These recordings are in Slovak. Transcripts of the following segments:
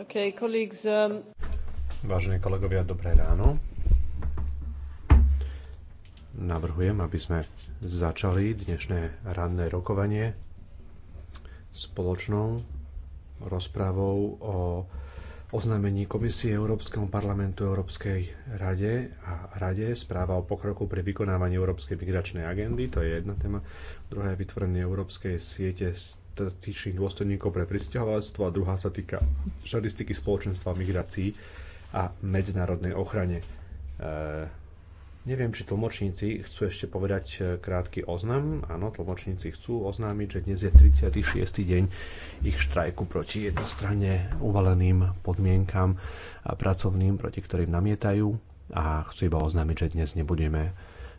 Okay, colleagues, um... Vážení kolegovia, dobré ráno. Navrhujem, aby sme začali dnešné ranné rokovanie spoločnou rozprávou o oznámení Komisie Európskeho parlamentu Európskej rade a rade správa o pokroku pri vykonávaní Európskej migračnej agendy, to je jedna téma. Druhá je vytvorenie Európskej siete styčných dôstojníkov pre pristahovalectvo a druhá sa týka štatistiky spoločenstva migrácií a medzinárodnej ochrane. E, neviem, či tlmočníci chcú ešte povedať e, krátky oznam. Áno, tlmočníci chcú oznámiť, že dnes je 36. deň ich štrajku proti jednostranne uvaleným podmienkam a pracovným, proti ktorým namietajú a chcú iba oznámiť, že dnes nebudeme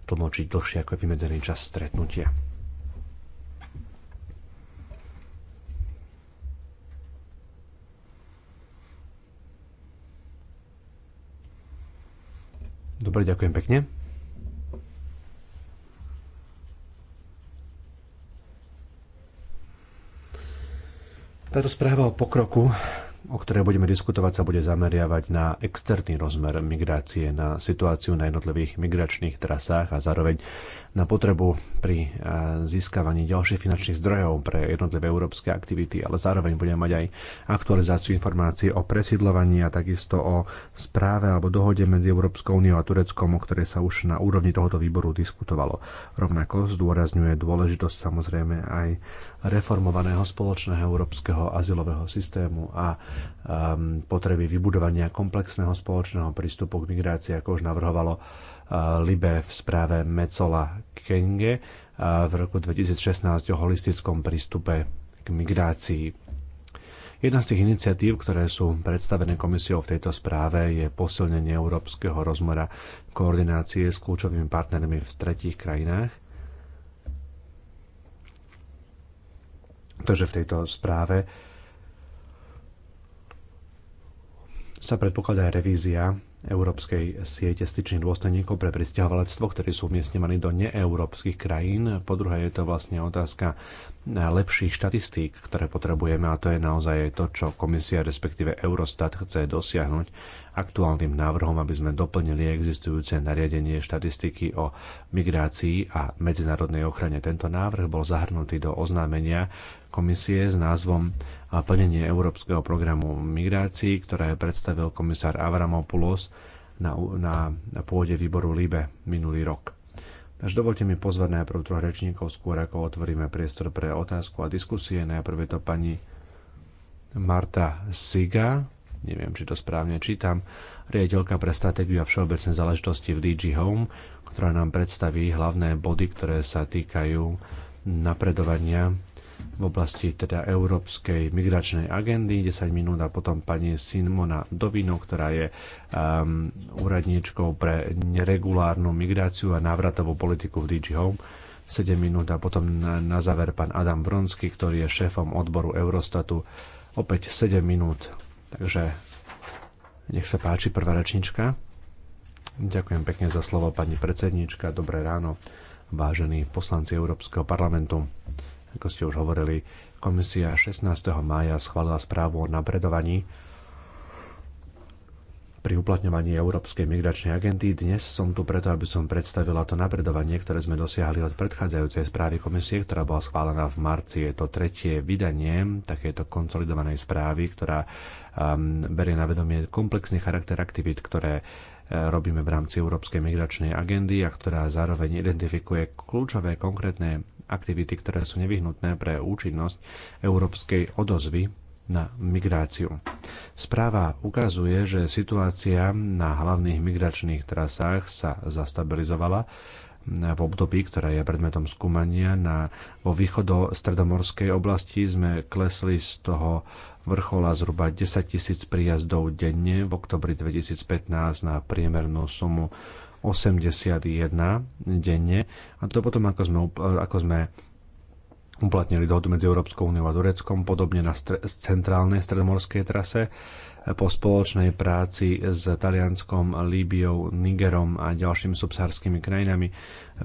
tlmočiť dlhšie ako je vymedzený čas stretnutia. Dobre, ďakujem pekne. Táto správa o pokroku o ktorej budeme diskutovať, sa bude zameriavať na externý rozmer migrácie, na situáciu na jednotlivých migračných trasách a zároveň na potrebu pri eh, získavaní ďalších finančných zdrojov pre jednotlivé európske aktivity, ale zároveň budeme mať aj aktualizáciu informácií o presídlovaní a takisto o správe alebo dohode medzi Európskou úniou a Tureckom, o ktorej sa už na úrovni tohoto výboru diskutovalo. Rovnako zdôrazňuje dôležitosť samozrejme aj reformovaného spoločného európskeho azylového systému a Um, potreby vybudovania komplexného spoločného prístupu k migrácii, ako už navrhovalo uh, Libe v správe Mecola Kenge uh, v roku 2016 o holistickom prístupe k migrácii. Jedna z tých iniciatív, ktoré sú predstavené komisiou v tejto správe, je posilnenie európskeho rozmera koordinácie s kľúčovými partnermi v tretích krajinách. Takže v tejto správe sa predpokladá aj revízia Európskej siete styčných dôstojníkov pre pristahovalectvo, ktorí sú umiestňovaní do neeurópskych krajín. Po druhé je to vlastne otázka lepších štatistík, ktoré potrebujeme a to je naozaj to, čo komisia respektíve Eurostat chce dosiahnuť aktuálnym návrhom, aby sme doplnili existujúce nariadenie štatistiky o migrácii a medzinárodnej ochrane. Tento návrh bol zahrnutý do oznámenia, komisie s názvom Plnenie Európskeho programu migrácií, ktoré predstavil komisár Avramopoulos na, na, na pôde výboru LIBE minulý rok. Takže dovolte mi pozvať najprv troch rečníkov, skôr ako otvoríme priestor pre otázku a diskusie. Najprv je to pani Marta Siga, neviem, či to správne čítam, riaditeľka pre stratégiu a všeobecné záležitosti v DG Home, ktorá nám predstaví hlavné body, ktoré sa týkajú napredovania v oblasti teda Európskej migračnej agendy, 10 minút a potom pani Simona Dovino, ktorá je um, úradníčkou pre neregulárnu migráciu a návratovú politiku v DG Home. 7 minút a potom na, na záver pán Adam Bronsky, ktorý je šéfom odboru Eurostatu. Opäť 7 minút. Takže nech sa páči prvá rečnička. Ďakujem pekne za slovo, pani predsednička. Dobré ráno, vážení poslanci Európskeho parlamentu. Ako ste už hovorili, komisia 16. mája schválila správu o napredovaní pri uplatňovaní Európskej migračnej agendy. Dnes som tu preto, aby som predstavila to napredovanie, ktoré sme dosiahli od predchádzajúcej správy komisie, ktorá bola schválená v marci. Je to tretie vydanie takéto konsolidovanej správy, ktorá um, berie na vedomie komplexný charakter aktivít, ktoré uh, robíme v rámci Európskej migračnej agendy a ktorá zároveň identifikuje kľúčové konkrétne aktivity, ktoré sú nevyhnutné pre účinnosť európskej odozvy na migráciu. Správa ukazuje, že situácia na hlavných migračných trasách sa zastabilizovala v období, ktoré je predmetom skúmania. Na, vo východo-stredomorskej oblasti sme klesli z toho vrchola zhruba 10 tisíc príjazdov denne v oktobri 2015 na priemernú sumu 81 denne. A to potom, ako sme, ako sme uplatnili dohodu medzi Európskou úniou a Tureckom, podobne na stre- centrálnej stredomorskej trase, e, po spoločnej práci s Talianskom, Líbiou, Nigerom a ďalšími subsahárskymi krajinami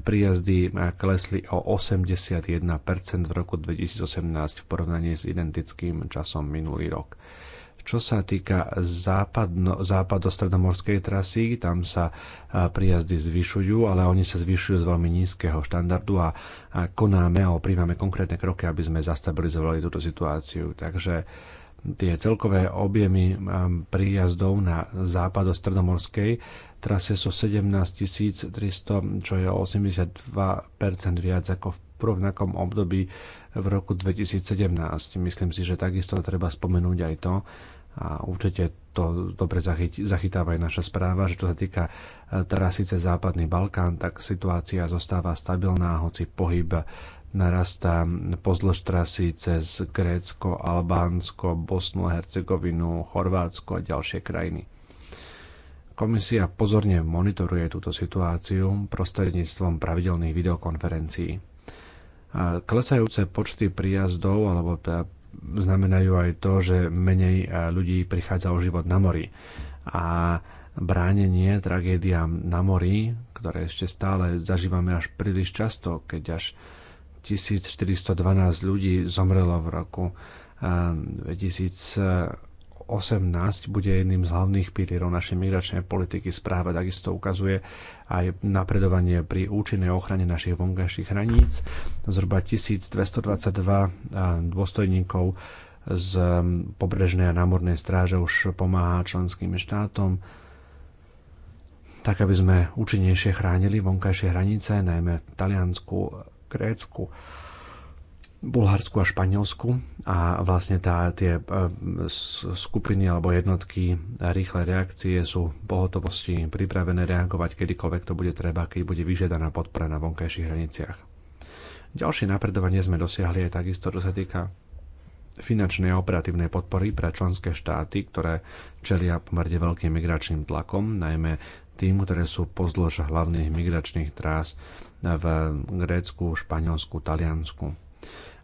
príjazdy e, klesli o 81% v roku 2018 v porovnaní s identickým časom minulý rok. Čo sa týka západno, západostredomorskej trasy, tam sa prijazdy zvyšujú, ale oni sa zvyšujú z veľmi nízkeho štandardu a, a konáme a príjmame konkrétne kroky, aby sme zastabilizovali túto situáciu. Takže tie celkové objemy príjazdov na západo-stredomorskej trase sú 17 300, čo je 82% viac ako v rovnakom období v roku 2017. Myslím si, že takisto treba spomenúť aj to, a určite to dobre zachytáva aj naša správa, že čo sa týka e, trasy cez Západný Balkán, tak situácia zostáva stabilná, hoci pohyb narastá pozdĺž trasy cez Grécko, Albánsko, Bosnu a Hercegovinu, Chorvátsko a ďalšie krajiny. Komisia pozorne monitoruje túto situáciu prostredníctvom pravidelných videokonferencií. Klesajúce počty príjazdov alebo znamenajú aj to, že menej e, ľudí prichádza o život na mori. A bránenie tragédiám na mori, ktoré ešte stále zažívame až príliš často, keď až 1412 ľudí zomrelo v roku 2000, e, 18 bude jedným z hlavných pilierov našej migračnej politiky. Správa takisto ukazuje aj napredovanie pri účinnej ochrane našich vonkajších hraníc. Zhruba 1222 eh, dôstojníkov z mm, pobrežnej a námornej stráže už pomáha členským štátom tak, aby sme účinnejšie chránili vonkajšie hranice, najmä v Taliansku, Grécku Bulharsku a Španielsku a vlastne tá, tie e, skupiny alebo jednotky rýchle reakcie sú pohotovosti pripravené reagovať kedykoľvek to bude treba, keď bude vyžiadaná podpora na vonkajších hraniciach. Ďalšie napredovanie sme dosiahli aj takisto, čo sa týka finančnej a operatívnej podpory pre členské štáty, ktoré čelia pomerne veľkým migračným tlakom, najmä tým, ktoré sú pozdĺž hlavných migračných trás v Grécku, Španielsku, Taliansku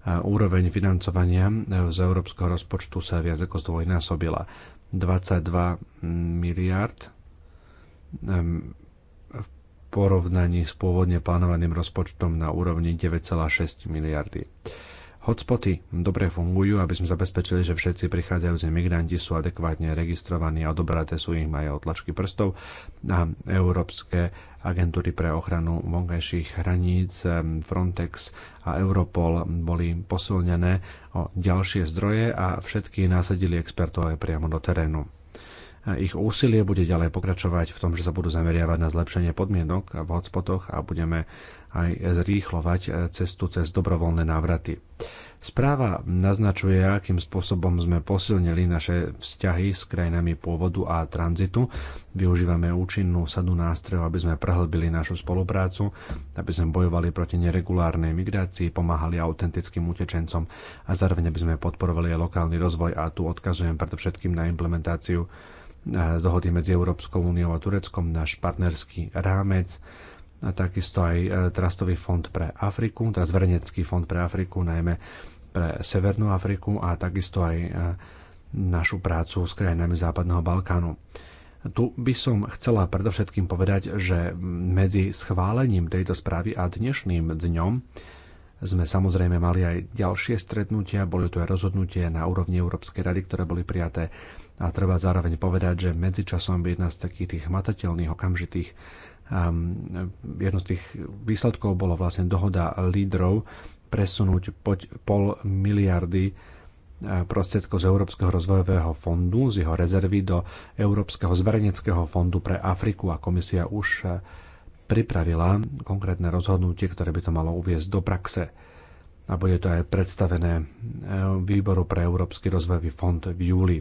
úroveň financovania e, z európskeho rozpočtu sa viac ako zdvojnásobila. 22 miliard v porovnaní s pôvodne plánovaným rozpočtom na úrovni 9,6 miliardy. Hotspoty dobre fungujú, aby sme zabezpečili, že všetci prichádzajúci migranti sú adekvátne registrovaní a odobraté sú im aj otlačky prstov a európske agentúry pre ochranu vonkajších hraníc, Frontex a Europol boli posilnené o ďalšie zdroje a všetky nasadili expertov aj priamo do terénu. Ich úsilie bude ďalej pokračovať v tom, že sa budú zameriavať na zlepšenie podmienok v hotspotoch a budeme aj zrýchlovať e, cestu cez dobrovoľné návraty. Správa naznačuje, akým spôsobom sme posilnili naše vzťahy s krajinami pôvodu a tranzitu. Využívame účinnú sadu nástrojov, aby sme prehlbili našu spoluprácu, aby sme bojovali proti neregulárnej migrácii, pomáhali autentickým utečencom a zároveň aby sme podporovali aj lokálny rozvoj a tu odkazujem predovšetkým na implementáciu eh, dohody medzi Európskou úniou a Tureckom, náš partnerský rámec, a takisto aj e, Trastový fond pre Afriku, teda Zvernecký fond pre Afriku, najmä pre Severnú Afriku a takisto aj e, našu prácu s krajinami Západného Balkánu. Tu by som chcela predovšetkým povedať, že medzi schválením tejto správy a dnešným dňom sme samozrejme mali aj ďalšie stretnutia, boli tu aj rozhodnutie na úrovni Európskej rady, ktoré boli prijaté a treba zároveň povedať, že medzičasom by jedna z takých tých matateľných okamžitých Ehm, jedno z tých výsledkov bola vlastne dohoda lídrov presunúť poď pol miliardy e, prostriedkov z Európskeho rozvojového fondu, z jeho rezervy do Európskeho zverejneckého fondu pre Afriku a komisia už e, pripravila konkrétne rozhodnutie, ktoré by to malo uviezť do praxe a bude to aj predstavené e, Výboru pre Európsky rozvojový fond v júli.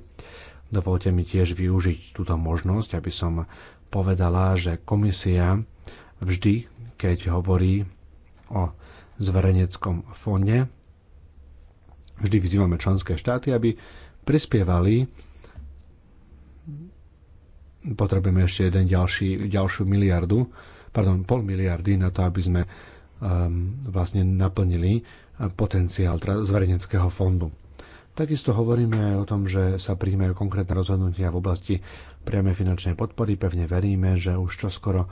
Dovolte mi tiež využiť túto možnosť, aby som povedala, že komisia vždy, keď hovorí o zvereneckom fonde, vždy vyzývame členské štáty, aby prispievali potrebujeme ešte jeden ďalší, ďalšiu miliardu, pardon, pol miliardy na to, aby sme um, vlastne naplnili eh, potenciál zverejneckého fondu. Takisto hovoríme aj o tom, že sa príjmajú konkrétne rozhodnutia v oblasti priame finančnej podpory. Pevne veríme, že už čoskoro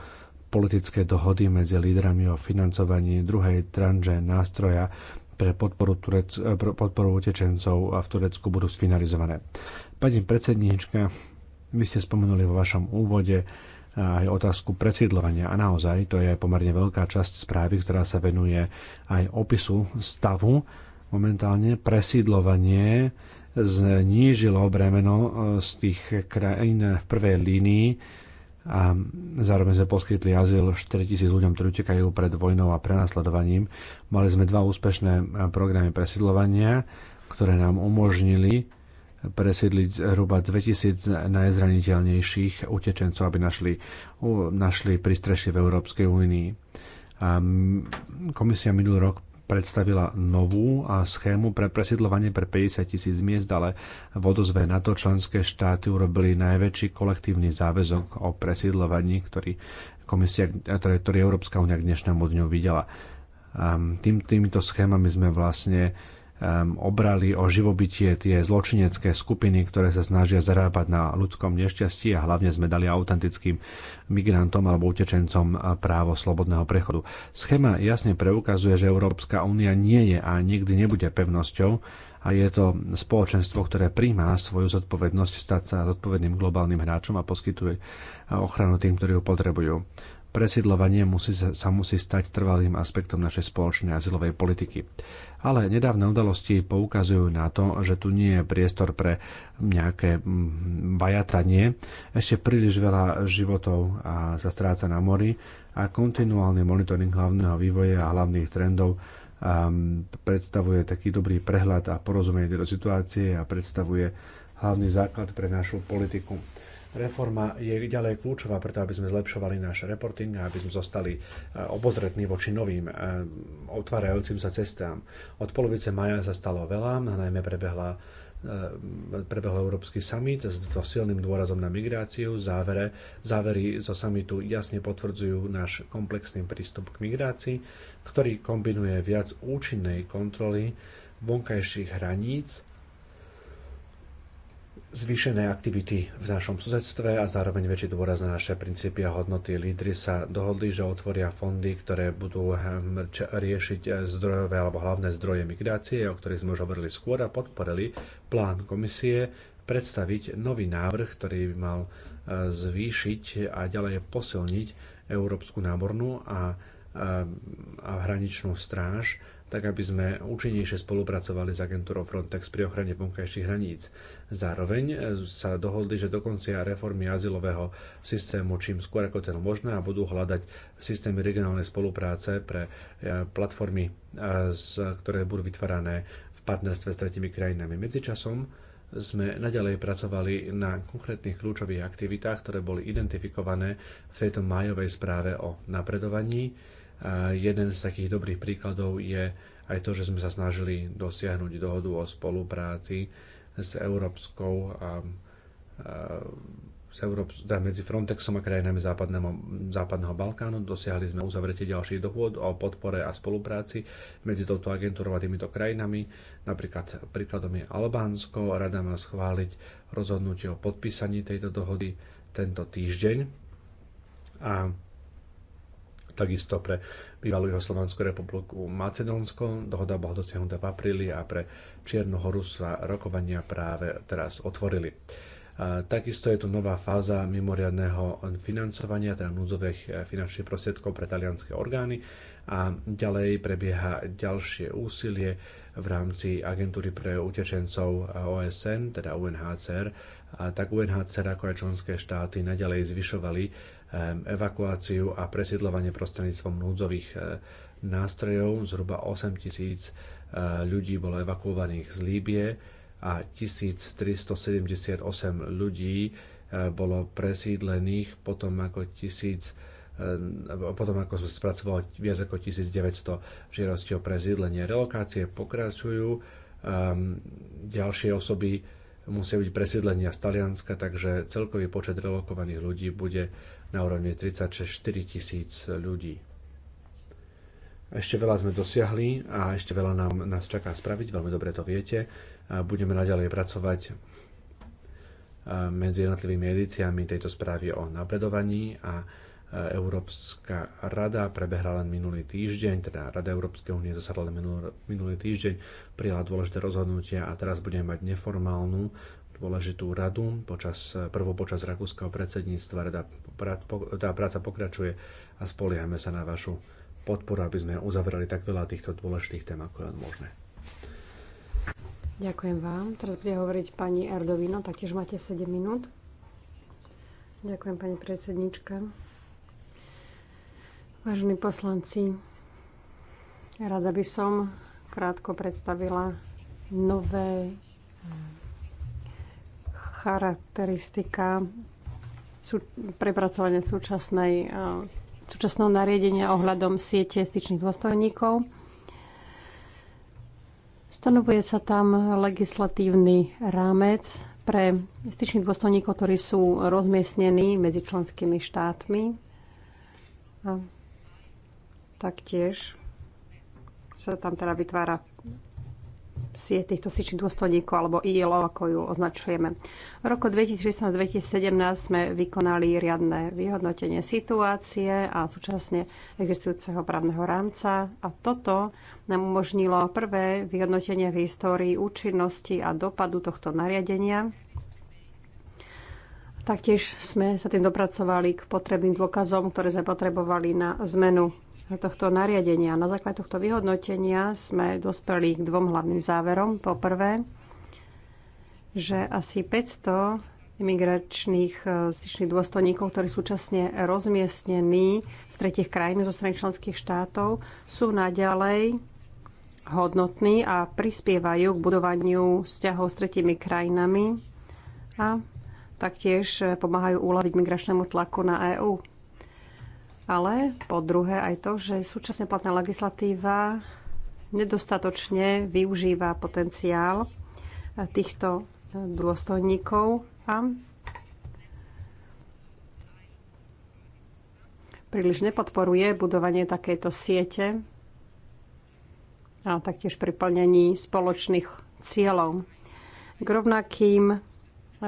politické dohody medzi lídrami o financovaní druhej tranže nástroja pre podporu, Turec, e, pre podporu utečencov v Turecku budú sfinalizované. Pani predsedníčka, vy ste spomenuli vo vašom úvode e, aj otázku presídlovania a naozaj to je pomerne veľká časť správy, ktorá sa venuje aj opisu stavu momentálne presídlovanie znížilo bremeno e, z tých krajín v prvej línii a zároveň sme poskytli azyl 4000 ľuďom, ktorí utekajú pred vojnou a prenasledovaním. Mali sme dva úspešné e, programy presidlovania, ktoré nám umožnili presiedliť zhruba 2000 najzraniteľnejších utečencov, aby našli, našli pristrešie v Európskej únii. Komisia minulý rok predstavila novú a schému pre presidlovanie pre 50 tisíc miest, ale v odozve na to členské štáty urobili najväčší kolektívny záväzok o presídlovaní, ktorý, komisia, ktorý, ktorý Európska únia k dnešnému dňu videla. Ehm, tým, týmito schémami sme vlastne Um, obrali o živobytie tie zločinecké skupiny, ktoré sa snažia zarábať na ľudskom nešťastí a hlavne sme dali autentickým migrantom alebo utečencom uh, právo slobodného prechodu. Schéma jasne preukazuje, že Európska únia nie je a nikdy nebude pevnosťou a je to spoločenstvo, ktoré príjma svoju zodpovednosť stať sa zodpovedným globálnym hráčom a poskytuje uh, ochranu tým, ktorí ju potrebujú. Presidlovanie musí, sa musí stať trvalým aspektom našej spoločnej azylovej politiky ale nedávne udalosti poukazujú na to, že tu nie je priestor pre nejaké mm, vajatanie. Ešte príliš veľa životov sa stráca na mori a kontinuálny monitoring hlavného vývoja a hlavných trendov ehm, predstavuje taký dobrý prehľad a porozumenie do situácie a predstavuje hlavný základ pre našu politiku. Reforma je ďalej kľúčová preto, aby sme zlepšovali náš reporting a aby sme zostali eh, obozretní voči novým eh, otvárajúcim sa cestám. Od polovice maja sa stalo veľa, najmä prebehla eh, prebehol Európsky summit so silným dôrazom na migráciu. Závere, závery zo summitu jasne potvrdzujú náš komplexný prístup k migrácii, ktorý kombinuje viac účinnej kontroly vonkajších hraníc zvýšené aktivity v našom susedstve a zároveň väčší dôraz na naše princípy a hodnoty. Lídry sa dohodli, že otvoria fondy, ktoré budú hm, riešiť eh, zdrojové alebo hlavné zdroje migrácie, o ktorých sme už hovorili skôr a podporili plán komisie predstaviť nový návrh, ktorý by mal eh, zvýšiť a ďalej posilniť európsku námornú a a hraničnú stráž, tak aby sme účinnejšie spolupracovali s agentúrou Frontex pri ochrane vonkajších hraníc. Zároveň e, sa dohodli, že dokonca reformy azylového systému čím skôr ako ten možné a budú hľadať systémy regionálnej spolupráce pre e, platformy, e, ktoré budú vytvárané v partnerstve s tretimi krajinami. Medzičasom sme naďalej pracovali na konkrétnych kľúčových aktivitách, ktoré boli identifikované v tejto májovej správe o napredovaní Jeden z takých dobrých príkladov je aj to, že sme sa snažili dosiahnuť dohodu o spolupráci s Európskou a, a s Európs- teda medzi Frontexom a krajinami západného, západného Balkánu. Dosiahli sme uzavretie ďalších dohôd o podpore a spolupráci medzi touto agentúrou a týmito krajinami. Napríklad príkladom je Albánsko. Rada má schváliť rozhodnutie o podpísaní tejto dohody tento týždeň. A takisto pre bývalú slovenskú republiku Macedónsko. Dohoda bola dosiahnutá v apríli a pre horu sa rokovania práve teraz otvorili. Takisto je tu nová fáza mimoriadného financovania, teda núdzových eh, finančných prostriedkov pre talianské orgány a ďalej prebieha ďalšie úsilie v rámci agentúry pre utečencov eh, OSN, teda UNHCR, a tak UNHCR ako aj členské štáty naďalej zvyšovali evakuáciu a presiedlovanie prostredníctvom núdzových e, nástrojov. Zhruba 8 tisíc e, ľudí bolo evakuovaných z Líbie a 1378 ľudí e, bolo presídlených potom ako tisíc potom ako sme spracovali viac ako 1900 žiadostí o presídlenie. Relokácie pokračujú, ďalšie osoby musia byť presídlenia z Talianska, takže celkový počet relokovaných ľudí bude na úrovni 36-4 tisíc ľudí. Ešte veľa sme dosiahli a ešte veľa nám, nás čaká spraviť, veľmi dobre to viete. Budeme naďalej pracovať medzi jednotlivými edíciami tejto správy o napredovaní a Európska rada prebehla len minulý týždeň, teda Rada Európskej únie zasadla len minulý, týždeň, prijala dôležité rozhodnutia a teraz budeme mať neformálnu dôležitú radu počas, prvo počas rakúskeho predsedníctva. Rada, tá práca pokračuje a spoliehame sa na vašu podporu, aby sme uzavreli tak veľa týchto dôležitých tém, ako je možné. Ďakujem vám. Teraz bude hovoriť pani Erdovino, taktiež máte 7 minút. Ďakujem, pani predsednička. Vážení poslanci, rada by som krátko predstavila nové charakteristika sú, prepracovania súčasnej, eh, súčasného nariadenia ohľadom siete styčných dôstojníkov. Stanovuje sa tam legislatívny rámec pre styčných dôstojníkov, ktorí sú rozmiestnení medzi členskými štátmi. A taktiež sa tam teda vytvára sieť týchto sičných dôstojníkov alebo ILO, ako ju označujeme. V roku 2016-2017 sme vykonali riadne vyhodnotenie situácie a súčasne existujúceho právneho rámca a toto nám umožnilo prvé vyhodnotenie v histórii účinnosti a dopadu tohto nariadenia Taktiež sme sa tým dopracovali k potrebným dôkazom, ktoré sme potrebovali na zmenu tohto nariadenia. Na základe tohto vyhodnotenia sme dospeli k dvom hlavným záverom. Po prvé, že asi 500 imigračných eh, styčných dôstojníkov, ktorí sú súčasne rozmiestnení v tretich krajinách zo strany členských štátov, sú naďalej hodnotní a prispievajú k budovaniu vzťahov s tretimi krajinami a taktiež e, pomáhajú uľaviť migračnému tlaku na EÚ. Ale po druhé aj to, že súčasne platná legislatíva nedostatočne využíva potenciál e, týchto e, dôstojníkov a príliš nepodporuje budovanie takejto siete a taktiež pri plnení spoločných cieľov. K rovnakým E,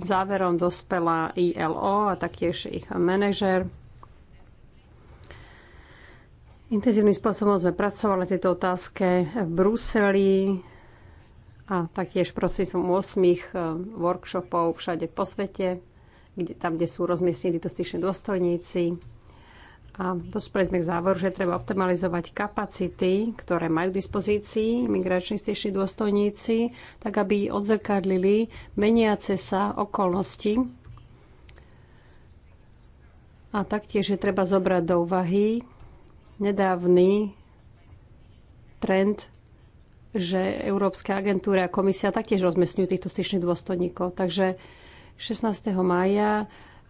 záverom dospela ILO a taktiež ich manažer. Intenzívnym spôsobom sme pracovali tieto otázke v Bruseli a taktiež prosím som 8 workshopov všade po svete, kde, tam, kde sú rozmiestnení títo styční dôstojníci. A dospeli sme k záveru, že treba optimalizovať kapacity, ktoré majú k dispozícii migrační styční dôstojníci, tak aby odzrkadlili meniace sa okolnosti. A taktiež je treba zobrať do úvahy nedávny trend, že Európska agentúra a komisia taktiež rozmestňujú týchto styčných dôstojníkov. Takže 16. mája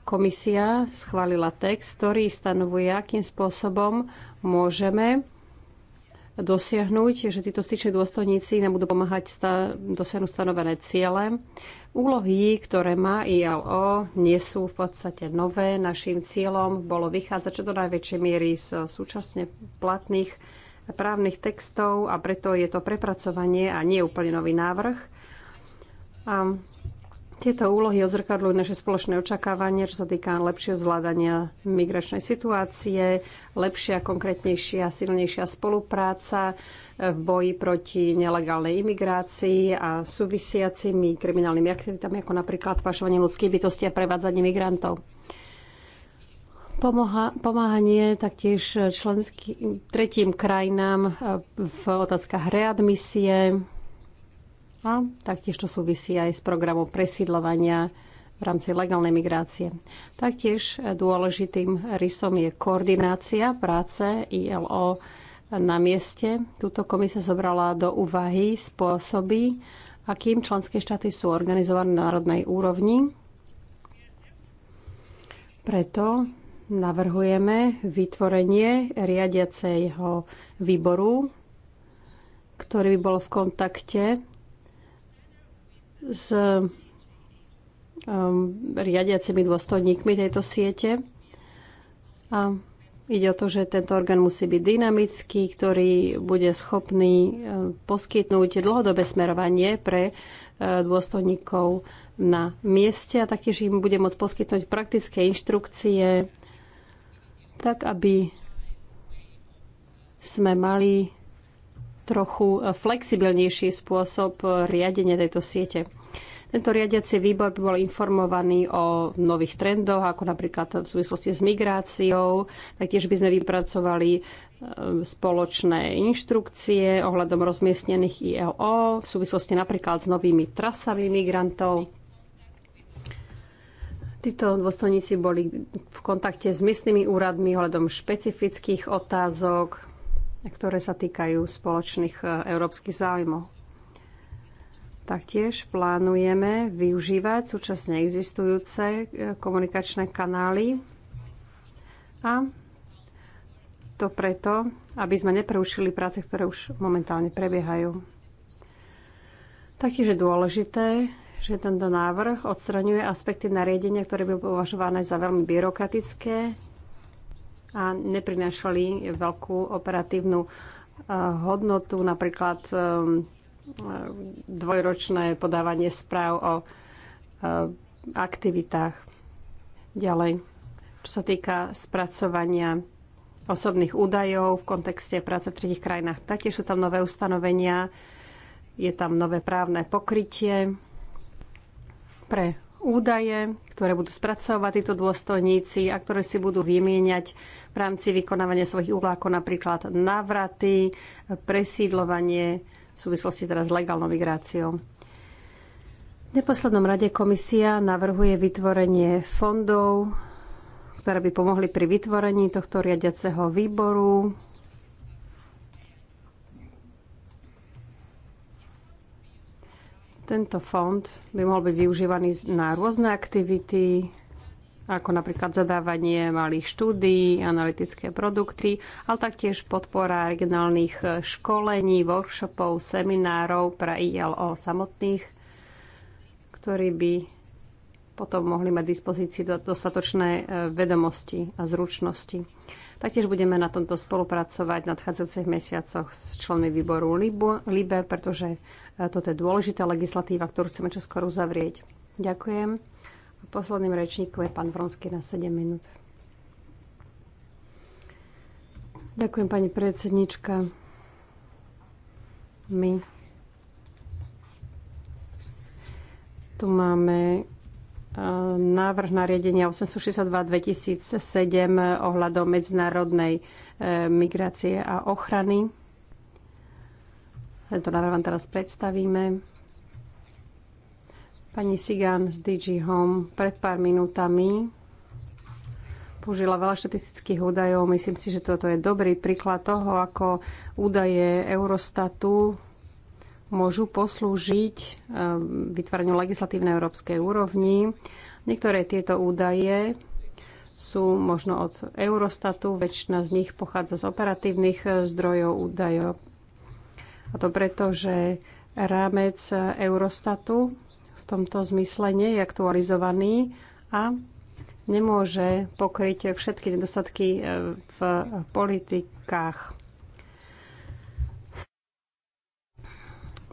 Komisia schválila text, ktorý stanovuje, akým spôsobom môžeme dosiahnuť, že títo styční dôstojníci nám budú pomáhať sta- dosiahnuť stanovené ciele. Úlohy, ktoré má ILO, nie sú v podstate nové. Našim cieľom bolo vychádzať čo do najväčšej miery z súčasne platných právnych textov a preto je to prepracovanie a nie úplne nový návrh. A tieto úlohy odzrkadľujú naše spoločné očakávanie, čo sa týka lepšieho zvládania migračnej situácie, lepšia, konkrétnejšia, silnejšia spolupráca v boji proti nelegálnej imigrácii a súvisiacimi kriminálnymi aktivitami, ako napríklad pašovanie ľudských bytostí a prevádzanie migrantov. Pomoha, pomáhanie taktiež členským tretím krajinám v otázkach readmisie, a taktiež to súvisí aj s programom presídľovania v rámci legálnej migrácie. Taktiež dôležitým rysom je koordinácia práce ILO na mieste. Tuto komisia zobrala do úvahy spôsoby, akým členské štáty sú organizované na národnej úrovni. Preto navrhujeme vytvorenie riadiaceho výboru, ktorý by bol v kontakte s um, riadiacimi dôstojníkmi tejto siete. A ide o to, že tento orgán musí byť dynamický, ktorý bude schopný um, poskytnúť dlhodobé smerovanie pre uh, dôstojníkov na mieste a taktiež im bude môcť poskytnúť praktické inštrukcie, tak aby sme mali trochu eh, flexibilnejší spôsob eh, riadenia tejto siete. Tento riadiaci výbor by bol informovaný o nových trendoch, ako napríklad v súvislosti s migráciou. Taktiež by sme vypracovali eh, spoločné inštrukcie ohľadom rozmiestnených ILO v súvislosti napríklad s novými trasami migrantov. Títo dôstojníci boli v kontakte s miestnymi úradmi ohľadom špecifických otázok, ktoré sa týkajú spoločných e, európskych záujmov. Taktiež plánujeme využívať súčasne existujúce e, komunikačné kanály a to preto, aby sme nepreušili práce, ktoré už momentálne prebiehajú. Taktiež je dôležité, že tento návrh odstraňuje aspekty nariadenia, ktoré by považované za veľmi byrokratické, a neprinášali veľkú operatívnu eh, hodnotu, napríklad eh, dvojročné podávanie správ o eh, aktivitách. Ďalej, čo sa týka spracovania osobných údajov v kontexte práce v tretich krajinách, taktiež sú tam nové ustanovenia, je tam nové právne pokrytie pre údaje, ktoré budú spracovať títo dôstojníci a ktoré si budú vymieňať v rámci vykonávania svojich úloh, ako napríklad návraty, presídlovanie v súvislosti teraz s legálnou migráciou. V neposlednom rade komisia navrhuje vytvorenie fondov, ktoré by pomohli pri vytvorení tohto riadiaceho výboru, Tento fond by mohol byť využívaný na rôzne aktivity, ako napríklad zadávanie malých štúdií, analytické produkty, ale taktiež podpora regionálnych školení, workshopov, seminárov pre ILO samotných, ktorí by potom mohli mať dispozícii dostatočné e, vedomosti a zručnosti. Taktiež budeme na tomto spolupracovať v nadchádzajúcich mesiacoch s členmi výboru LIBE, pretože toto je dôležitá legislatíva, ktorú chceme čoskoro uzavrieť. Ďakujem. Posledným rečníkom je pán Vronský na 7 minút. Ďakujem, pani predsednička. My tu máme e, návrh nariadenia 862-2007 ohľadom medzinárodnej e, migrácie a ochrany. Tento návrh vám teraz predstavíme. Pani Sigan z DG Home pred pár minútami použila veľa štatistických údajov. Myslím si, že toto je dobrý príklad toho, ako údaje Eurostatu môžu poslúžiť ehm, vytváraniu legislatívnej európskej úrovni. Niektoré tieto údaje sú možno od Eurostatu, väčšina z nich pochádza z operatívnych eh, zdrojov údajov a to preto, že rámec Eurostatu v tomto zmysle nie je aktualizovaný a nemôže pokryť všetky nedostatky e, v politikách.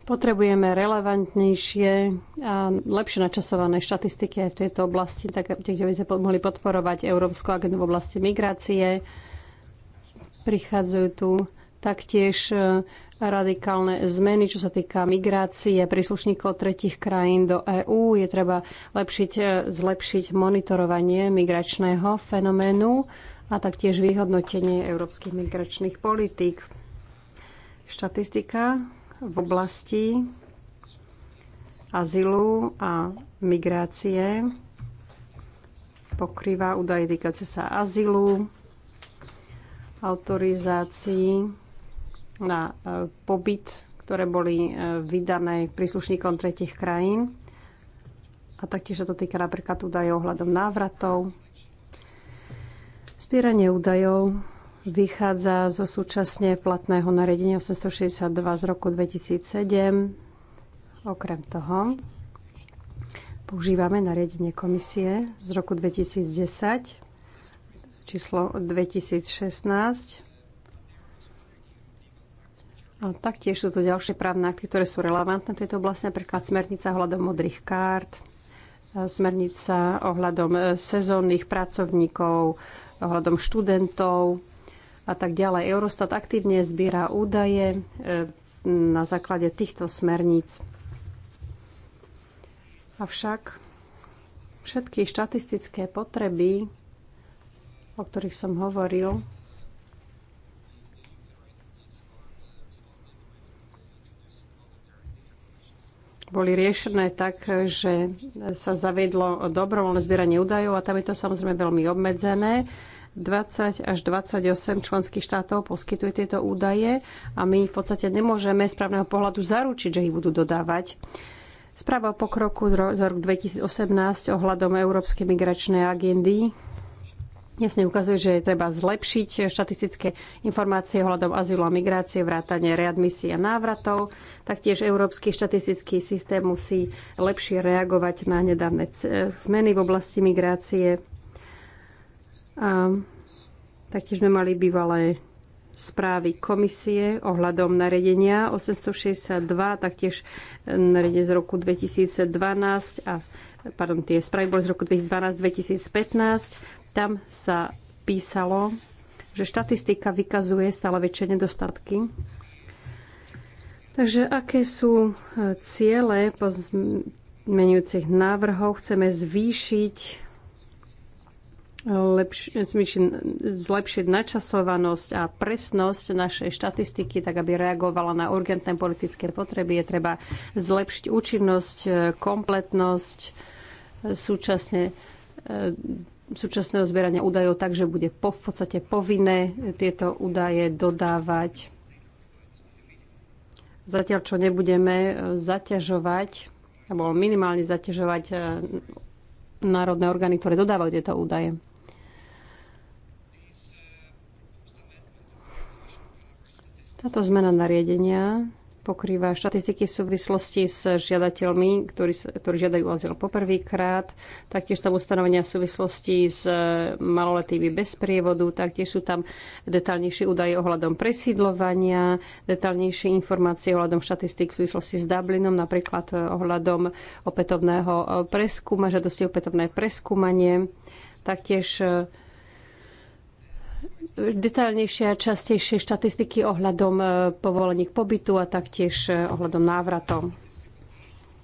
Potrebujeme relevantnejšie a lepšie načasované štatistiky aj v tejto oblasti, tak kde by sme mohli podporovať Európsku agendu v oblasti migrácie. Prichádzajú tu taktiež e, radikálne zmeny, čo sa týka migrácie príslušníkov tretich krajín do EÚ. Je treba lepšiť, e, zlepšiť monitorovanie migračného fenoménu a taktiež vyhodnotenie európskych migračných politík. Štatistika v oblasti azylu a migrácie pokrýva údaje týkajúce sa azylu, autorizácií na e, pobyt, ktoré boli e, vydané príslušníkom tretich krajín. A taktiež sa to týka napríklad údajov ohľadom návratov. Zbieranie údajov vychádza zo súčasne platného nariadenia 862 z roku 2007. Okrem toho používame nariadenie komisie z roku 2010 číslo 2016 a taktiež sú to ďalšie právne akty, ktoré sú relevantné v tejto oblasti, napríklad smernica ohľadom modrých kart, e, smernica ohľadom e, sezónnych pracovníkov, ohľadom študentov a tak ďalej. Eurostat aktívne zbiera údaje e, na základe týchto smerníc. Avšak všetky štatistické potreby, o ktorých som hovoril, boli riešené tak, že sa zaviedlo dobrovoľné zbieranie údajov a tam je to samozrejme veľmi obmedzené. 20 až 28 členských štátov poskytuje tieto údaje a my v podstate nemôžeme z právneho pohľadu zaručiť, že ich budú dodávať. Správa o pokroku z roku 2018 ohľadom Európskej migračnej agendy jasne ukazuje, že je treba zlepšiť štatistické informácie ohľadom azylu a migrácie, vrátanie readmisie a návratov. Taktiež Európsky štatistický systém musí lepšie reagovať na nedávne zmeny v oblasti migrácie. A taktiež sme mali bývalé správy komisie ohľadom nariadenia 862, taktiež nariadenie z roku 2012 a pardon, tie správy boli z roku 2012-2015. Tam sa písalo, že štatistika vykazuje stále väčšie nedostatky. Takže aké sú e, ciele pozmenujúcich návrhov? Chceme zvýšiť lepš- zlepšiť načasovanosť a presnosť našej štatistiky, tak aby reagovala na urgentné politické potreby. Je treba zlepšiť účinnosť, e, kompletnosť, e, súčasne súčasného zbierania údajov tak, že bude po, v podstate povinné tieto údaje dodávať. Zatiaľ, čo nebudeme e, zaťažovať, alebo minimálne zaťažovať e, národné orgány, ktoré dodávajú tieto údaje. Táto zmena nariadenia pokrýva štatistiky v súvislosti s žiadateľmi, ktorí, ktorí žiadajú azyl poprvýkrát, taktiež tam ustanovenia v súvislosti s e, maloletými bez prievodu, taktiež sú tam detálnejšie údaje ohľadom presídlovania, detálnejšie informácie ohľadom štatistik v súvislosti s Dublinom, napríklad e, ohľadom opätovného e, preskúma, žiadosti opätovné preskúmanie, taktiež Detaľnejšie a častejšie štatistiky ohľadom e, povolení k pobytu a taktiež e, ohľadom návratov.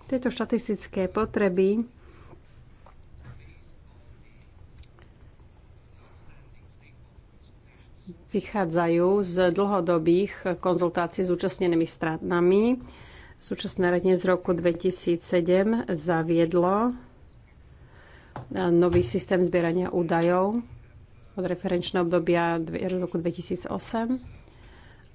Tieto štatistické potreby vychádzajú z dlhodobých konzultácií s účastnenými stranami. Súčasné radne z roku 2007 zaviedlo nový systém zbierania údajov od referenčného obdobia roku 2008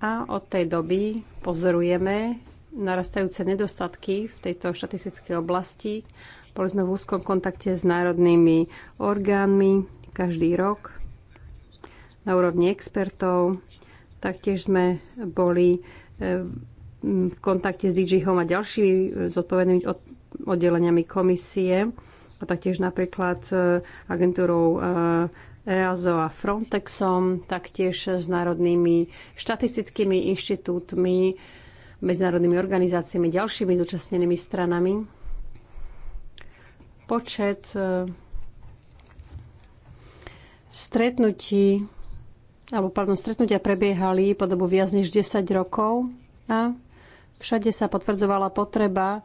a od tej doby pozorujeme narastajúce nedostatky v tejto štatistickej oblasti. Boli sme v úzkom kontakte s národnými orgánmi každý rok na úrovni expertov. Taktiež sme boli e, v kontakte s DG Home a ďalšími e, zodpovednými oddeleniami komisie a taktiež napríklad e, agentúrou EASO a Frontexom, taktiež s národnými štatistickými inštitútmi, medzinárodnými organizáciami, ďalšími zúčastnenými stranami. Počet e, stretnutí, alebo pardon, stretnutia prebiehali po dobu viac než 10 rokov a všade sa potvrdzovala potreba e,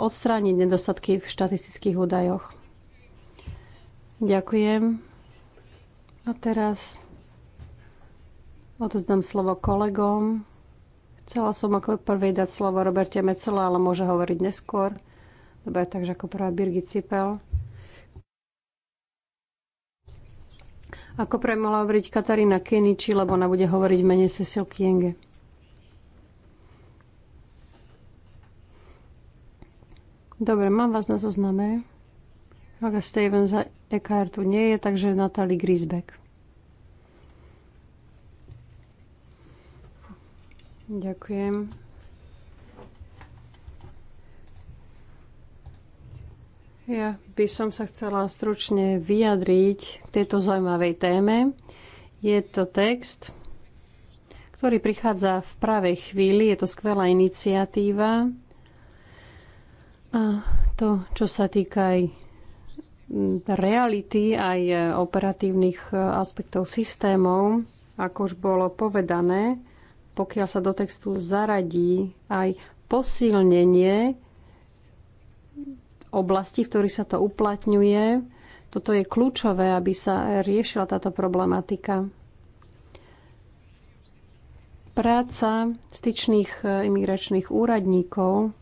odstrániť nedostatky v štatistických údajoch. Ďakujem. A teraz odozdám slovo kolegom. Chcela som ako prvý dať slovo Roberte Mecela, ale môže hovoriť neskôr. Dobre, takže ako prvá Birgit Cipel. Ako pre mohla hovoriť Katarína Keniči, lebo ona bude hovoriť v mene Cecil Kienge. Dobre, mám vás na zozname. Ale Steven za EKR tu nie je, takže Natalie Grisbeck. Ďakujem. Ja by som sa chcela stručne vyjadriť k tejto zaujímavej téme. Je to text, ktorý prichádza v pravej chvíli. Je to skvelá iniciatíva. A to, čo sa týka aj reality aj e, operatívnych e, aspektov systémov, ako už bolo povedané, pokiaľ sa do textu zaradí aj posilnenie oblasti, v ktorých sa to uplatňuje. Toto je kľúčové, aby sa riešila táto problematika. Práca styčných e, imigračných úradníkov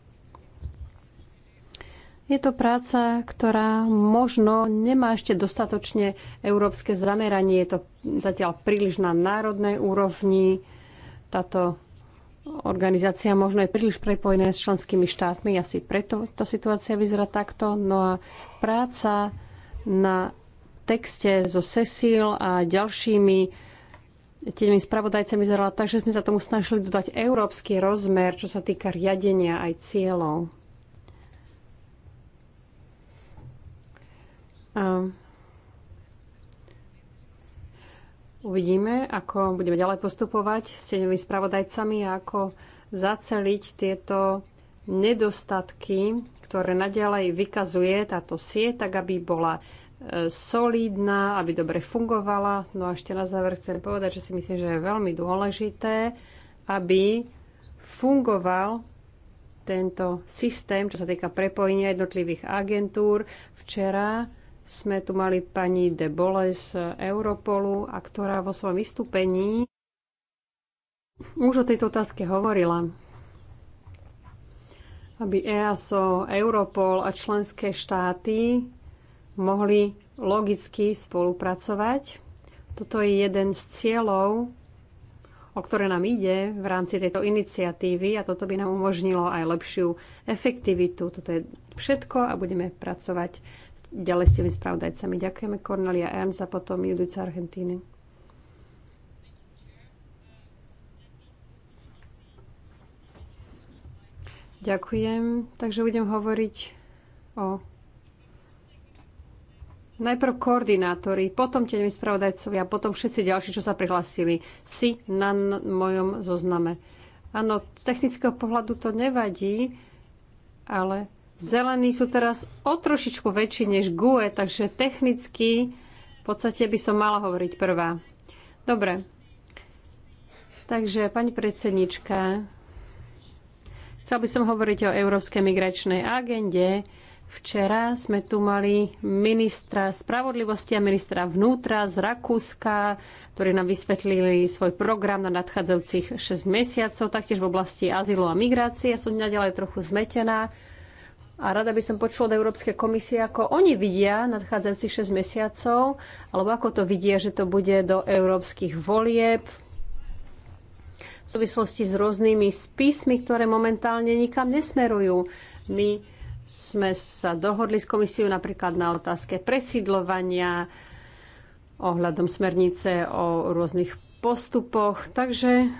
je to práca, ktorá možno nemá ešte dostatočne európske zameranie. Je to zatiaľ príliš na národnej úrovni. Táto organizácia možno je príliš prepojená s členskými štátmi. Asi preto tá situácia vyzerá takto. No a práca na texte so Cecil a ďalšími tými spravodajcami vyzerala tak, že sme sa tomu snažili dodať európsky rozmer, čo sa týka riadenia aj cieľov. A uvidíme, ako budeme ďalej postupovať s tenými spravodajcami a ako zaceliť tieto nedostatky, ktoré nadalej vykazuje táto sieť, tak aby bola e, solidná, aby dobre fungovala. No a ešte na záver chcem povedať, že si myslím, že je veľmi dôležité, aby fungoval tento systém, čo sa týka prepojenia jednotlivých agentúr. Včera sme tu mali pani De Bole z Europolu, a ktorá vo svojom vystúpení už o tejto otázke hovorila. Aby EASO, Europol a členské štáty mohli logicky spolupracovať. Toto je jeden z cieľov, o ktoré nám ide v rámci tejto iniciatívy a toto by nám umožnilo aj lepšiu efektivitu. Toto je všetko a budeme pracovať ďalej s tými spravodajcami. Ďakujeme Cornelia Ernst a potom Judica Argentíny. Ďakujem. Takže budem hovoriť o najprv koordinátori, potom tieňoví spravodajcovia, potom všetci ďalší, čo sa prihlásili. Si na mojom zozname. Áno, z technického pohľadu to nevadí, ale Zelení sú teraz o trošičku väčší než GUE, takže technicky v podstate by som mala hovoriť prvá. Dobre. Takže, pani predsednička, chcel by som hovoriť o Európskej migračnej agende. Včera sme tu mali ministra spravodlivosti a ministra vnútra z Rakúska, ktorí nám vysvetlili svoj program na nadchádzajúcich 6 mesiacov, taktiež v oblasti azylu a migrácie. Som naďalej trochu zmetená a rada by som počula od Európskej komisie, ako oni vidia nadchádzajúcich 6 mesiacov, alebo ako to vidia, že to bude do európskych volieb v súvislosti s rôznymi spismi, ktoré momentálne nikam nesmerujú. My sme sa dohodli s komisiou napríklad na otázke presídlovania ohľadom smernice o rôznych postupoch. Takže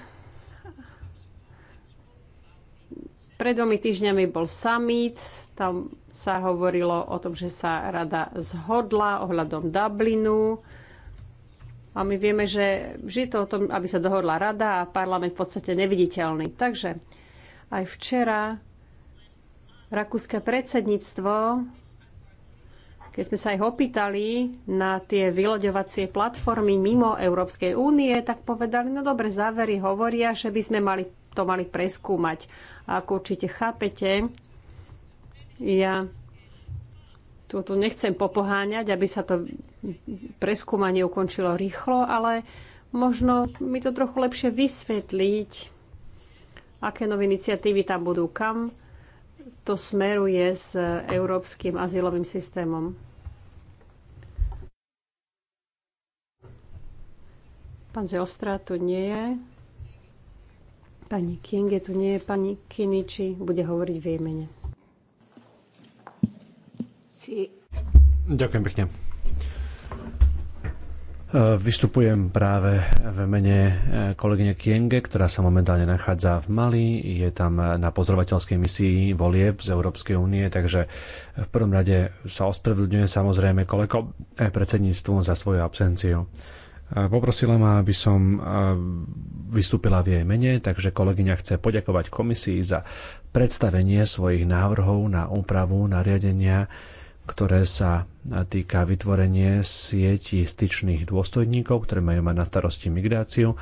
Pred dvomi týždňami bol summit, tam sa hovorilo o tom, že sa rada zhodla ohľadom Dublinu. A my vieme, že je to o tom, aby sa dohodla rada a parlament v podstate neviditeľný. Takže aj včera rakúske predsedníctvo, keď sme sa ich opýtali na tie vyloďovacie platformy mimo Európskej únie, tak povedali, no dobre, závery hovoria, že by sme mali to mali preskúmať. A ako určite chápete, ja tu, nechcem popoháňať, aby sa to preskúmanie ukončilo rýchlo, ale možno mi to trochu lepšie vysvetliť, aké nové iniciatívy tam budú, kam to smeruje s európskym azylovým systémom. Pán Zelstra tu nie je. Pani Kienge tu nie je, pani Kiniči bude hovoriť v jej mene. Si. Ďakujem pekne. E, vystupujem práve v mene e, kolegyne Kienge, ktorá sa momentálne nachádza v Mali. Je tam na pozorovateľskej misii volieb z Európskej únie, takže v prvom rade sa ospravedlňuje samozrejme koleko aj e, predsedníctvu za svoju absenciu. Poprosila ma, aby som vystúpila v jej mene, takže kolegyňa chce poďakovať komisii za predstavenie svojich návrhov na úpravu nariadenia, ktoré sa týka vytvorenie sieti styčných dôstojníkov, ktoré majú mať na starosti migráciu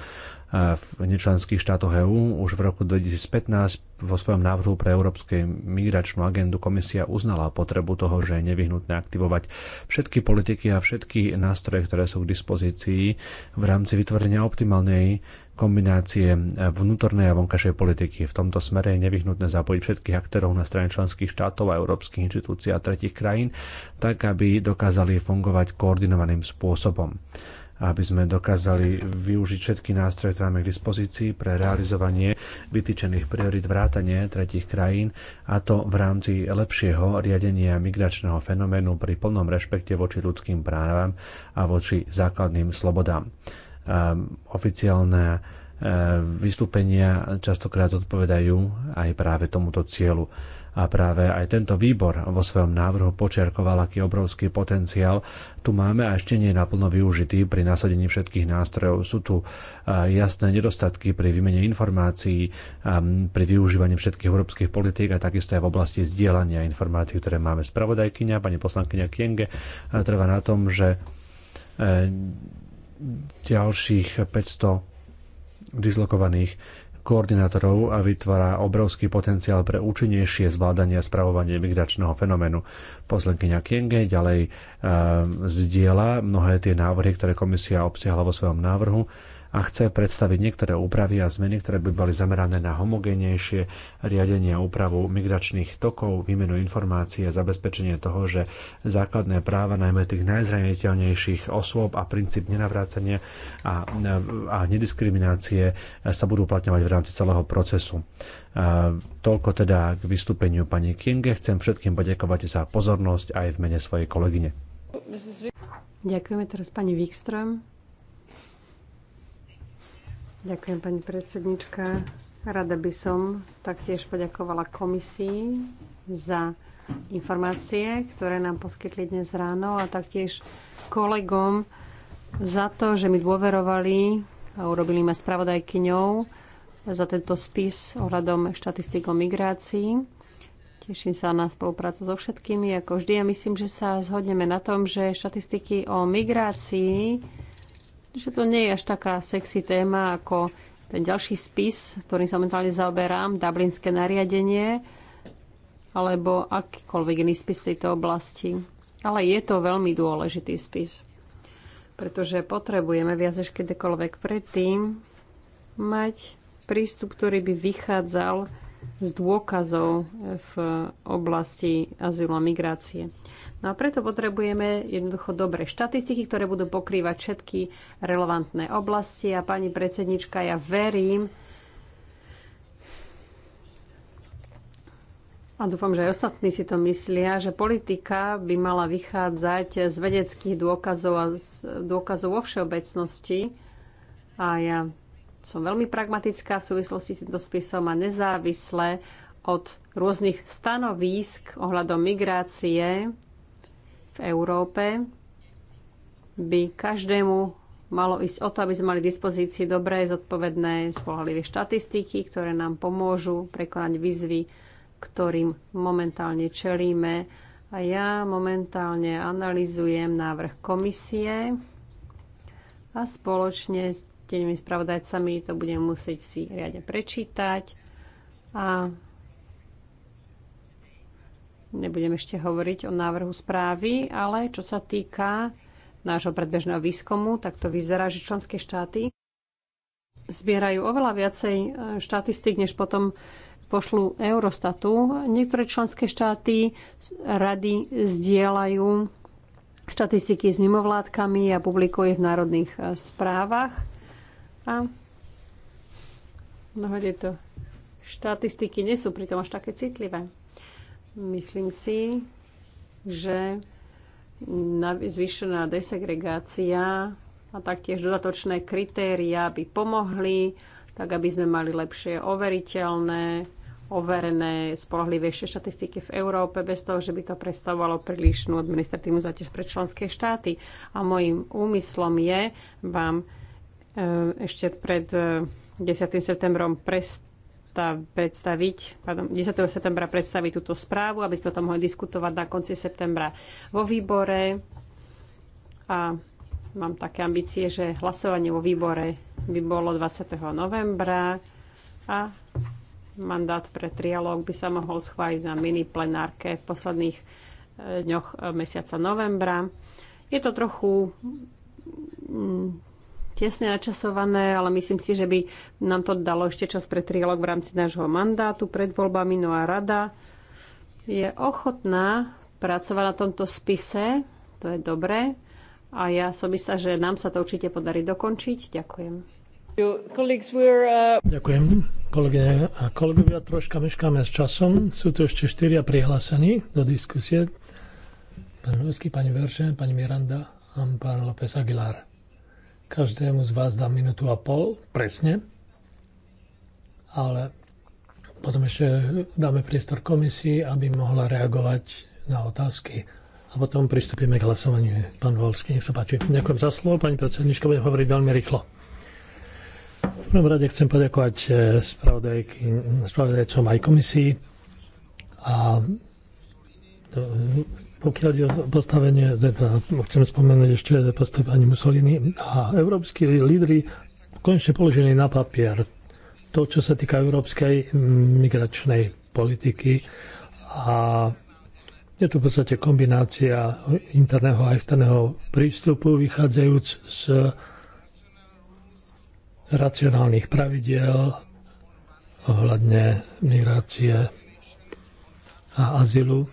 v nečlenských štátoch EÚ. Už v roku 2015 vo svojom návrhu pre Európske migračnú agendu komisia uznala potrebu toho, že je nevyhnutné aktivovať všetky politiky a všetky nástroje, ktoré sú k dispozícii v rámci vytvorenia optimálnej kombinácie vnútornej a vonkajšej politiky. V tomto smere je nevyhnutné zapojiť všetkých aktérov na strane členských štátov a európskych inštitúcií a tretich krajín, tak aby dokázali fungovať koordinovaným spôsobom aby sme dokázali využiť všetky nástroje, ktoré máme k dispozícii pre realizovanie vytýčených priorit vrátanie tretich krajín, a to v rámci lepšieho riadenia migračného fenoménu pri plnom rešpekte voči ľudským právam a voči základným slobodám. Um, oficiálne ehm, vystúpenia častokrát zodpovedajú aj práve tomuto cieľu. A práve aj tento výbor vo svojom návrhu počerkoval, aký obrovský potenciál tu máme a ešte nie je naplno využitý pri nasadení všetkých nástrojov. Sú tu e, jasné nedostatky pri výmene informácií, e, pri využívaní všetkých európskych politík a takisto aj v oblasti zdieľania informácií, ktoré máme. Spravodajkyňa, pani poslankyňa Kienge, e, trvá na tom, že ďalších 500 dislokovaných koordinátorov a vytvára obrovský potenciál pre účinnejšie zvládanie a spravovanie migračného fenoménu. Poslankyňa Kienge ďalej e, zdieľa mnohé tie návrhy, ktoré komisia obsiahla vo svojom návrhu a chce predstaviť niektoré úpravy a zmeny, ktoré by boli zamerané na homogénejšie riadenie a úpravu migračných tokov, výmenu informácií a zabezpečenie toho, že základné práva najmä tých najzraniteľnejších osôb a princíp nenavrácania a, a nediskriminácie sa budú uplatňovať v rámci celého procesu. A toľko teda k vystúpeniu pani Kinge. Chcem všetkým poďakovať za pozornosť aj v mene svojej kolegyne. Ďakujeme teraz pani Wikström. Ďakujem, pani predsednička. Rada by som taktiež poďakovala komisii za informácie, ktoré nám poskytli dnes ráno a taktiež kolegom za to, že mi dôverovali a urobili ma spravodajkyňou za tento spis ohľadom štatistik o migrácii. Teším sa na spoluprácu so všetkými, ako vždy. A myslím, že sa zhodneme na tom, že štatistiky o migrácii že to nie je až taká sexy téma ako ten ďalší spis, ktorým sa momentálne zaoberám, Dublinské nariadenie, alebo akýkoľvek iný spis v tejto oblasti. Ale je to veľmi dôležitý spis, pretože potrebujeme viac než kedykoľvek predtým mať prístup, ktorý by vychádzal z dôkazov v oblasti azylu a migrácie. No a preto potrebujeme jednoducho dobré štatistiky, ktoré budú pokrývať všetky relevantné oblasti. A pani predsednička, ja verím a dúfam, že aj ostatní si to myslia, že politika by mala vychádzať z vedeckých dôkazov a z dôkazov vo všeobecnosti. A ja som veľmi pragmatická v súvislosti s týmto spisom a nezávisle od rôznych stanovísk ohľadom migrácie v Európe by každému malo ísť o to, aby sme mali dispozícii dobré, zodpovedné, spolahlivé štatistiky, ktoré nám pomôžu prekonať výzvy, ktorým momentálne čelíme. A ja momentálne analizujem návrh komisie a spoločne s tenými spravodajcami, to budem musieť si riadne prečítať a nebudem ešte hovoriť o návrhu správy, ale čo sa týka nášho predbežného výskumu, tak to vyzerá, že členské štáty zbierajú oveľa viacej e, štatistik než potom pošlu Eurostatu. Niektoré členské štáty rady zdieľajú štatistiky s mimovládkami a publikuje v národných e, správach. A mnohé tieto štatistiky nie sú pritom až také citlivé. Myslím si, že zvýšená desegregácia a taktiež dodatočné kritéria by pomohli, tak aby sme mali lepšie overiteľné, overené, spolahlivejšie štatistiky v Európe, bez toho, že by to predstavovalo prílišnú administratívnu záťaž pre členské štáty. A môjim úmyslom je vám Eh, ešte pred 10. Eh, septembrom predstaviť, pardon, 10. septembra predstaviť túto správu, aby sme to mohli diskutovať na konci septembra vo výbore. A mám také ambície, že hlasovanie vo výbore by bolo 20. novembra a mandát pre trialóg by sa mohol schváliť na mini plenárke v posledných eh, dňoch mesiaca novembra. Je to trochu mm, tesne načasované, ale myslím si, že by nám to dalo ešte čas pre trialog v rámci nášho mandátu pred voľbami. No a rada je ochotná pracovať na tomto spise, to je dobré. A ja som istá, že nám sa to určite podarí dokončiť. Ďakujem. Uh, Ďakujem, kolegyne a kolegovia. Troška meškáme s časom. Sú tu ešte štyria prihlásení do diskusie. Pán Lusky, pani Verše, pani Miranda a pán López Aguilar. Každému z vás dám minútu a pol, presne. Ale potom ešte dáme priestor komisii, aby mohla reagovať na otázky. A potom pristúpime k hlasovaniu. Pán Volský, nech sa páči. Ďakujem za slovo, pani predsednička, budem hovoriť veľmi rýchlo. V prvom rade chcem poďakovať eh, spravodajcom aj komisii a pokiaľ je postavenie, teda, chcem spomenúť ešte postavenie Mussolini a európsky lídry konečne položili na papier to, čo sa týka európskej migračnej politiky a je to v podstate kombinácia interného a externého prístupu, vychádzajúc z racionálnych pravidiel ohľadne migrácie a azylu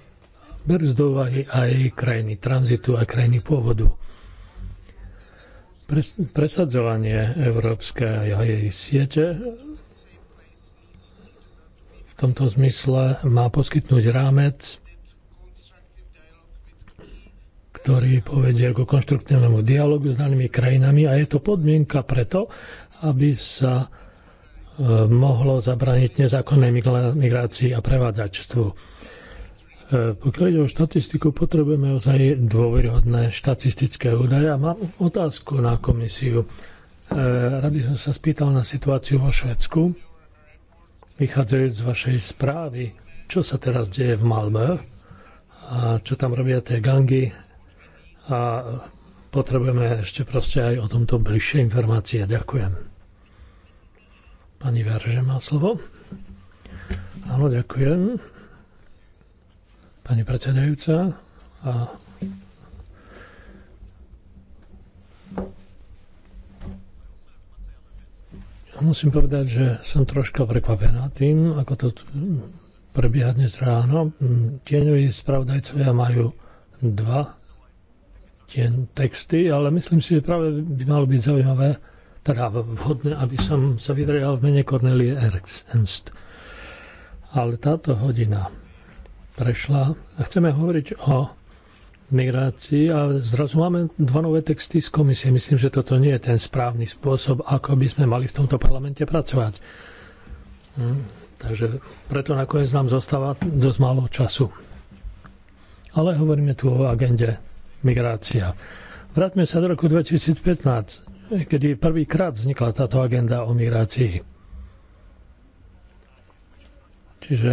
Ber do úvahy aj krajiny tranzitu a krajiny pôvodu. Presadzovanie európskej jej siete v tomto zmysle má poskytnúť rámec, ktorý povedie ku konštruktívnemu dialogu s danými krajinami a je to podmienka preto, aby sa e, mohlo zabrániť nezákonnej migrácii a prevádzačstvu. E, pokiaľ ide o štatistiku, potrebujeme ozaj dôveryhodné štatistické údaje a mám otázku na komisiu. E, Rád by som sa spýtal na situáciu vo Švedsku. Vychádzajúc z vašej správy, čo sa teraz deje v Malmö a čo tam robia tie gangy a potrebujeme ešte proste aj o tomto bližšie informácie. Ďakujem. Pani Verže má slovo. Áno, ďakujem pani predsedajúca. A musím povedať, že som troška prekvapená tým, ako to prebieha dnes ráno. Mm, tieňoví spravodajcovia majú dva tieň texty, ale myslím si, že práve by malo byť zaujímavé, teda vhodné, aby som sa vydrejal v mene Cornelie Ernst. Ale táto hodina prešla a chceme hovoriť o migrácii a zrazu máme dva nové texty z komisie. Myslím, že toto nie je ten správny spôsob, ako by sme mali v tomto parlamente pracovať. Hm. Takže preto nakoniec nám zostáva dosť málo času. Ale hovoríme tu o agende migrácia. Vráťme sa do roku 2015, kedy prvýkrát vznikla táto agenda o migrácii. Čiže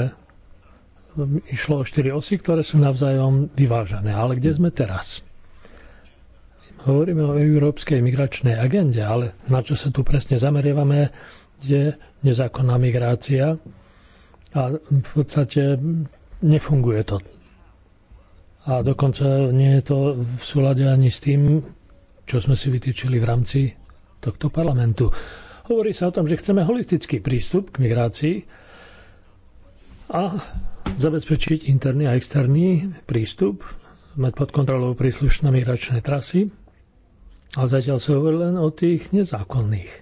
išlo o štyri osy, ktoré sú navzájom vyvážené. Ale kde sme teraz? Hovoríme o európskej migračnej agende, ale na čo sa tu presne zameriavame, je nezákonná migrácia a v podstate nefunguje to. A dokonca nie je to v súlade ani s tým, čo sme si vytýčili v rámci tohto parlamentu. Hovorí sa o tom, že chceme holistický prístup k migrácii a zabezpečiť interný a externý prístup, mať pod kontrolou príslušné migračné trasy. A zatiaľ sa hovorí len o tých nezákonných.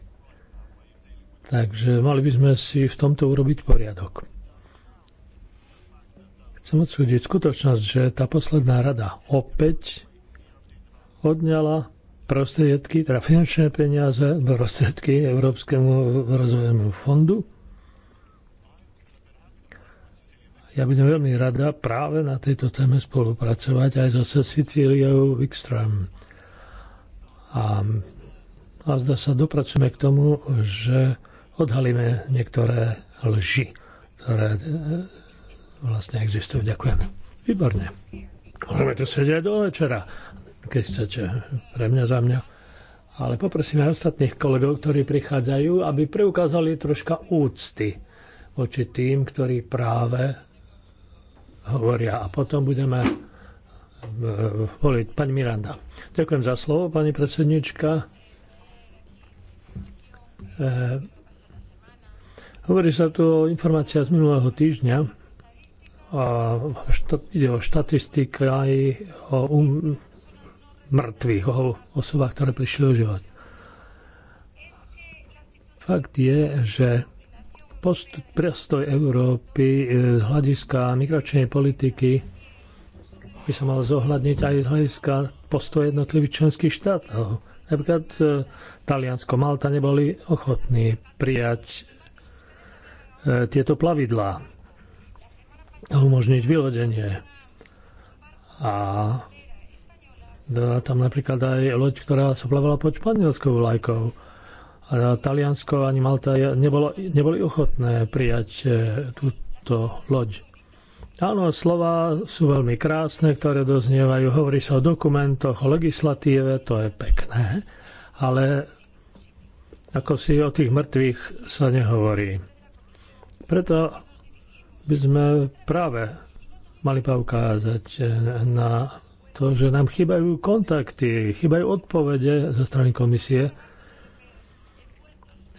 Takže mali by sme si v tomto urobiť poriadok. Chcem odsúdiť skutočnosť, že tá posledná rada opäť odňala prostriedky, teda finančné peniaze, prostriedky Európskemu rozvojovému fondu ja budem veľmi rada práve na tejto téme spolupracovať aj so Cecíliou Wikström. A, a zda sa dopracujeme k tomu, že odhalíme niektoré lži, ktoré e, vlastne existujú. Ďakujem. Výborne. Môžeme tu sedieť do večera, keď chcete. Pre mňa, za mňa. Ale poprosím aj ostatných kolegov, ktorí prichádzajú, aby preukázali troška úcty voči tým, ktorí práve hovoria. A potom budeme e, voliť. Pani Miranda. Ďakujem za slovo, pani predsednička. E, hovorí sa tu o informácia z minulého týždňa. A šta, ide o štatistiky aj o um, mŕtvych, o osobách, ktoré prišli o život. Fakt je, že prestoj Európy e, z hľadiska migračnej politiky by sa mal zohľadniť aj z hľadiska postoje jednotlivých členských štátov. Napríklad e, Taliansko, Malta neboli ochotní prijať e, tieto plavidlá a umožniť vylodenie. A tam napríklad aj loď, ktorá sa plavala pod španielskou vlajkou. Taliansko ani Malta nebolo, neboli ochotné prijať e, túto loď. Áno, slova sú veľmi krásne, ktoré doznievajú. Hovorí sa o dokumentoch, o legislatíve, to je pekné, ale ako si o tých mŕtvych sa nehovorí. Preto by sme práve mali poukázať e, na to, že nám chýbajú kontakty, chýbajú odpovede zo strany komisie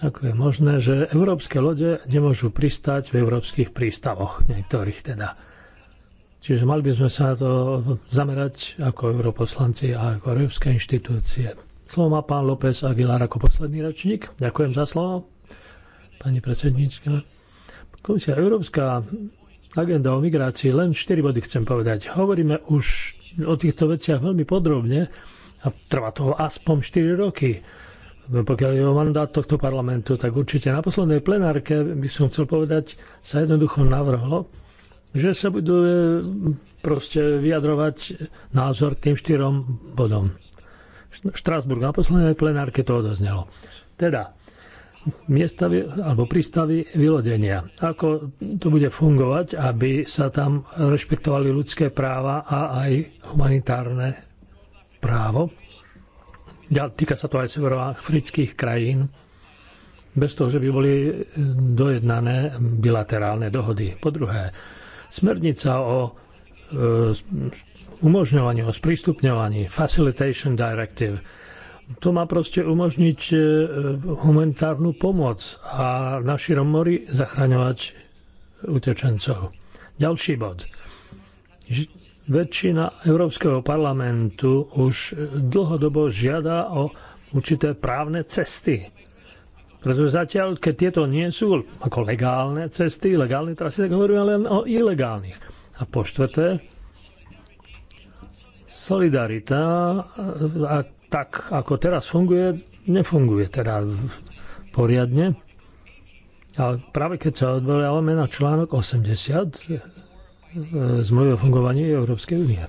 ako je možné, že európske lode nemôžu pristať v európskych prístavoch, niektorých teda. Čiže mali by sme sa na to zamerať ako europoslanci a ako európske inštitúcie. Slovo má pán López Aguilar ako posledný ročník. Ďakujem za slovo, pani predsednička. Komisia Európska agenda o migrácii, len 4 body chcem povedať. Hovoríme už o týchto veciach veľmi podrobne a trvá to aspoň 4 roky. No, pokiaľ je o mandát tohto parlamentu, tak určite na poslednej plenárke by som chcel povedať, sa jednoducho navrhlo, že sa budú e, proste vyjadrovať názor k tým štyrom bodom. Štrásburg na poslednej plenárke to odoznelo. Teda, miesta alebo prístavy vylodenia. Ako to bude fungovať, aby sa tam rešpektovali ľudské práva a aj humanitárne právo týka sa to aj severoafrických krajín, bez toho, že by boli dojednané bilaterálne dohody. Po druhé, smernica o e, umožňovaní, o sprístupňovaní, Facilitation Directive, to má proste umožniť e, humanitárnu pomoc a na širom mori zachraňovať utečencov. Ďalší bod väčšina Európskeho parlamentu už dlhodobo žiada o určité právne cesty. Pretože zatiaľ, keď tieto nie sú ako legálne cesty, legálne trasy, tak hovoríme len o ilegálnych. A po štvrté, solidarita, a tak ako teraz funguje, nefunguje teda poriadne. A práve keď sa odvolávame na článok 80 zmluvy o fungovaní Európskej únie.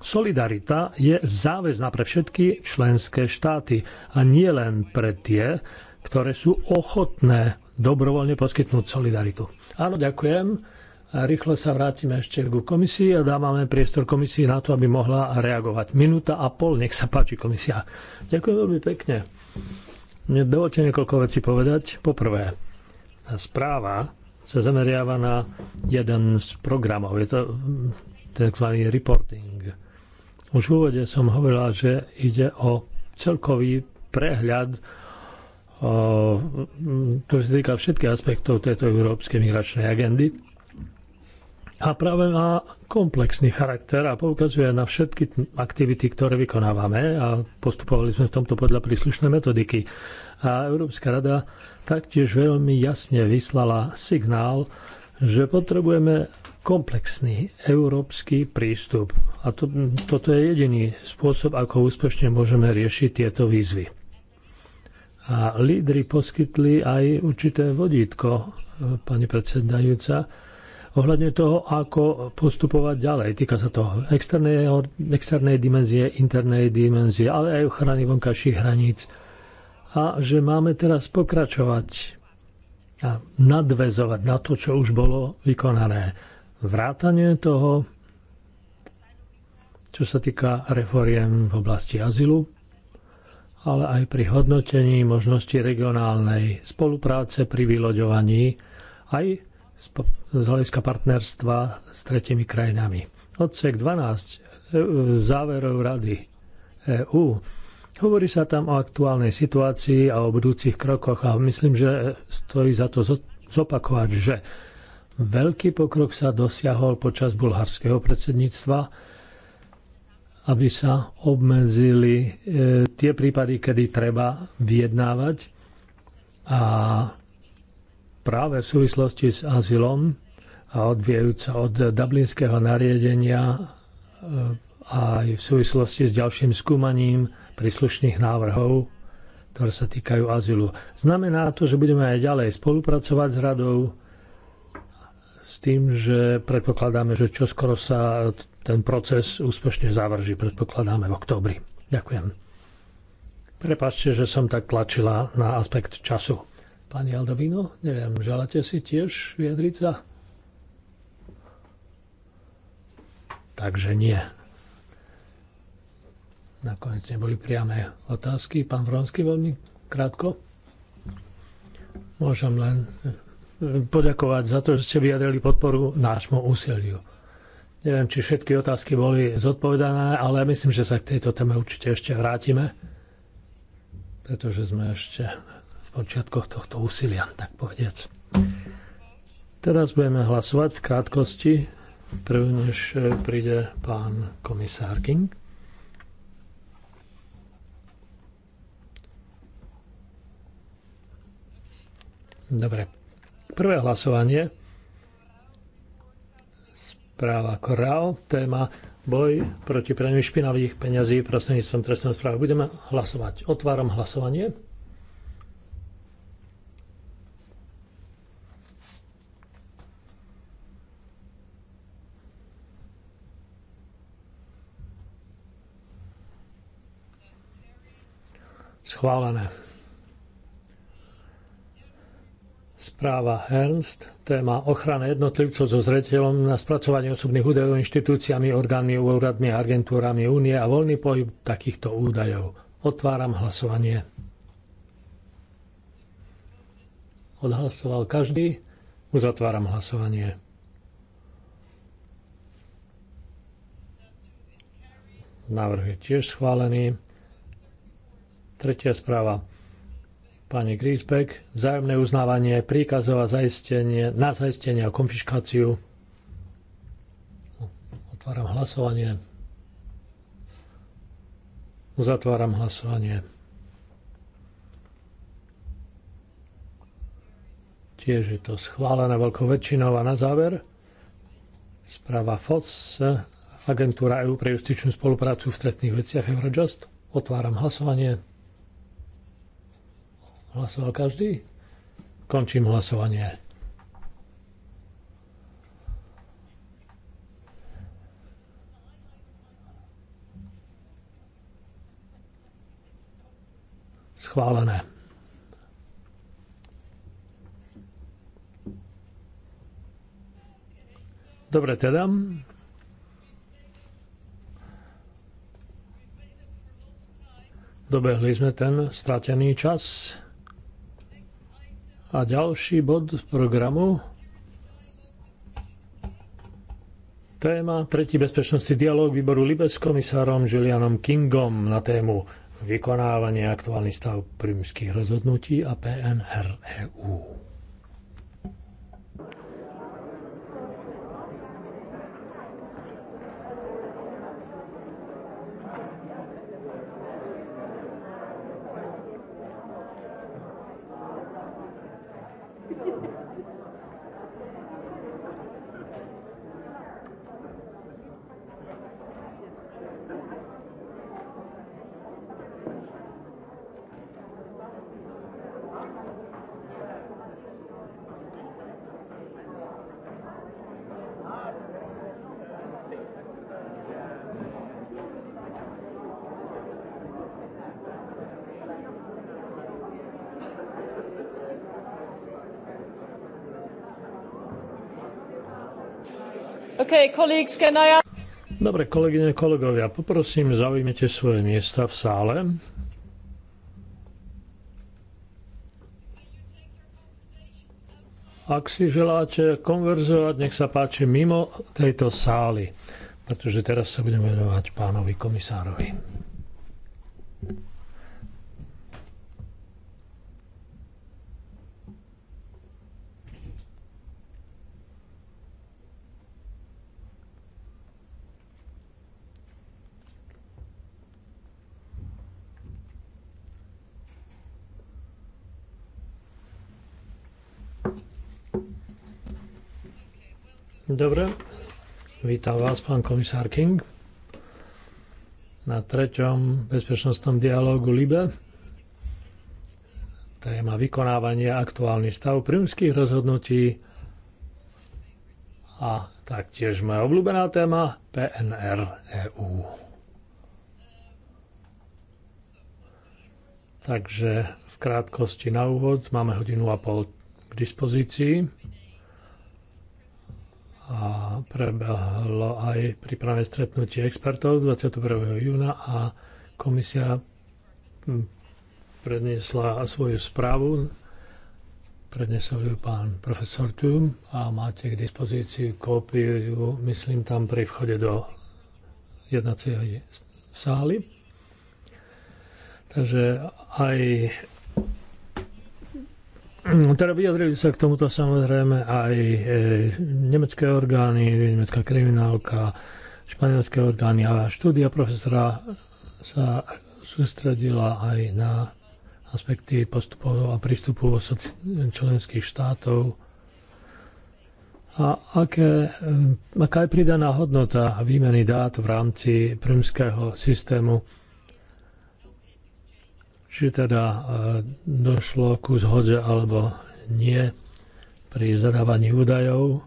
Solidarita je záväzná pre všetky členské štáty a nie len pre tie, ktoré sú ochotné dobrovoľne poskytnúť solidaritu. Áno, ďakujem. A rýchlo sa vrátime ešte ku komisii a dávame priestor komisii na to, aby mohla reagovať. Minúta a pol, nech sa páči komisia. Ďakujem veľmi pekne. Dovolte niekoľko vecí povedať. Poprvé, tá správa sa zameriava na jeden z programov. Je to mm, tzv. reporting. Už v úvode som hovorila, že ide o celkový prehľad, mm, ktorý sa týka všetkých aspektov tejto európskej migračnej agendy. A práve má komplexný charakter a poukazuje na všetky aktivity, ktoré vykonávame a postupovali sme v tomto podľa príslušnej metodiky. A Európska rada taktiež veľmi jasne vyslala signál, že potrebujeme komplexný európsky prístup. A to, toto je jediný spôsob, ako úspešne môžeme riešiť tieto výzvy. A lídry poskytli aj určité vodítko, e, pani predsedajúca, ohľadne toho, ako postupovať ďalej. Týka sa toho externej, externej dimenzie, internej dimenzie, ale aj ochrany vonkajších hraníc a že máme teraz pokračovať a nadvezovať na to, čo už bolo vykonané. Vrátanie toho, čo sa týka reforiem v oblasti azylu, ale aj pri hodnotení možnosti regionálnej spolupráce pri vyloďovaní aj z hľadiska partnerstva s tretimi krajinami. Odsek 12 e, záverov Rady EÚ Hovorí sa tam o aktuálnej situácii a o budúcich krokoch a myslím, že stojí za to zopakovať, že veľký pokrok sa dosiahol počas bulharského predsedníctva, aby sa obmedzili e, tie prípady, kedy treba vyjednávať a práve v súvislosti s azylom a odviejúca od dublinského nariadenia e, aj v súvislosti s ďalším skúmaním príslušných návrhov, ktoré sa týkajú azylu. Znamená to, že budeme aj ďalej spolupracovať s radou, s tým, že predpokladáme, že čoskoro sa ten proces úspešne zavrží, predpokladáme v októbri. Ďakujem. Prepačte, že som tak tlačila na aspekt času. Pani Aldovino, neviem, želáte si tiež vyjadriť sa? Takže nie. Nakoniec neboli priame otázky. Pán Vronsky, veľmi krátko. Môžem len eh, poďakovať za to, že ste vyjadrili podporu nášmu úsiliu. Neviem, či všetky otázky boli zodpovedané, ale myslím, že sa k tejto téme určite ešte vrátime, pretože sme ešte v počiatkoch tohto úsilia, tak povediac. Teraz budeme hlasovať v krátkosti, Prvne než eh, príde pán komisár King. Dobre. Prvé hlasovanie. Správa Korál. Téma boj proti praniu špinavých peňazí prostredníctvom trestného správy. Budeme hlasovať. Otváram hlasovanie. Schválené. Správa Ernst, téma ochrana jednotlivcov so zreteľom na spracovanie osobných údajov inštitúciami, orgánmi, úradmi a agentúrami únie a voľný pohyb takýchto údajov. Otváram hlasovanie. Odhlasoval každý. Uzatváram hlasovanie. Návrh je tiež schválený. Tretia správa pani Grisbeck, vzájomné uznávanie príkazov a zaistenie, na zaistenie a konfiškáciu. Otváram hlasovanie. Uzatváram hlasovanie. Tiež je to schválené veľkou väčšinou a na záver správa FOS, agentúra EU pre justičnú spoluprácu v trestných veciach Eurojust. Otváram hlasovanie. Hlasoval každý? Končím hlasovanie. Schválené. Dobre, teda. Dobehli sme ten stratený čas. A ďalší bod programu Téma tretí bezpečnostný dialog výboru Libe s komisárom Julianom Kingom na tému vykonávanie aktuálny stav prímských rozhodnutí a PNR EU. Dobre, kolegyne, kolegovia, poprosím, zaujímite svoje miesta v sále. Ak si želáte konverzovať, nech sa páči mimo tejto sály, pretože teraz sa budem venovať pánovi komisárovi. Vítam vás, pán komisár King, na treťom bezpečnostnom dialógu LIBE. Téma vykonávania aktuálny stav prímských rozhodnutí a taktiež moja obľúbená téma PNR EU. Takže v krátkosti na úvod máme hodinu a pol k dispozícii prebehlo aj prípravné stretnutie expertov 21. júna a komisia hm, predniesla svoju správu. Prednesol ju pán profesor Tum a máte k dispozícii kópiu, myslím, tam pri vchode do jednacej sály. Takže aj Mm, teda vyjadrili sa k tomuto samozrejme aj e, nemecké orgány, nemecká kriminálka, španielské orgány a štúdia profesora sa sústredila aj na aspekty postupov a prístupov členských štátov a aké, e, aká je pridaná hodnota výmeny dát v rámci prímského systému či teda e, došlo ku zhode alebo nie pri zadávaní údajov.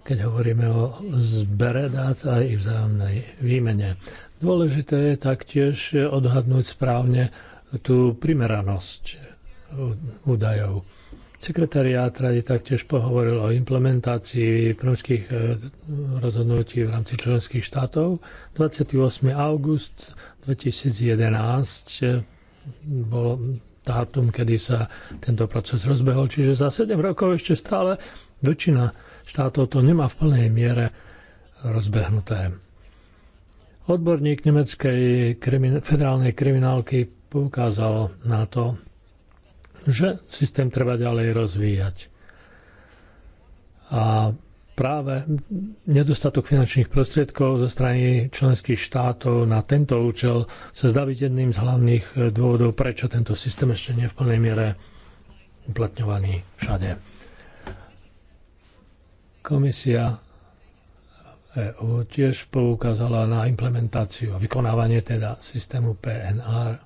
keď hovoríme o zbere dát a ich vzájomnej výmene. Dôležité je taktiež odhadnúť správne tú primeranosť údajov. Sekretariát rady taktiež pohovoril o implementácii prvnických e, rozhodnutí v rámci členských štátov. 28. august 2011 e, bol dátum, kedy sa tento proces rozbehol. Čiže za 7 rokov ešte stále väčšina štátov to nemá v plnej miere rozbehnuté. Odborník nemeckej federálnej kriminálky poukázal na to, že systém treba ďalej rozvíjať. A práve nedostatok finančných prostriedkov zo strany členských štátov na tento účel sa zdá byť jedným z hlavných eh, dôvodov, prečo tento systém ešte nie v plnej miere uplatňovaný všade. Komisia EU tiež poukázala na implementáciu a vykonávanie teda systému PNR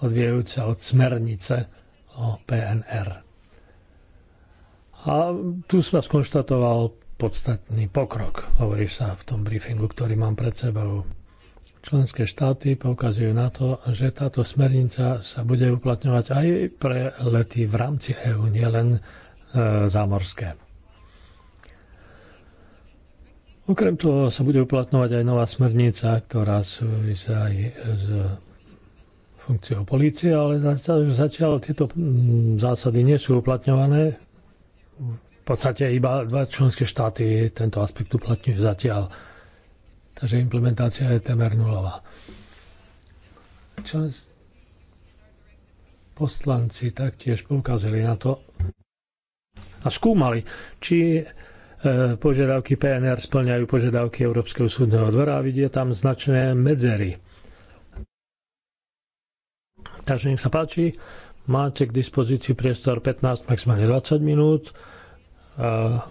odvíjajúca od smernice o PNR. A tu sa skonštatoval podstatný pokrok, hovorí sa v tom briefingu, ktorý mám pred sebou. Členské štáty poukazujú na to, že táto smernica sa bude uplatňovať aj pre lety v rámci EÚ, nielen e, zámorské. Okrem toho sa bude uplatňovať aj nová smernica, ktorá súvisí aj s funkciou polície, ale zatiaľ tieto mm, zásady nie sú uplatňované. V podstate iba dva členské štáty tento aspekt uplatňujú zatiaľ. Takže implementácia je temer nulová. Čas... Poslanci taktiež poukázali na to a skúmali, či e, požiadavky PNR splňajú požiadavky Európskeho súdneho dvora a vidie tam značné medzery Takže nech sa páči, máte k dispozícii priestor 15, maximálne 20 minút. A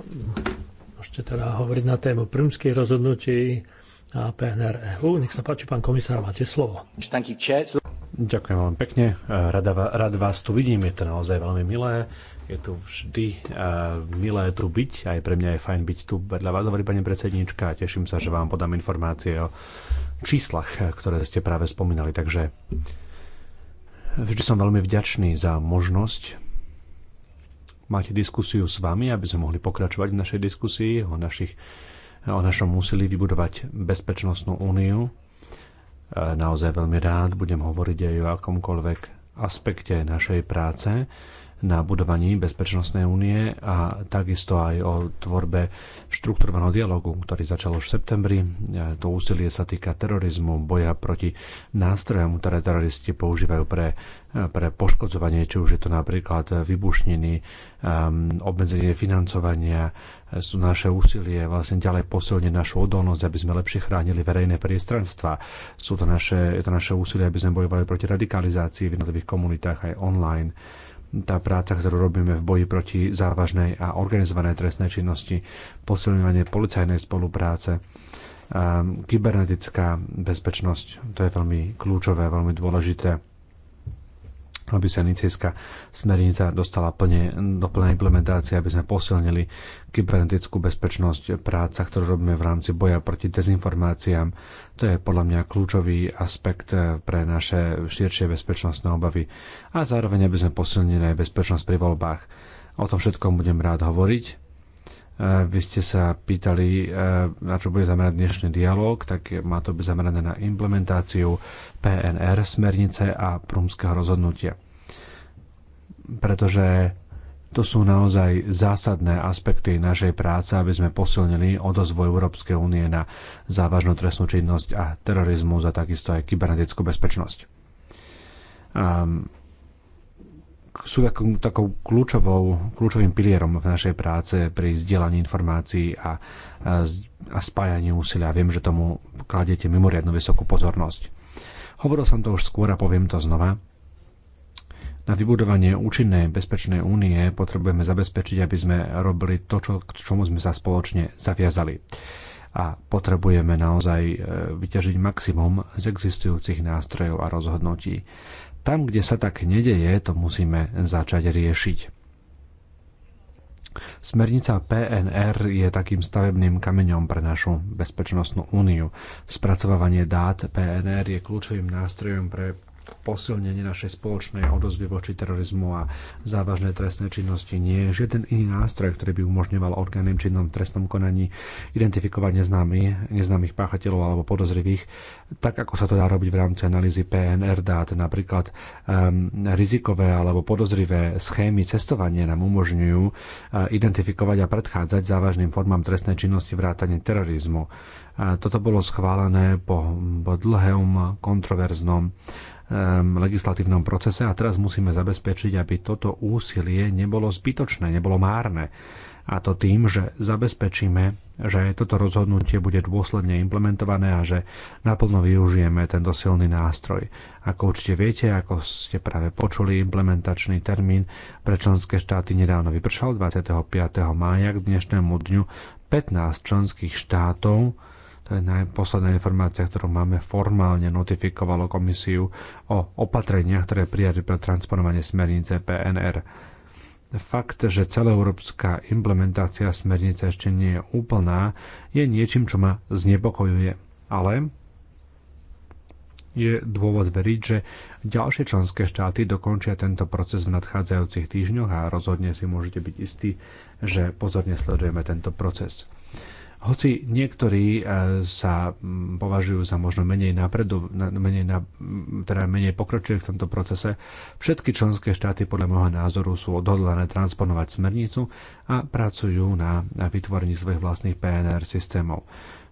môžete teda hovoriť na tému prímskych rozhodnutí a PNR EU. Nech sa páči, pán komisár, máte slovo. Ďakujem veľmi pekne. Rada, rád vás tu vidím, je to naozaj veľmi milé. Je tu vždy uh, milé tu byť, aj pre mňa je fajn byť tu vedľa vás, hovorí pani predsednička, a teším sa, že vám podám informácie o číslach, ktoré ste práve spomínali. Takže uh, Vždy som veľmi vďačný za možnosť mať diskusiu s vami, aby sme mohli pokračovať v našej diskusii o, našich, o našom úsilí vybudovať bezpečnostnú úniu. E, naozaj veľmi rád budem hovoriť aj o akomkoľvek aspekte našej práce, na budovaní Bezpečnostnej únie a takisto aj o tvorbe štruktúrovaného dialogu, ktorý začal už v septembri. E, to úsilie sa týka terorizmu, boja proti nástrojom, ktoré teroristi používajú pre, e, pre poškodzovanie, či už je to napríklad vybušniny, um, obmedzenie financovania, sú naše úsilie vlastne ďalej posilniť našu odolnosť, aby sme lepšie chránili verejné priestranstva. Sú to naše, je to naše úsilie, aby sme bojovali proti radikalizácii v jednotlivých komunitách aj online tá práca, ktorú robíme v boji proti závažnej a organizovanej trestnej činnosti, posilňovanie policajnej spolupráce, kybernetická bezpečnosť, to je veľmi kľúčové, veľmi dôležité aby sa nicejská smernica dostala plne, do plnej implementácie, aby sme posilnili kybernetickú bezpečnosť práca, ktorú robíme v rámci boja proti dezinformáciám. To je podľa mňa kľúčový aspekt eh, pre naše širšie bezpečnostné obavy a zároveň aby sme posilnili aj bezpečnosť pri voľbách. O tom všetkom budem rád hovoriť E, vy ste sa pýtali, e, na čo bude zamerať dnešný dialog, tak má to byť zamerané na implementáciu PNR smernice a prúmského rozhodnutia. Pretože to sú naozaj zásadné aspekty našej práce, aby sme posilnili odozvoj Európskej únie na závažnú trestnú činnosť a terorizmus a takisto aj kybernetickú bezpečnosť. Um, sú takou, takou kľúčovou, kľúčovým pilierom v našej práce pri zdieľaní informácií a, a, spájaní úsilia. Viem, že tomu kladete mimoriadnu vysokú pozornosť. Hovoril som to už skôr a poviem to znova. Na vybudovanie účinnej bezpečnej únie potrebujeme zabezpečiť, aby sme robili to, čo, k čomu sme sa spoločne zaviazali. A potrebujeme naozaj e, vyťažiť maximum z existujúcich nástrojov a rozhodnutí. Tam, kde sa tak nedeje, to musíme začať riešiť. Smernica PNR je takým stavebným kameňom pre našu bezpečnostnú úniu. Spracovávanie dát PNR je kľúčovým nástrojom pre posilnenie našej spoločnej odozvy voči terorizmu a závažné trestné činnosti. Nie je žiaden iný nástroj, ktorý by umožňoval orgánom činnom v trestnom konaní identifikovať neznámy, neznámych páchateľov alebo podozrivých, tak ako sa to dá robiť v rámci analýzy PNR dát. Napríklad um, rizikové alebo podozrivé schémy cestovania nám umožňujú uh, identifikovať a predchádzať závažným formám trestnej činnosti vrátane terorizmu. Uh, toto bolo schválené po, po dlhém kontroverznom legislatívnom procese a teraz musíme zabezpečiť, aby toto úsilie nebolo zbytočné, nebolo márne. A to tým, že zabezpečíme, že toto rozhodnutie bude dôsledne implementované a že naplno využijeme tento silný nástroj. Ako určite viete, ako ste práve počuli, implementačný termín pre členské štáty nedávno vypršal 25. mája k dnešnému dňu 15 členských štátov to je posledná informácia, ktorú máme formálne notifikovalo komisiu o opatreniach, ktoré prijali pre transponovanie smernice PNR. Fakt, že celoeurópska implementácia smernice ešte nie je úplná, je niečím, čo ma znepokojuje. Ale je dôvod veriť, že ďalšie členské štáty dokončia tento proces v nadchádzajúcich týždňoch a rozhodne si môžete byť istí, že pozorne sledujeme tento proces. Hoci niektorí e, sa považujú za možno menej, napredu, menej, na, teda menej pokročili v tomto procese, všetky členské štáty podľa môjho názoru sú odhodlané transponovať smernicu a pracujú na vytvorení svojich vlastných PNR systémov.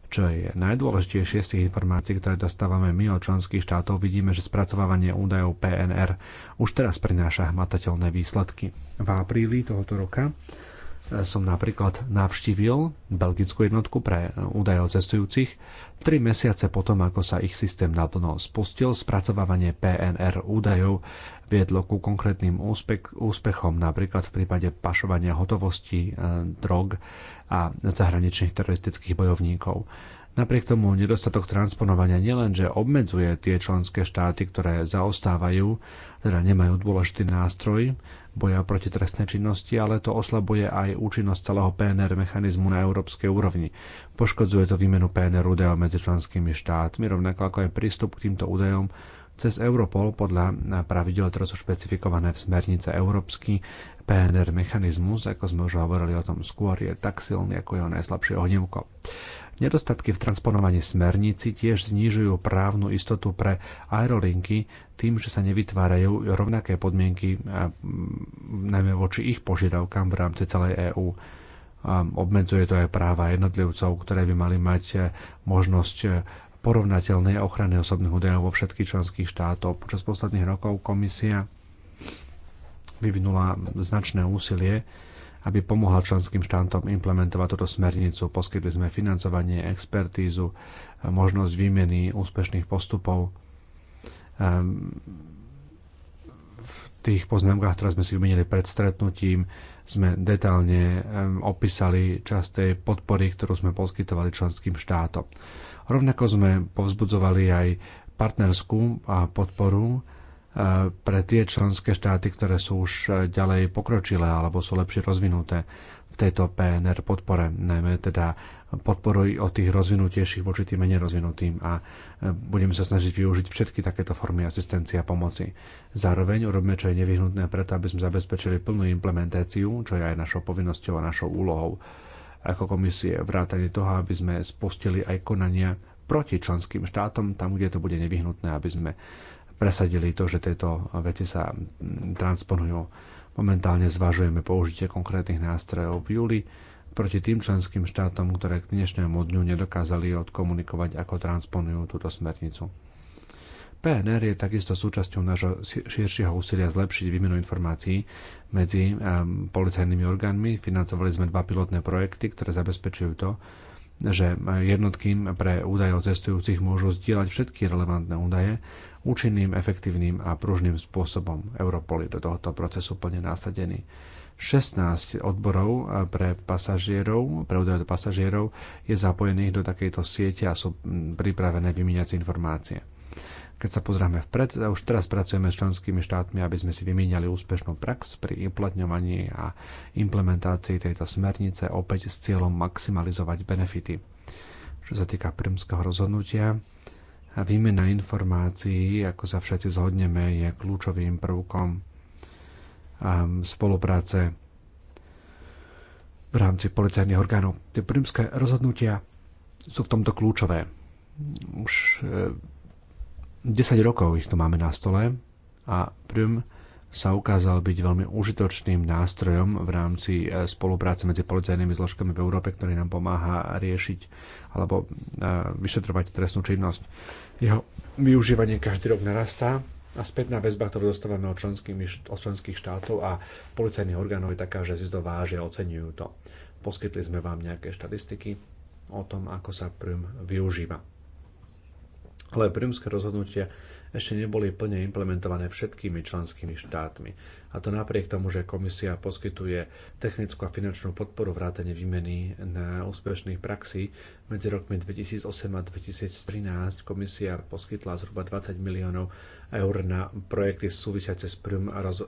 Čo je najdôležitejšie z tých informácií, ktoré dostávame my od členských štátov, vidíme, že spracovávanie údajov PNR už teraz prináša hmatateľné výsledky. V apríli tohoto roka som napríklad navštívil belgickú jednotku pre údaje o cestujúcich. Tri mesiace potom, ako sa ich systém naplno spustil, spracovávanie PNR údajov viedlo ku konkrétnym úspech, úspechom, napríklad v prípade pašovania hotovosti, e, drog a zahraničných teroristických bojovníkov. Napriek tomu nedostatok transponovania nielenže obmedzuje tie členské štáty, ktoré zaostávajú, teda nemajú dôležitý nástroj boja proti trestnej činnosti, ale to oslabuje aj účinnosť celého PNR mechanizmu na európskej úrovni. Poškodzuje to výmenu PNR údajov medzi členskými štátmi, rovnako ako aj prístup k týmto údajom cez Europol podľa pravidel, ktoré sú špecifikované v smernice Európsky PNR mechanizmus, ako sme už hovorili o tom skôr, je tak silný ako jeho najslabšie ohnívko. Nedostatky v transponovaní smernici tiež znižujú právnu istotu pre aerolinky tým, že sa nevytvárajú rovnaké podmienky najmä voči ich požiadavkám v rámci celej EÚ obmedzuje to aj práva jednotlivcov, ktoré by mali mať e, možnosť e, porovnateľnej ochrany osobných údajov vo všetkých členských štátoch. Počas posledných rokov komisia vyvinula značné úsilie aby pomohla členským štátom implementovať túto smernicu. Poskytli sme financovanie, expertízu, možnosť výmeny úspešných postupov. Ehm, v tých poznámkach, ktoré sme si vymenili pred stretnutím, sme detálne ehm, opísali časť tej podpory, ktorú sme poskytovali členským štátom. Rovnako sme povzbudzovali aj partnerskú podporu E, pre tie členské štáty, ktoré sú už e, ďalej pokročilé alebo sú lepšie rozvinuté v tejto PNR podpore, najmä teda podporuj o tých rozvinutejších voči tým menej rozvinutým a e, budeme sa snažiť využiť všetky takéto formy asistencie a pomoci. Zároveň urobme, čo je nevyhnutné preto, aby sme zabezpečili plnú implementáciu, čo je aj našou povinnosťou a našou úlohou ako komisie vrátane toho, aby sme spustili aj konania proti členským štátom, tam, kde to bude nevyhnutné, aby sme presadili to, že tieto veci sa transponujú. Momentálne zvažujeme použitie konkrétnych nástrojov v júli proti tým členským štátom, ktoré k dnešnému dňu nedokázali odkomunikovať, ako transponujú túto smernicu. PNR je takisto súčasťou nášho širšieho úsilia zlepšiť výmenu informácií medzi um, policajnými orgánmi. Financovali sme dva pilotné projekty, ktoré zabezpečujú to, že jednotky pre údaje o cestujúcich môžu zdieľať všetky relevantné údaje účinným, efektívnym a pružným spôsobom. Europol je do tohoto procesu plne násadený. 16 odborov eh, pre pasažierov, pre údaje pasažierov je zapojených do takejto siete a sú mm, pripravené vymieňať informácie. Keď sa pozrieme vpred, eh, už teraz pracujeme s členskými štátmi, aby sme si vymieňali úspešnú prax pri uplatňovaní a implementácii tejto smernice opäť s cieľom maximalizovať benefity. Čo sa týka prímskeho rozhodnutia, a výmena informácií, ako sa všetci zhodneme, je kľúčovým prvkom um, spolupráce v rámci policajných orgánov. Tie prímske rozhodnutia sú v tomto kľúčové. Už 10 eh, rokov ich tu máme na stole a prím sa ukázal byť veľmi užitočným nástrojom v rámci e, spolupráce medzi policajnými zložkami v Európe, ktorý nám pomáha riešiť alebo e, vyšetrovať trestnú činnosť. Jeho využívanie každý rok narastá a spätná väzba, ktorú dostávame od, členských štátov a policajných orgánov je taká, že si to vážia a oceňujú to. Poskytli sme vám nejaké štatistiky o tom, ako sa prím využíva. Ale prímske rozhodnutia ešte neboli plne implementované všetkými členskými štátmi. A to napriek tomu, že komisia poskytuje technickú a finančnú podporu vrátane výmeny na úspešných praxí. Medzi rokmi 2008 a 2013 komisia poskytla zhruba 20 miliónov eur na projekty súvisiace s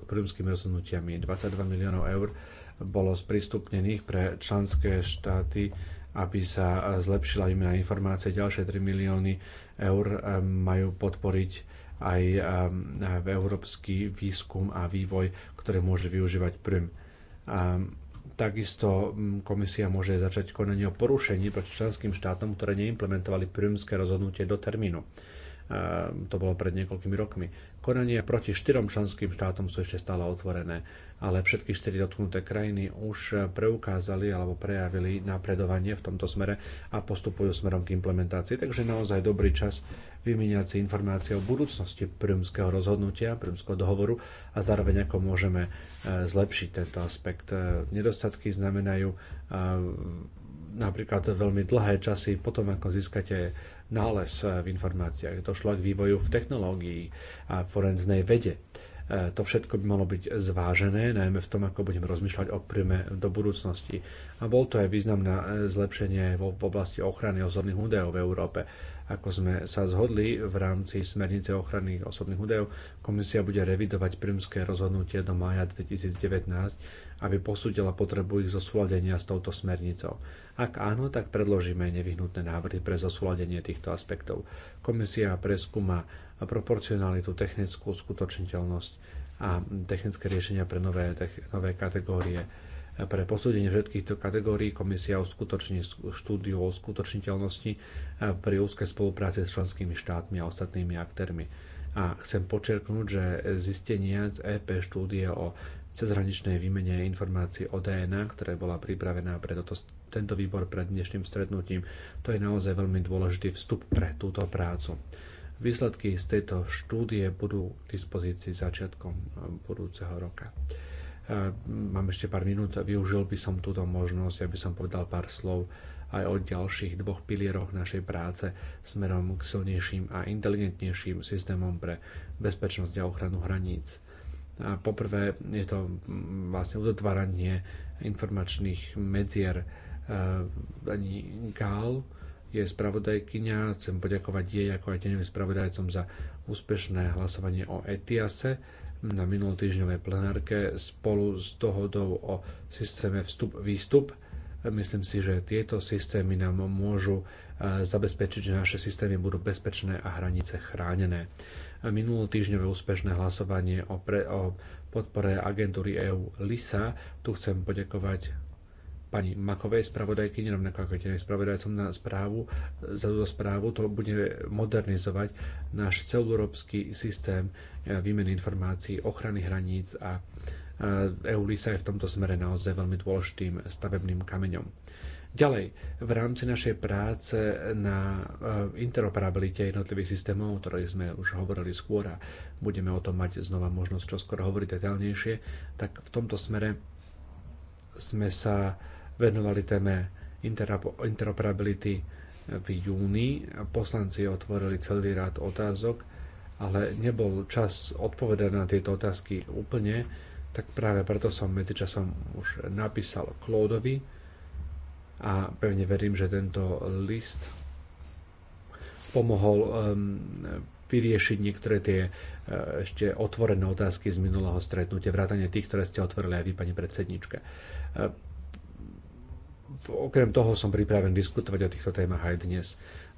prímskými rozhodnutiami. 22 miliónov eur bolo sprístupnených pre členské štáty aby sa zlepšila výmena informácie. Ďalšie 3 milióny eur eh, majú podporiť aj v európsky výskum a vývoj, ktoré môže využívať prüm. takisto komisia môže začať konanie o porušení proti členským štátom, ktoré neimplementovali prümské rozhodnutie do termínu. to bolo pred niekoľkými rokmi. Konanie proti štyrom členským štátom sú ešte stále otvorené ale všetky štyri dotknuté krajiny už preukázali alebo prejavili napredovanie v tomto smere a postupujú smerom k implementácii. Takže naozaj dobrý čas vymieňať si informácie o budúcnosti prímskeho rozhodnutia, prímského dohovoru a zároveň ako môžeme e, zlepšiť tento aspekt. E, nedostatky znamenajú e, napríklad veľmi dlhé časy potom, ako získate nález v informáciách. Došlo k vývoju v technológii a forenznej vede E, to všetko by malo byť zvážené, najmä v tom, ako budeme rozmýšľať o príjme do budúcnosti. A bol to aj významné e, zlepšenie v oblasti ochrany osobných údajov v Európe. Ako sme sa zhodli v rámci smernice ochrany osobných údajov, komisia bude revidovať prímske rozhodnutie do maja 2019, aby posúdila potrebu ich zosúladenia s touto smernicou. Ak áno, tak predložíme nevyhnutné návrhy pre zosúladenie týchto aspektov. Komisia preskúma proporcionalitu, technickú skutočniteľnosť a technické riešenia pre nové, tech, nové kategórie. Pre posúdenie všetkých kategórií komisia uskutoční štúdiu o skutočniteľnosti e, pri úzkej spolupráci s členskými štátmi a ostatnými aktérmi. A chcem počerknúť, že zistenia z EP štúdie o cezhraničnej výmene informácií o DNA, ktorá bola pripravená pre toto, tento výbor pred dnešným stretnutím, to je naozaj veľmi dôležitý vstup pre túto prácu. Výsledky z tejto štúdie budú k dispozícii začiatkom eh, budúceho roka. Eh, mám ešte pár minút a využil by som túto možnosť, aby som povedal pár slov aj o ďalších dvoch pilieroch našej práce smerom k silnejším a inteligentnejším systémom pre bezpečnosť a ochranu hraníc. A poprvé je to mm, vlastne udotváranie informačných medzier eh, ani e, je spravodajkyňa. Chcem poďakovať jej ako aj tenevým spravodajcom za úspešné hlasovanie o ETIASe na minulotýždňovej plenárke spolu s dohodou o systéme vstup-výstup. Myslím si, že tieto systémy nám môžu e, zabezpečiť, že naše systémy budú bezpečné a hranice chránené. Minulotýždňové úspešné hlasovanie o, pre, o podpore agentúry EU LISA. Tu chcem poďakovať pani Makovej spravodajky, nerovnako ako tiež spravodajcom na správu, za túto správu. To bude modernizovať náš celoeurópsky systém eh, výmeny informácií, ochrany hraníc a eh, EULISA je v tomto smere naozaj veľmi dôležitým stavebným kameňom. Ďalej, v rámci našej práce na eh, interoperabilite jednotlivých systémov, o ktorých sme už hovorili skôr a budeme o tom mať znova možnosť čoskoro hovoriť detaľnejšie, tak v tomto smere sme sa venovali téme interoperability v júni. Poslanci otvorili celý rád otázok, ale nebol čas odpovedať na tieto otázky úplne, tak práve preto som medzičasom už napísal Klódovi a pevne verím, že tento list pomohol um, vyriešiť niektoré tie uh, ešte otvorené otázky z minulého stretnutia, vrátane tých, ktoré ste otvorili aj vy, pani predsednička. Uh, okrem toho som pripraven diskutovať o týchto témach aj dnes.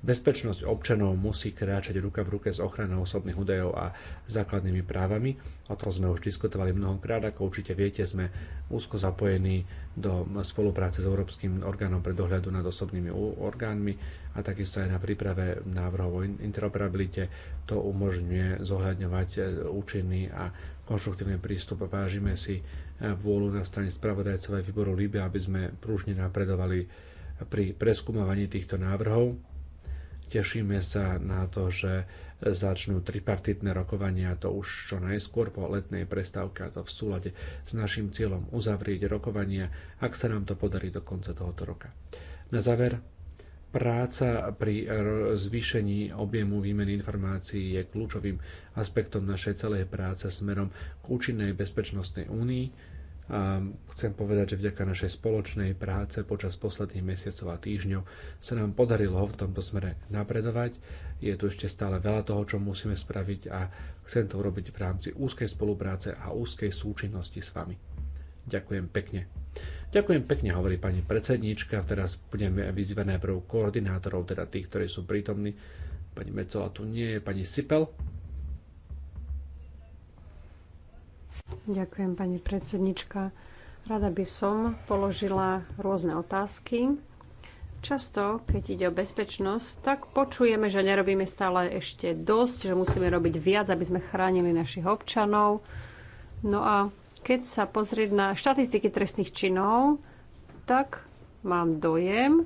Bezpečnosť občanov musí kráčať ruka v ruke s ochranou osobných údajov a základnými právami. O tom sme už diskutovali mnohokrát, ako určite viete, sme úzko zapojení do spolupráce s Európskym orgánom pre dohľadu nad osobnými orgánmi a takisto aj na príprave návrhov o interoperabilite. To umožňuje zohľadňovať e, účinný a konštruktívny prístup. Vážime si vôľu na strane spravodajcov aj výboru Líbe, aby sme pružne napredovali pri preskúmavaní týchto návrhov. Tešíme sa na to, že začnú tripartitné rokovania, to už čo najskôr po letnej prestávke a to v súlade s našim cieľom uzavrieť rokovania, ak sa nám to podarí do konca tohoto roka. Na záver Práca pri zvýšení objemu výmeny informácií je kľúčovým aspektom našej celej práce smerom k účinnej bezpečnostnej únii. A chcem povedať, že vďaka našej spoločnej práce počas posledných mesiacov a týždňov sa nám podarilo v tomto smere napredovať. Je tu ešte stále veľa toho, čo musíme spraviť a chcem to urobiť v rámci úzkej spolupráce a úzkej súčinnosti s vami. Ďakujem pekne. Ďakujem pekne, hovorí pani predsedníčka. Teraz budeme vyzývané najprv koordinátorov, teda tých, ktorí sú prítomní. Pani Mecola tu nie je, pani Sipel. Ďakujem, pani predsednička. Rada by som položila rôzne otázky. Často, keď ide o bezpečnosť, tak počujeme, že nerobíme stále ešte dosť, že musíme robiť viac, aby sme chránili našich občanov. No a keď sa pozrieť na štatistiky trestných činov, tak mám dojem,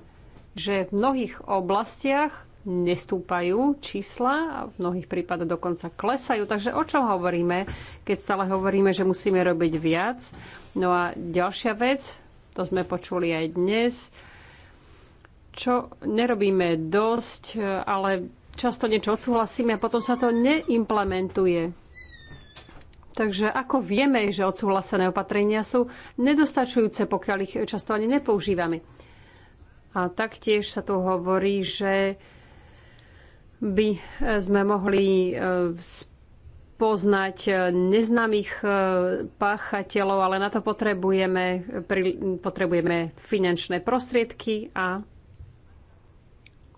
že v mnohých oblastiach nestúpajú čísla a v mnohých prípadoch dokonca klesajú. Takže o čom hovoríme, keď stále hovoríme, že musíme robiť viac? No a ďalšia vec, to sme počuli aj dnes, čo nerobíme dosť, ale často niečo odsúhlasíme a potom sa to neimplementuje. Takže ako vieme, že odsúhlasené opatrenia sú nedostačujúce, pokiaľ ich často ani nepoužívame. A taktiež sa tu hovorí, že by sme mohli e, poznať e, neznámych e, páchateľov, ale na to potrebujeme, potrebujeme finančné prostriedky a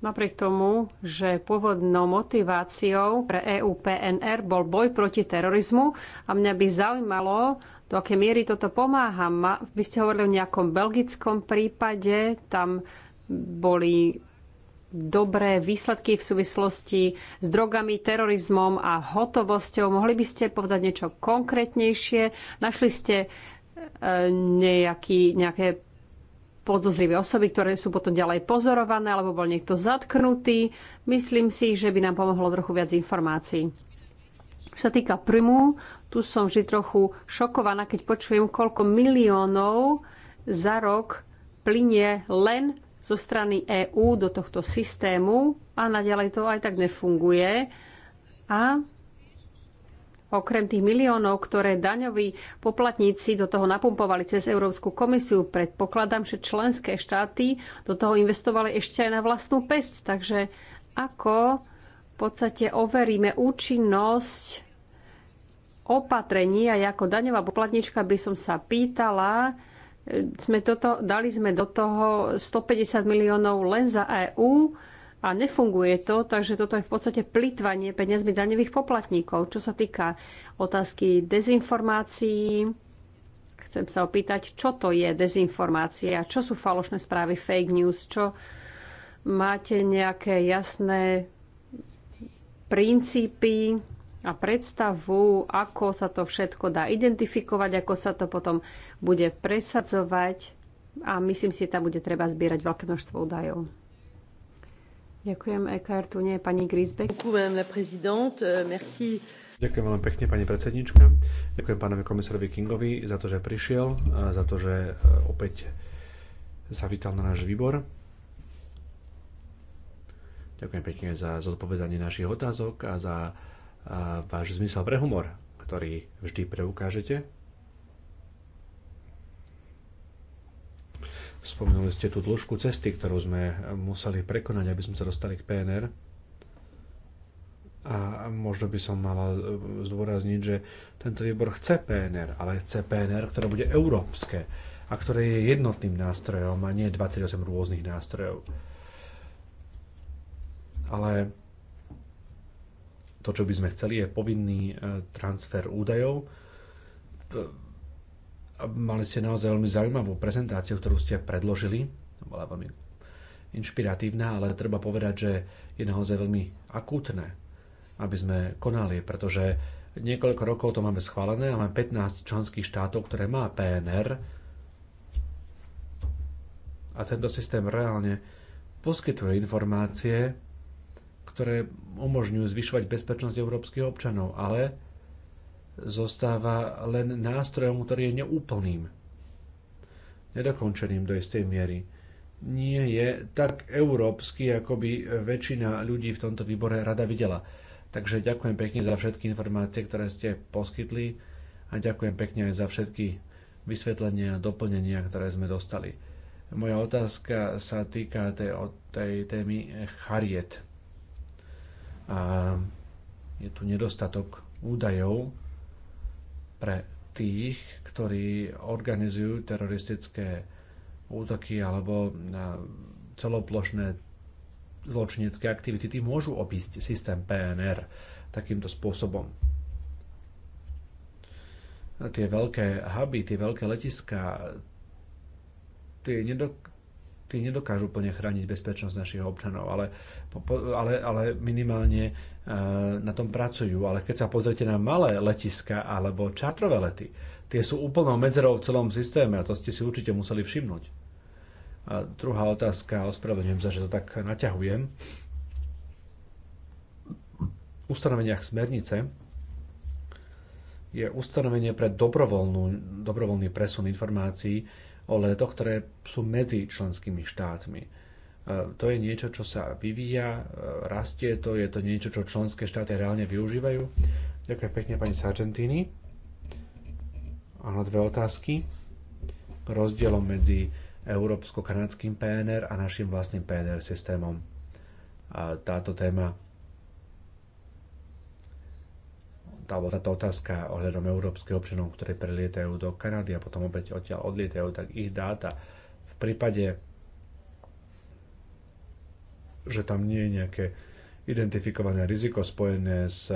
Napriek tomu, že pôvodnou motiváciou pre EU PNR bol boj proti terorizmu a mňa by zaujímalo, do akej miery toto pomáha. Vy ste hovorili o nejakom belgickom prípade, tam boli dobré výsledky v súvislosti s drogami, terorizmom a hotovosťou. Mohli by ste povedať niečo konkrétnejšie? Našli ste e, nejaký, nejaké podozrivé osoby, ktoré sú potom ďalej pozorované, alebo bol niekto zatknutý. Myslím si, že by nám pomohlo trochu viac informácií. Čo sa týka Prymu, tu som vždy trochu šokovaná, keď počujem, koľko miliónov za rok plinie len zo strany EÚ do tohto systému a naďalej to aj tak nefunguje. A okrem tých miliónov, ktoré daňoví poplatníci do toho napumpovali cez Európsku komisiu, predpokladám, že členské štáty do toho investovali ešte aj na vlastnú pesť. Takže ako v podstate overíme účinnosť opatrení a ako daňová poplatníčka by som sa pýtala, e, sme toto, dali sme do toho 150 miliónov len za EÚ, a nefunguje to, takže toto je v podstate plýtvanie peniazmi daňových poplatníkov. Čo sa týka otázky dezinformácií, chcem sa opýtať, čo to je dezinformácia, čo sú falošné správy, fake news, čo máte nejaké jasné princípy a predstavu, ako sa to všetko dá identifikovať, ako sa to potom bude presadzovať a myslím si, že tam bude treba zbierať veľké množstvo údajov. Ďakujem, EKR, tu nie je pani Grisbeck. Ďakujem, la euh, merci. Ďakujem veľmi pekne, pani predsednička. Ďakujem pánovi komisárovi Kingovi za to, že prišiel, za to, že e, opäť zavítal na náš výbor. Ďakujem pekne za zodpovedanie našich otázok a za váš zmysel pre humor, ktorý vždy preukážete Spomenuli ste tú dĺžku cesty, ktorú sme museli prekonať, aby sme sa dostali k PNR. A možno by som mala zdôrazniť, že tento výbor chce PNR, ale chce PNR, ktoré bude európske a ktoré je jednotným nástrojom a nie 28 rôznych nástrojov. Ale to, čo by sme chceli, je povinný e, transfer údajov Mali ste naozaj veľmi zaujímavú prezentáciu, ktorú ste predložili. Bola veľmi inšpiratívna, ale treba povedať, že je naozaj veľmi akútne, aby sme konali, pretože niekoľko rokov to máme schválené a máme 15 členských štátov, ktoré má PNR a tento systém reálne poskytuje informácie, ktoré umožňujú zvyšovať bezpečnosť európskych občanov, ale zostáva len nástrojom, ktorý je neúplným, nedokončeným do istej miery. Nie je tak európsky, ako by väčšina ľudí v tomto výbore rada videla. Takže ďakujem pekne za všetky informácie, ktoré ste poskytli a ďakujem pekne aj za všetky vysvetlenia a doplnenia, ktoré sme dostali. Moja otázka sa týka tej, tej témy chariet. A je tu nedostatok údajov pre tých, ktorí organizujú teroristické útoky alebo e, celoplošné zločinecké aktivity, tí môžu obísť systém PNR takýmto spôsobom. Tie veľké huby, tie veľké letiska, tie, nedok- tí nedokážu plne chrániť bezpečnosť našich občanov, ale, ale, ale minimálne e, na tom pracujú. Ale keď sa pozrite na malé letiska alebo čartrové lety, tie sú úplnou medzerou v celom systéme a to ste si určite museli všimnúť. A druhá otázka, ospravedlňujem sa, že to tak naťahujem. V ustanoveniach smernice je ustanovenie pre dobrovoľnú, dobrovoľný presun informácií o letoch, ktoré sú medzi členskými štátmi. E, to je niečo, čo sa vyvíja, e, rastie to, je to niečo, čo členské štáty reálne využívajú. Ďakujem pekne pani Sargentini. Áno, dve otázky. Rozdielom medzi európsko-kanadským PNR a našim vlastným PNR systémom. A táto téma alebo táto otázka ohľadom európskych občanov, ktorí prelietajú do Kanady a potom opäť odtiaľ odlietajú, tak ich dáta v prípade, že tam nie je nejaké identifikované riziko spojené s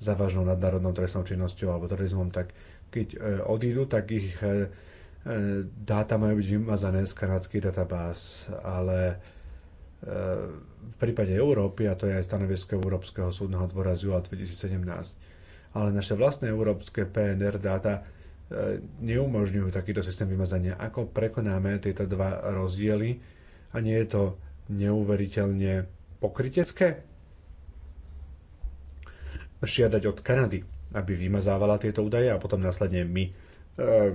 závažnou nadnárodnou trestnou činnosťou alebo terorizmom, tak keď e, odídu, tak ich e, e, dáta majú byť vymazané z kanadských databáz, ale v prípade Európy, a to je aj stanovisko Európskeho súdneho dvora z júla 2017, ale naše vlastné európske PNR dáta e, neumožňujú takýto systém vymazania. Ako prekonáme tieto dva rozdiely a nie je to neuveriteľne pokrytecké? Žiadať od Kanady, aby vymazávala tieto údaje a potom následne my e,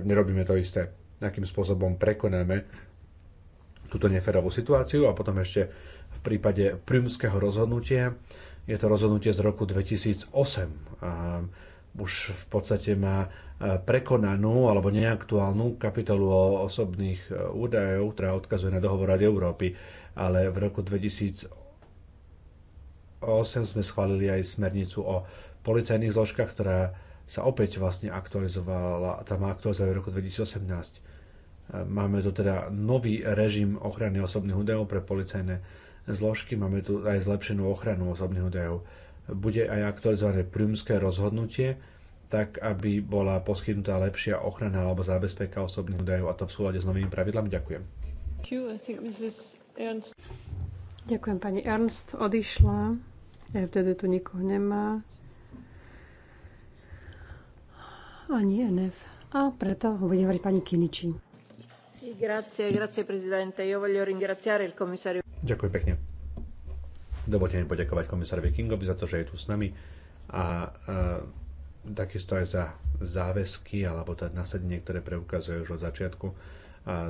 nerobíme to isté. Akým spôsobom prekonáme túto neferovú situáciu a potom ešte v prípade prímskeho rozhodnutia je to rozhodnutie z roku 2008 a už v podstate má e, prekonanú alebo neaktuálnu kapitolu o osobných e, údajov, ktorá odkazuje na dohovor Rady Európy, ale v roku 2008 sme schválili aj smernicu o policajných zložkách, ktorá sa opäť vlastne aktualizovala, tá má aktualizovať v roku 2018. E, máme tu teda nový režim ochrany osobných údajov pre policajné zložky, máme tu aj zlepšenú ochranu osobných údajov. Bude aj aktualizované prímske rozhodnutie, tak aby bola poskytnutá lepšia ochrana alebo zábezpeka osobných údajov a to v súlade s novými pravidlami. Ďakujem. Ďakujem, pani Ernst odišla. Ja vtedy tu nikoho nemá. Ani NF. A preto ho bude hovoriť pani Kiniči. grazie, grazie Presidente. Io voglio ringraziare il Commissario. Ďakujem pekne. Dovolte mi poďakovať komisárovi Kingovi za to, že je tu s nami a, a takisto aj za záväzky alebo to teda nasadenie, ktoré preukazuje už od začiatku a,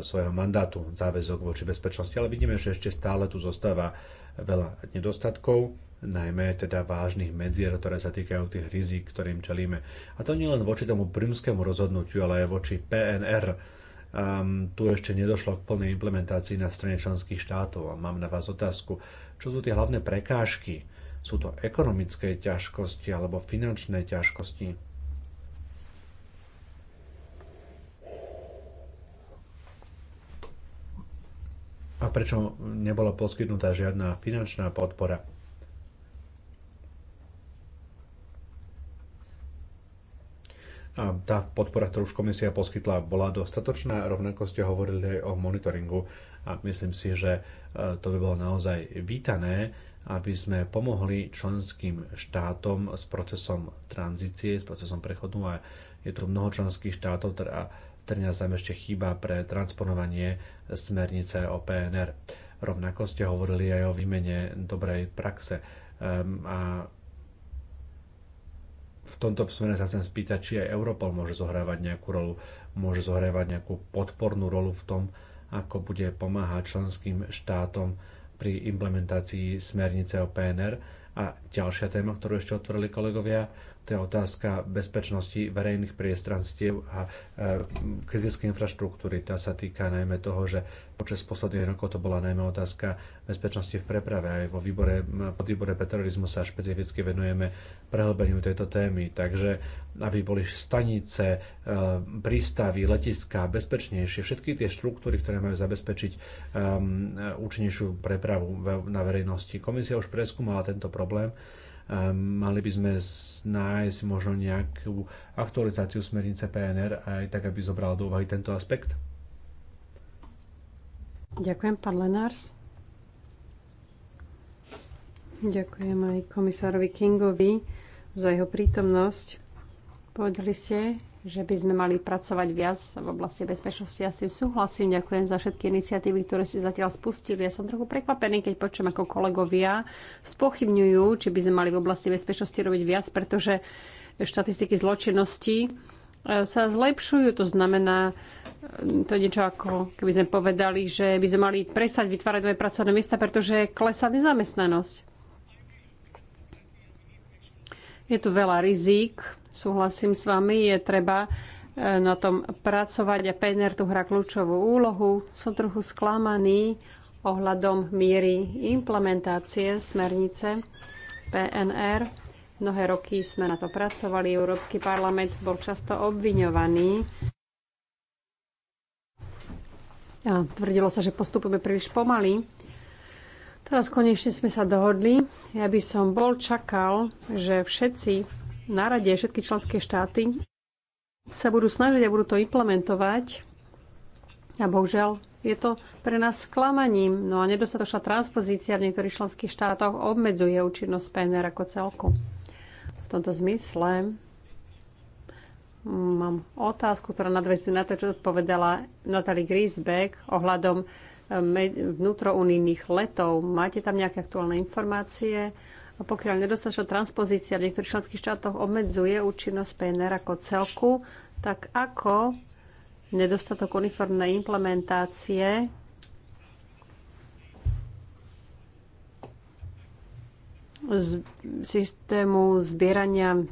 svojho mandátu záväzok voči bezpečnosti, ale vidíme, že ešte stále tu zostáva veľa nedostatkov, najmä teda vážnych medzier, ktoré sa týkajú tých rizik, ktorým čelíme. A to nie len voči tomu prímskému rozhodnutiu, ale aj voči PNR, um, tu ešte nedošlo k plnej implementácii na strane členských štátov. A mám na vás otázku, čo sú tie hlavné prekážky? Sú to ekonomické ťažkosti alebo finančné ťažkosti? A prečo nebola poskytnutá žiadna finančná podpora? tá podpora, ktorú už komisia poskytla, bola dostatočná. Rovnako ste hovorili aj o monitoringu a myslím si, že e, to by bolo naozaj vítané, aby sme pomohli členským štátom s procesom tranzície, s procesom prechodu a je tu mnoho členských štátov, ktorá teda, ktoré nás tam ešte chýba pre transponovanie smernice o PNR. Rovnako ste hovorili aj o výmene dobrej praxe ehm, a tomto smere sa chcem spýtať, či aj Europol môže zohrávať nejakú rolu, môže zohrávať nejakú podpornú rolu v tom, ako bude pomáhať členským štátom pri implementácii smernice o PNR. A ďalšia téma, ktorú ešte otvorili kolegovia, to je otázka bezpečnosti verejných priestranstiev a e, kritické infraštruktúry. Tá sa týka najmä toho, že počas posledných rokov to bola najmä otázka bezpečnosti v preprave. Aj vo výbore, podvýbore pre terorizmu sa špecificky venujeme prehlbeniu tejto témy. Takže aby boli stanice, e, prístavy, letiska bezpečnejšie, všetky tie štruktúry, ktoré majú zabezpečiť e, účinnejšiu prepravu na verejnosti. Komisia už preskúmala tento problém Mali by sme nájsť možno nejakú aktualizáciu smernice PNR aj tak, aby zobral do úvahy tento aspekt? Ďakujem, pán Lenárs. Ďakujem aj komisárovi Kingovi za jeho prítomnosť. Povedali ste, že by sme mali pracovať viac v oblasti bezpečnosti. Ja s tým súhlasím. Ďakujem za všetky iniciatívy, ktoré ste zatiaľ spustili. Ja som trochu prekvapený, keď počujem, ako kolegovia spochybňujú, či by sme mali v oblasti bezpečnosti robiť viac, pretože štatistiky zločinnosti e, sa zlepšujú. To znamená, e, to je niečo ako keby sme povedali, že by sme mali prestať vytvárať nové pracovné miesta, pretože klesá nezamestnanosť. Je tu veľa rizík, Súhlasím s vami, je treba e, na tom pracovať a PNR tu hrá kľúčovú úlohu. Som trochu sklamaný ohľadom miery implementácie smernice PNR. Mnohé roky sme na to pracovali. Európsky parlament bol často obviňovaný. A tvrdilo sa, že postupujeme príliš pomaly. Teraz konečne sme sa dohodli. Ja by som bol čakal, že všetci na rade všetky členské štáty sa budú snažiť a budú to implementovať. A bohužiaľ, je to pre nás sklamaním. No a nedostatočná transpozícia v niektorých členských štátoch obmedzuje účinnosť PNR ako celku. V tomto zmysle mám otázku, ktorá nadväzuje na to, čo odpovedala Natalie Griesbeck ohľadom eh, vnútrounijných letov. Máte tam nejaké aktuálne informácie? A pokiaľ nedostatočná transpozícia v niektorých členských štátoch obmedzuje účinnosť PNR ako celku, tak ako nedostatok uniformnej implementácie z systému zbierania e,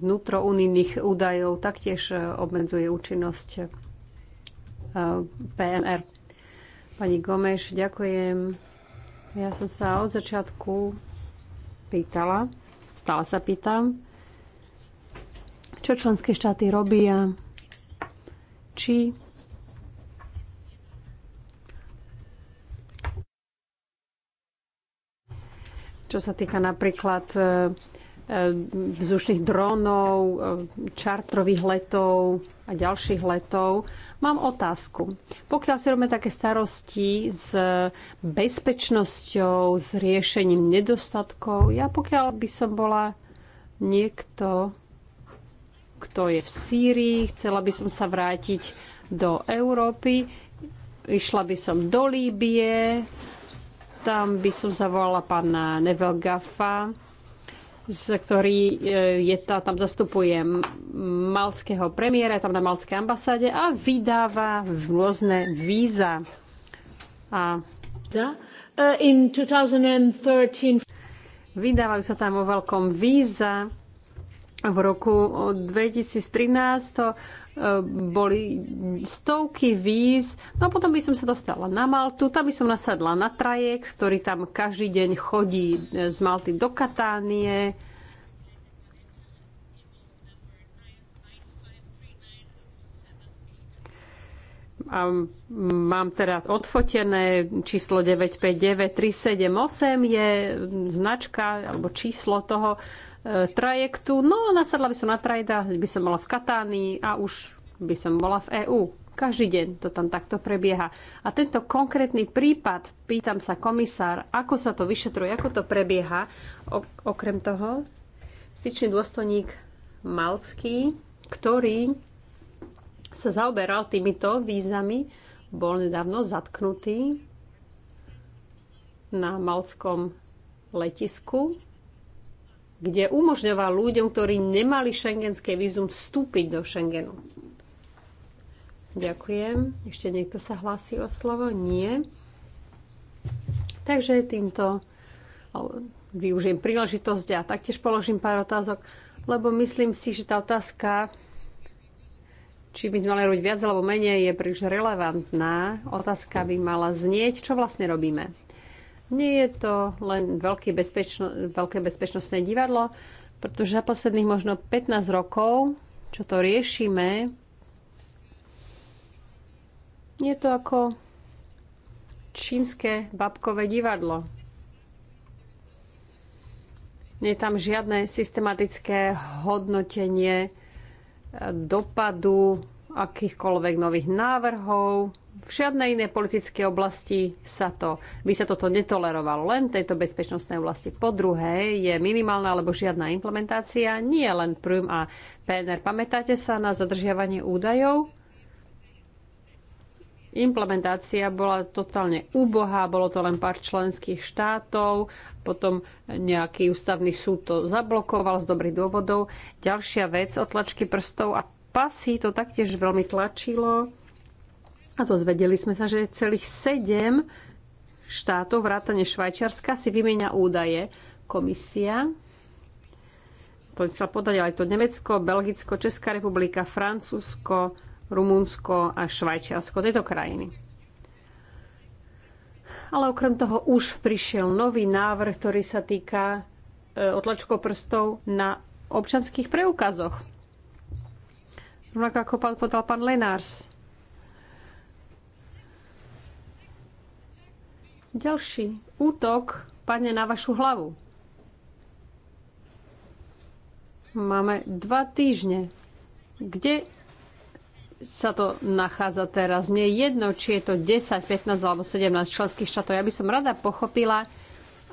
vnútrounijných údajov taktiež e, obmedzuje účinnosť e, PNR. Pani Gomeš, ďakujem. Ja som sa od začiatku pýtala, stále sa pýtam, čo členské štáty robia, či čo sa týka napríklad e, vzdušných dronov, čartrových letov a ďalších letov. Mám otázku. Pokiaľ si robíme také starosti s bezpečnosťou, s riešením nedostatkov, ja pokiaľ by som bola niekto, kto je v Sýrii, chcela by som sa vrátiť do Európy, išla by som do Líbie, tam by som zavolala pána Nevelgafa, z ktorý e, je tá, tam zastupuje malckého premiéra, tam na malckej ambasáde a vydáva rôzne víza. A e, in 2013... Vydávajú sa tam vo veľkom víza v roku 2013 to e, boli stovky víz. No a potom by som sa dostala na Maltu, tam by som nasadla na trajekt, ktorý tam každý deň chodí e, z Malty do Katánie. a mám teda odfotené číslo 959378 je značka alebo číslo toho e, trajektu. No, nasadla by som na trajda, by som bola v Katánii a už by som bola v EÚ. Každý deň to tam takto prebieha. A tento konkrétny prípad, pýtam sa komisár, ako sa to vyšetruje, ako to prebieha. O, okrem toho, styčný dôstojník Malcký, ktorý sa zaoberal týmito vízami, bol nedávno zatknutý na malskom letisku, kde umožňoval ľuďom, ktorí nemali šengenské vízum, vstúpiť do Schengenu. Ďakujem. Ešte niekto sa hlási o slovo? Nie. Takže týmto využijem príležitosť a taktiež položím pár otázok, lebo myslím si, že tá otázka či by sme mali robiť viac alebo menej, je príliš relevantná. Otázka by mala znieť, čo vlastne robíme. Nie je to len veľké, bezpečno, veľké bezpečnostné divadlo, pretože za posledných možno 15 rokov, čo to riešime, je to ako čínske babkové divadlo. Nie je tam žiadne systematické hodnotenie dopadu akýchkoľvek nových návrhov. V žiadnej inej politickej oblasti sa to, by sa toto netolerovalo. Len v tejto bezpečnostnej oblasti. Po druhé je minimálna alebo žiadna implementácia, nie len prüm a PNR. Pamätáte sa na zadržiavanie údajov? Implementácia bola totálne úbohá, bolo to len pár členských štátov, potom nejaký ústavný súd to zablokoval z dobrých dôvodov. Ďalšia vec, otlačky prstov a pasy, to taktiež veľmi tlačilo. A to zvedeli sme sa, že celých sedem štátov, vrátane Švajčiarska, si vymenia údaje. Komisia, to chcela podať, ale to Nemecko, Belgicko, Česká republika, Francúzsko, Rumunsko a Švajčiarsko, tieto krajiny. Ale okrem toho už prišiel nový návrh, ktorý sa týka e, otlačkov prstov na občanských preukazoch. Rovnako ako pán, potal pán Lenárs. Ďalší útok padne na vašu hlavu. Máme dva týždne. Kde sa to nachádza teraz. Mne je jedno, či je to 10, 15 alebo 17 členských štátov. Ja by som rada pochopila,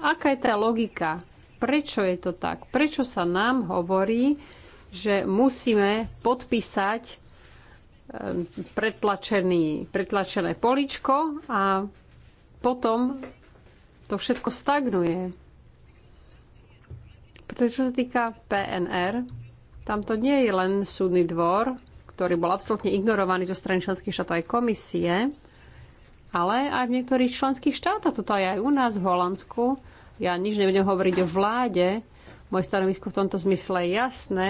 aká je tá logika. Prečo je to tak? Prečo sa nám hovorí, že musíme podpísať pretlačený, pretlačené poličko a potom to všetko stagnuje. Pretože čo sa týka PNR, tam to nie je len súdny dvor, ktorý bol absolútne ignorovaný zo strany členských štátov aj komisie, ale aj v niektorých členských štátoch. Toto aj, aj u nás v Holandsku. Ja nič nebudem hovoriť o vláde. Moje stanovisko v tomto zmysle je jasné.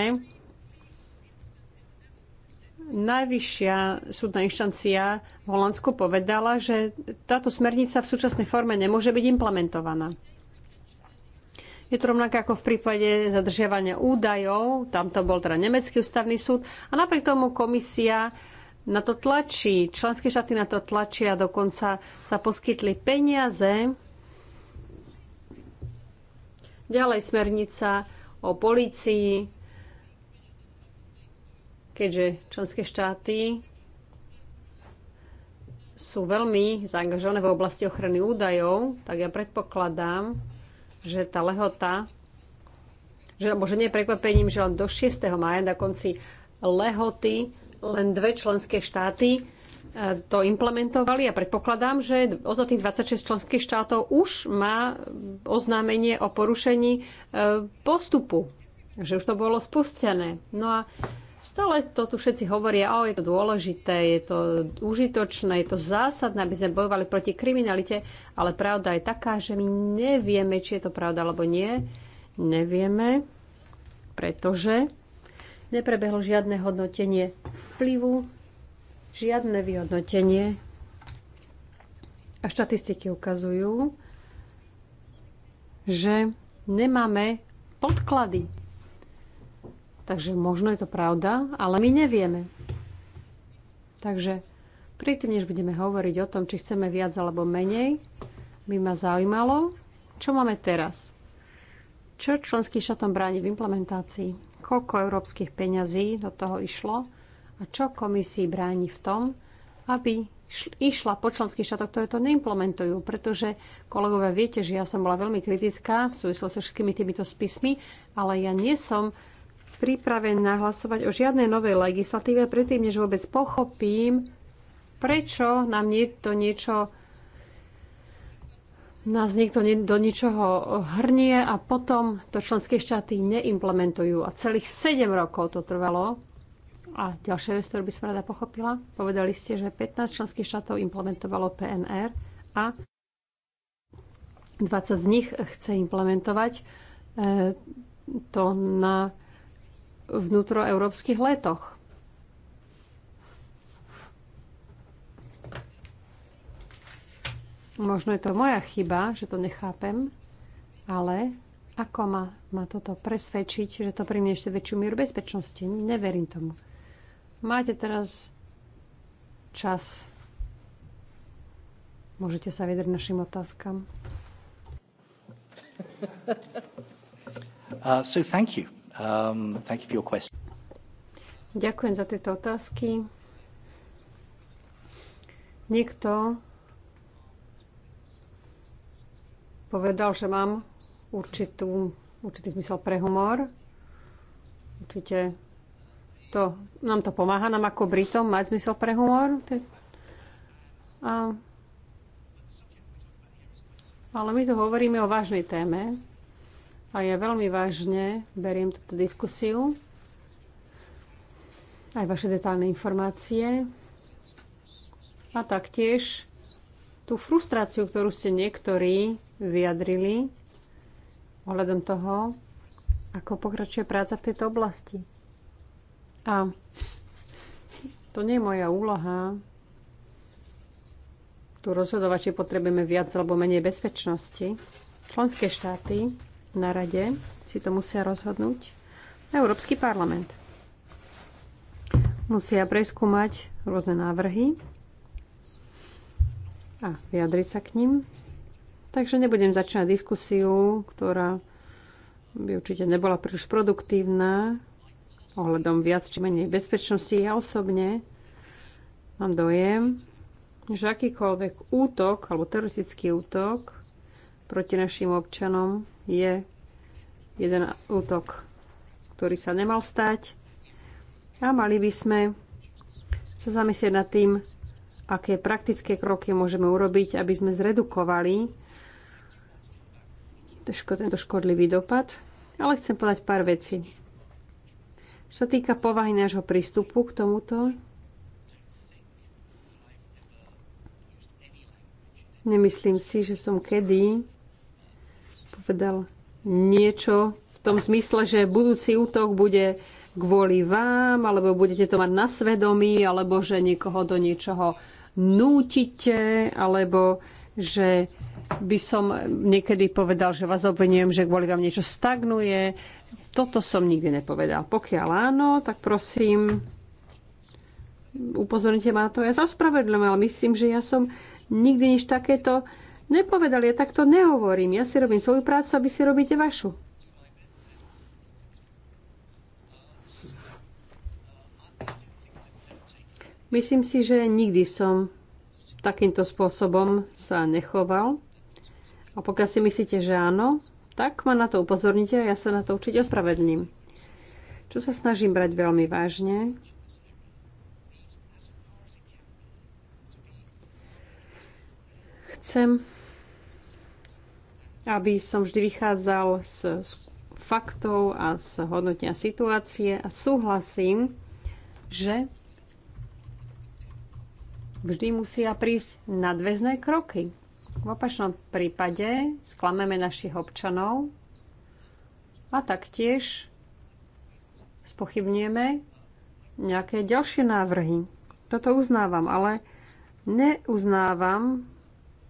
Najvyššia súdna inštancia v Holandsku povedala, že táto smernica v súčasnej forme nemôže byť implementovaná. Je to rovnaké ako v prípade zadržiavania údajov, tam to bol teda Nemecký ústavný súd a napriek tomu komisia na to tlačí, členské štáty na to tlačia, dokonca sa poskytli peniaze. Ďalej smernica o policii, keďže členské štáty sú veľmi zaangažované v oblasti ochrany údajov, tak ja predpokladám, že tá lehota, že možno nie prekvapením, že len do 6. maja na konci lehoty len dve členské štáty e, to implementovali a ja predpokladám, že od tých 26 členských štátov už má oznámenie o porušení e, postupu. Že už to bolo spustené. No a Stále to tu všetci hovoria, o, je to dôležité, je to užitočné, je to zásadné, aby sme bojovali proti kriminalite, ale pravda je taká, že my nevieme, či je to pravda alebo nie. Nevieme, pretože neprebehlo žiadne hodnotenie vplyvu, žiadne vyhodnotenie a štatistiky ukazujú, že nemáme podklady Takže možno je to pravda, ale my nevieme. Takže predtým, než budeme hovoriť o tom, či chceme viac alebo menej, by ma zaujímalo, čo máme teraz. Čo členský šatom bráni v implementácii? Koľko európskych peňazí do toho išlo? A čo komisii bráni v tom, aby išla po členských štátoch, ktoré to neimplementujú. Pretože, kolegovia, viete, že ja som bola veľmi kritická v súvislosti s všetkými týmito spismi, ale ja nie som pripravená hlasovať o žiadnej novej legislatíve, predtým, než vôbec pochopím, prečo nám to niečo nás niekto do ničoho hrnie a potom to členské štáty neimplementujú. A celých 7 rokov to trvalo. A ďalšia vec, ktorú by som rada pochopila, povedali ste, že 15 členských štátov implementovalo PNR a 20 z nich chce implementovať eh, to na vnútroeurópskych letoch. Možno je to moja chyba, že to nechápem, ale ako ma, ma toto presvedčiť, že to mne ešte väčšiu mieru bezpečnosti? Neverím tomu. Máte teraz čas. Môžete sa vyjadriť našim otázkam. Uh, so thank you. Um, thank you for your question. Ďakujem za tieto otázky. Niekto povedal, že mám určitú, určitý zmysel pre humor. Určite to, nám to pomáha, nám ako Britom, mať zmysel pre humor. A, ale my tu hovoríme o vážnej téme a ja veľmi vážne beriem túto diskusiu, aj vaše detálne informácie a taktiež tú frustráciu, ktorú ste niektorí vyjadrili ohľadom toho, ako pokračuje práca v tejto oblasti. A to nie je moja úloha tu rozhodovať, či potrebujeme viac alebo menej bezpečnosti. Členské štáty na rade si to musia rozhodnúť. Európsky parlament musia preskúmať rôzne návrhy a vyjadriť sa k ním. Takže nebudem začínať diskusiu, ktorá by určite nebola príliš produktívna ohľadom viac či menej bezpečnosti. Ja osobne mám dojem, že akýkoľvek útok alebo teroristický útok proti našim občanom je jeden útok, ktorý sa nemal stať a mali by sme sa zamyslieť nad tým, aké praktické kroky môžeme urobiť, aby sme zredukovali tento škodlivý dopad. Ale chcem povedať pár vecí. Čo sa týka povahy nášho prístupu k tomuto, nemyslím si, že som kedy povedal niečo v tom zmysle, že budúci útok bude kvôli vám, alebo budete to mať na svedomí, alebo že niekoho do niečoho nútite, alebo že by som niekedy povedal, že vás obvinujem, že kvôli vám niečo stagnuje. Toto som nikdy nepovedal. Pokiaľ áno, tak prosím, upozornite ma na to. Ja sa ospravedlňujem, ale myslím, že ja som nikdy nič takéto Nepovedal, ja takto nehovorím. Ja si robím svoju prácu a si robíte vašu. Myslím si, že nikdy som takýmto spôsobom sa nechoval. A pokiaľ si myslíte, že áno, tak ma na to upozornite a ja sa na to určite ospravedlním. Čo sa snažím brať veľmi vážne, chcem aby som vždy vychádzal z, faktov a z hodnotenia situácie a súhlasím, že vždy musia prísť nadväzné kroky. V opačnom prípade sklameme našich občanov a taktiež spochybnieme nejaké ďalšie návrhy. Toto uznávam, ale neuznávam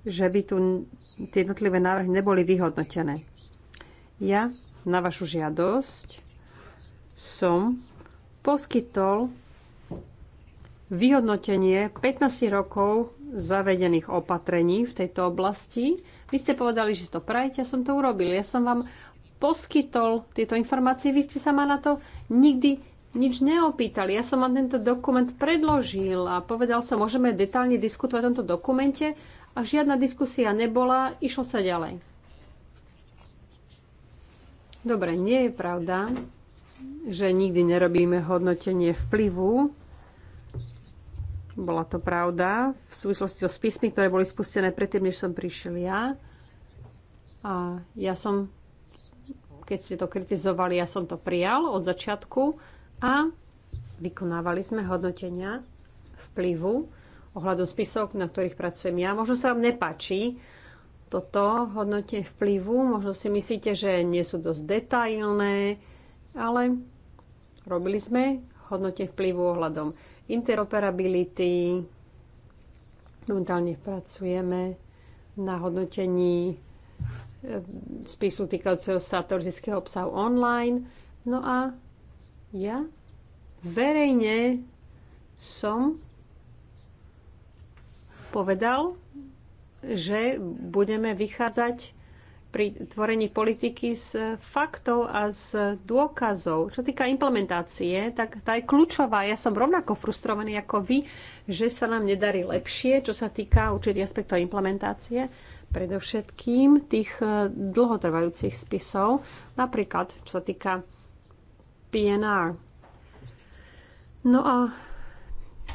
že by tu tie jednotlivé návrhy neboli vyhodnotené. Ja na vašu žiadosť som poskytol vyhodnotenie 15 rokov zavedených opatrení v tejto oblasti. Vy ste povedali, že si to prajete, ja som to urobil. Ja som vám poskytol tieto informácie, vy ste sa ma na to nikdy nič neopýtali. Ja som vám tento dokument predložil a povedal som, môžeme detálne diskutovať o tomto dokumente, a žiadna diskusia nebola, išlo sa ďalej. Dobre, nie je pravda, že nikdy nerobíme hodnotenie vplyvu. Bola to pravda v súvislosti so spismi, ktoré boli spustené predtým, než som prišiel ja. A ja som, keď ste to kritizovali, ja som to prijal od začiatku a vykonávali sme hodnotenia vplyvu ohľadom spisov, na ktorých pracujem ja. Možno sa vám nepáči toto hodnotie vplyvu, možno si myslíte, že nie sú dosť detailné, ale robili sme hodnotie vplyvu ohľadom interoperability. Momentálne pracujeme na hodnotení eh, spisu týkajúceho sa teoretického obsahu online. No a ja verejne som povedal, že budeme vychádzať pri tvorení politiky z faktov a z dôkazov. Čo týka implementácie, tak tá je kľúčová. Ja som rovnako frustrovaný ako vy, že sa nám nedarí lepšie, čo sa týka určitých aspektov implementácie, predovšetkým tých e, dlhotrvajúcich spisov, napríklad čo sa týka PNR. No a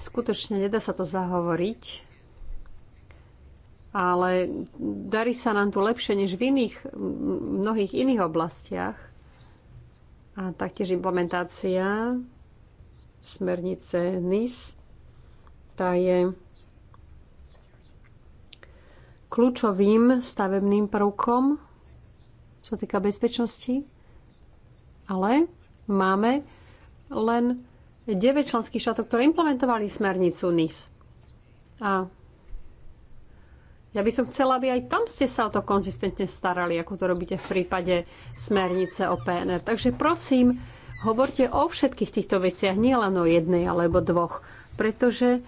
skutočne nedá sa to zahovoriť, ale darí sa nám tu lepšie než v iných, mnohých iných oblastiach. A taktiež implementácia smernice NIS, tá je kľúčovým stavebným prvkom, čo týka bezpečnosti, ale máme len 9 členských štátov, ktoré implementovali smernicu NIS. A ja by som chcela, aby aj tam ste sa o to konzistentne starali, ako to robíte v prípade smernice o PNR. Takže prosím, hovorte o všetkých týchto veciach, nielen o jednej alebo dvoch, pretože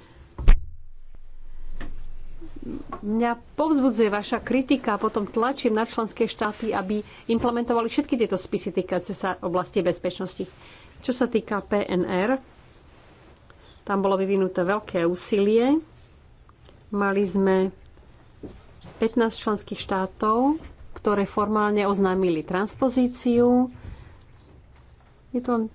mňa povzbudzuje vaša kritika a potom tlačím na členské štáty, aby implementovali všetky tieto spisy týkajúce sa oblasti bezpečnosti. Čo sa týka PNR, tam bolo vyvinuté veľké úsilie. Mali sme 15 členských štátov, ktoré formálne oznámili transpozíciu. Je to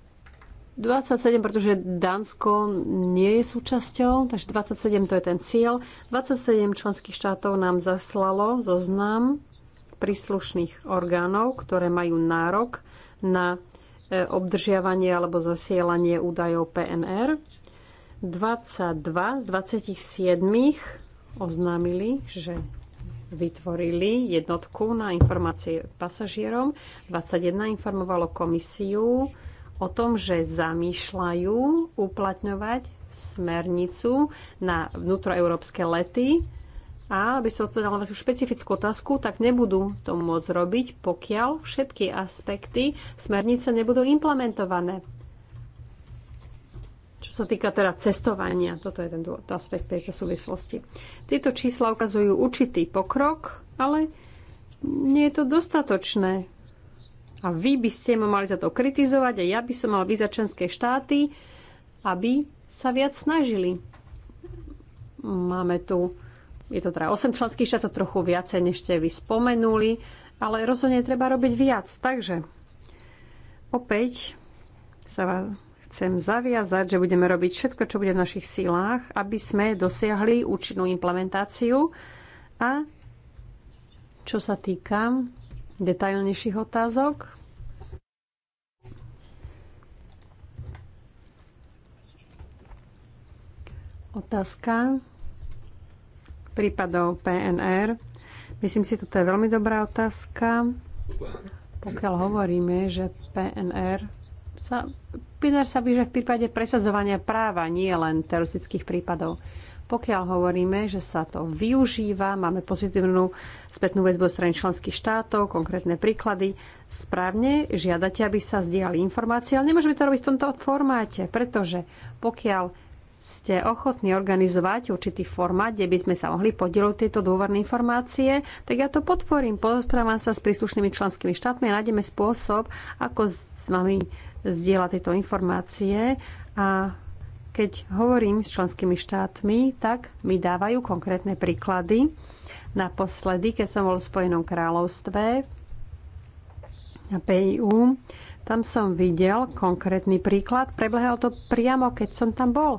27, pretože Dánsko nie je súčasťou, takže 27 to je ten cieľ. 27 členských štátov nám zaslalo zoznam príslušných orgánov, ktoré majú nárok na e, obdržiavanie alebo zasielanie údajov PNR. 22 z 27 oznámili, že vytvorili jednotku na informácie pasažierom. 21 informovalo komisiu o tom, že zamýšľajú uplatňovať smernicu na vnútroeurópske lety. A aby som odpovedala na tú špecifickú otázku, tak nebudú to môcť robiť, pokiaľ všetky aspekty smernice nebudú implementované. Čo sa týka teda cestovania, toto je ten aspekt tejto súvislosti. Tieto čísla ukazujú určitý pokrok, ale nie je to dostatočné. A vy by ste ma mali za to kritizovať a ja by som mal vyzať členské štáty, aby sa viac snažili. Máme tu, je to teda 8 členských štátov, trochu viacej, než ste vy spomenuli, ale rozhodne treba robiť viac. Takže opäť sa vás chcem zaviazať, že budeme robiť všetko, čo bude v našich sílách, aby sme dosiahli účinnú implementáciu. A čo sa týka detailnejších otázok, Otázka prípadov PNR. Myslím si, toto je veľmi dobrá otázka. Pokiaľ hovoríme, že PNR sa, PNR sa vyže v prípade presadzovania práva, nie len teroristických prípadov. Pokiaľ hovoríme, že sa to využíva, máme pozitívnu spätnú väzbu od strany členských štátov, konkrétne príklady, správne žiadate, aby sa zdieľali informácie, ale nemôžeme to robiť v tomto formáte, pretože pokiaľ ste ochotní organizovať určitý formát, kde by sme sa mohli podielovať tieto dôverné informácie, tak ja to podporím. Podprávam sa s príslušnými členskými štátmi a nájdeme spôsob, ako s vami zdieľa tieto informácie a keď hovorím s členskými štátmi, tak mi dávajú konkrétne príklady. Naposledy, keď som bol v Spojenom kráľovstve na PIU, tam som videl konkrétny príklad. Prebehlo to priamo, keď som tam bol.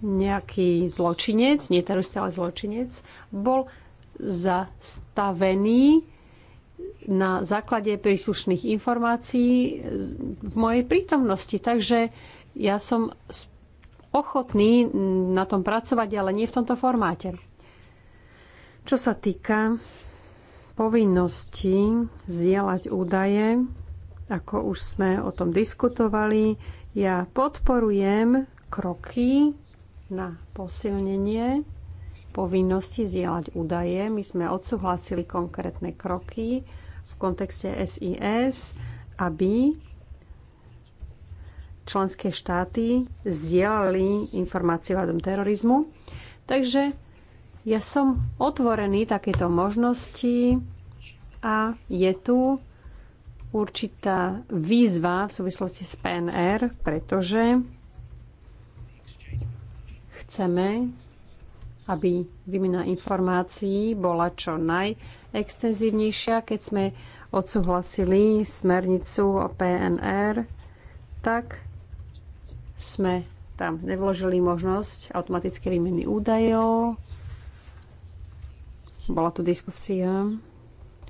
Nejaký zločinec, nie terorista, zločinec, bol zastavený na základe príslušných informácií v mojej prítomnosti. Takže ja som ochotný na tom pracovať, ale nie v tomto formáte. Čo sa týka povinnosti zdieľať údaje, ako už sme o tom diskutovali, ja podporujem kroky na posilnenie povinnosti zdieľať údaje. My sme odsúhlasili konkrétne kroky v kontexte SIS, aby členské štáty zdieľali informácie o terorizmu. Takže ja som otvorený takéto možnosti a je tu určitá výzva v súvislosti s PNR, pretože chceme aby výmena informácií bola čo najextenzívnejšia. Keď sme odsúhlasili smernicu o PNR, tak sme tam nevložili možnosť automatické výmeny údajov. Bola tu diskusia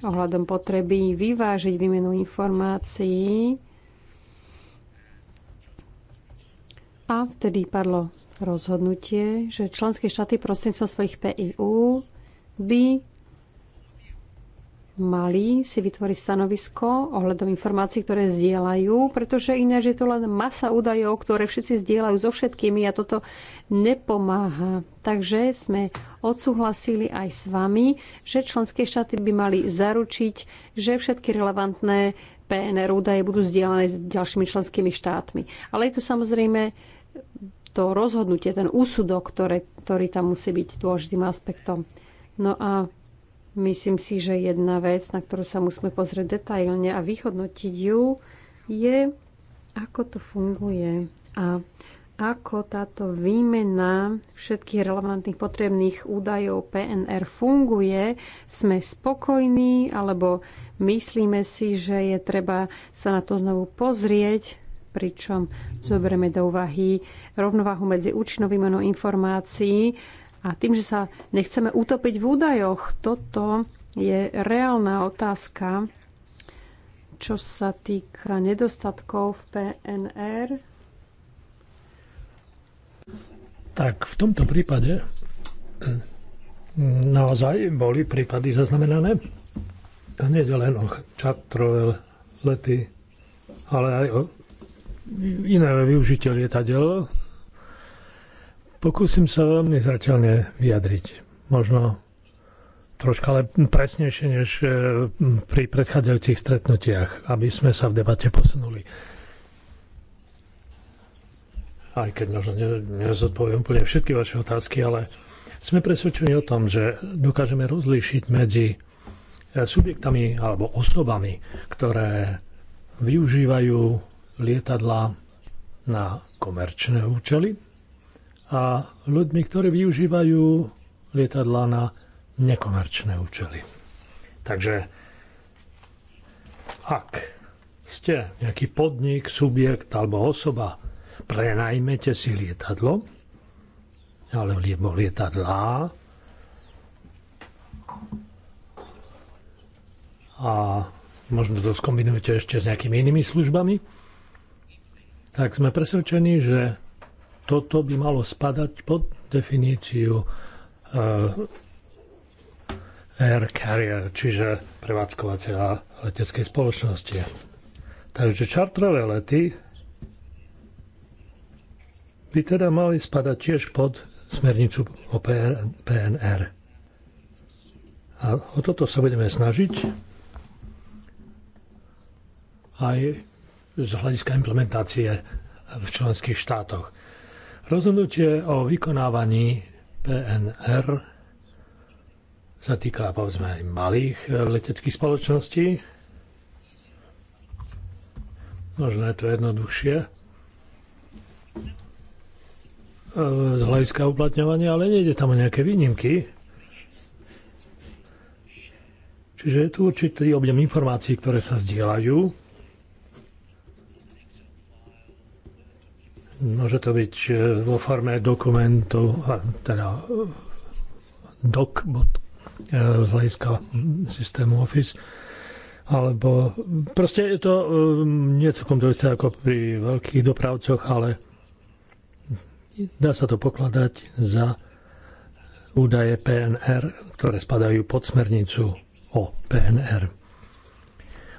ohľadom potreby vyvážiť výmenu informácií. A vtedy padlo rozhodnutie, že členské štáty prostredníctvom svojich PIU by mali si vytvoriť stanovisko ohľadom informácií, ktoré zdieľajú, pretože že je to len masa údajov, ktoré všetci zdieľajú so všetkými a toto nepomáha. Takže sme odsúhlasili aj s vami, že členské štáty by mali zaručiť, že všetky relevantné PNR údaje budú zdieľané s ďalšími členskými štátmi. Ale je tu samozrejme to rozhodnutie, ten úsudok, ktoré, ktorý tam musí byť dôležitým aspektom. No a myslím si, že jedna vec, na ktorú sa musíme pozrieť detailne a vyhodnotiť ju, je, ako to funguje a ako táto výmena všetkých relevantných potrebných údajov PNR funguje, sme spokojní alebo myslíme si, že je treba sa na to znovu pozrieť, pričom zoberieme do úvahy rovnováhu medzi účinnou výmenou informácií a tým, že sa nechceme utopiť v údajoch. Toto je reálna otázka, čo sa týka nedostatkov v PNR. Tak v tomto prípade eh, naozaj boli prípady zaznamenané. A nie len o čatrové lety, ale aj o iné využitie lietadiel. Pokúsim sa veľmi zrateľne vyjadriť. Možno troška ale presnejšie než e, pri predchádzajúcich stretnutiach, aby sme sa v debate posunuli. Aj keď možno nezodpoviem úplne všetky vaše otázky, ale sme presvedčení o tom, že dokážeme rozlíšiť medzi e, subjektami alebo osobami, ktoré využívajú lietadlá na komerčné účely a ľuďmi, ktorí využívajú lietadlá na nekomerčné účely. Takže ak ste nejaký podnik, subjekt alebo osoba, prenajmete si lietadlo, alebo lietadlá a možno to skombinujete ešte s nejakými inými službami, tak sme presvedčení, že toto by malo spadať pod definíciu e, air carrier, čiže prevádzkovateľa leteckej spoločnosti. Takže čartrové lety by teda mali spadať tiež pod smernicu o PNR. A o toto sa budeme snažiť aj z hľadiska implementácie v členských štátoch. Rozhodnutie o vykonávaní PNR sa týka povedzme aj malých eh, leteckých spoločností. Možno je to jednoduchšie eh, z hľadiska uplatňovania, ale nejde tam o nejaké výnimky. Čiže je tu určitý objem informácií, ktoré sa zdieľajú Môže to byť e, vo forme dokumentu, teda e, doc, e, z hľadiska systému Office, alebo proste je to nie celkom to isté ako pri veľkých dopravcoch, ale dá sa to pokladať za údaje PNR, ktoré spadajú pod smernicu o PNR.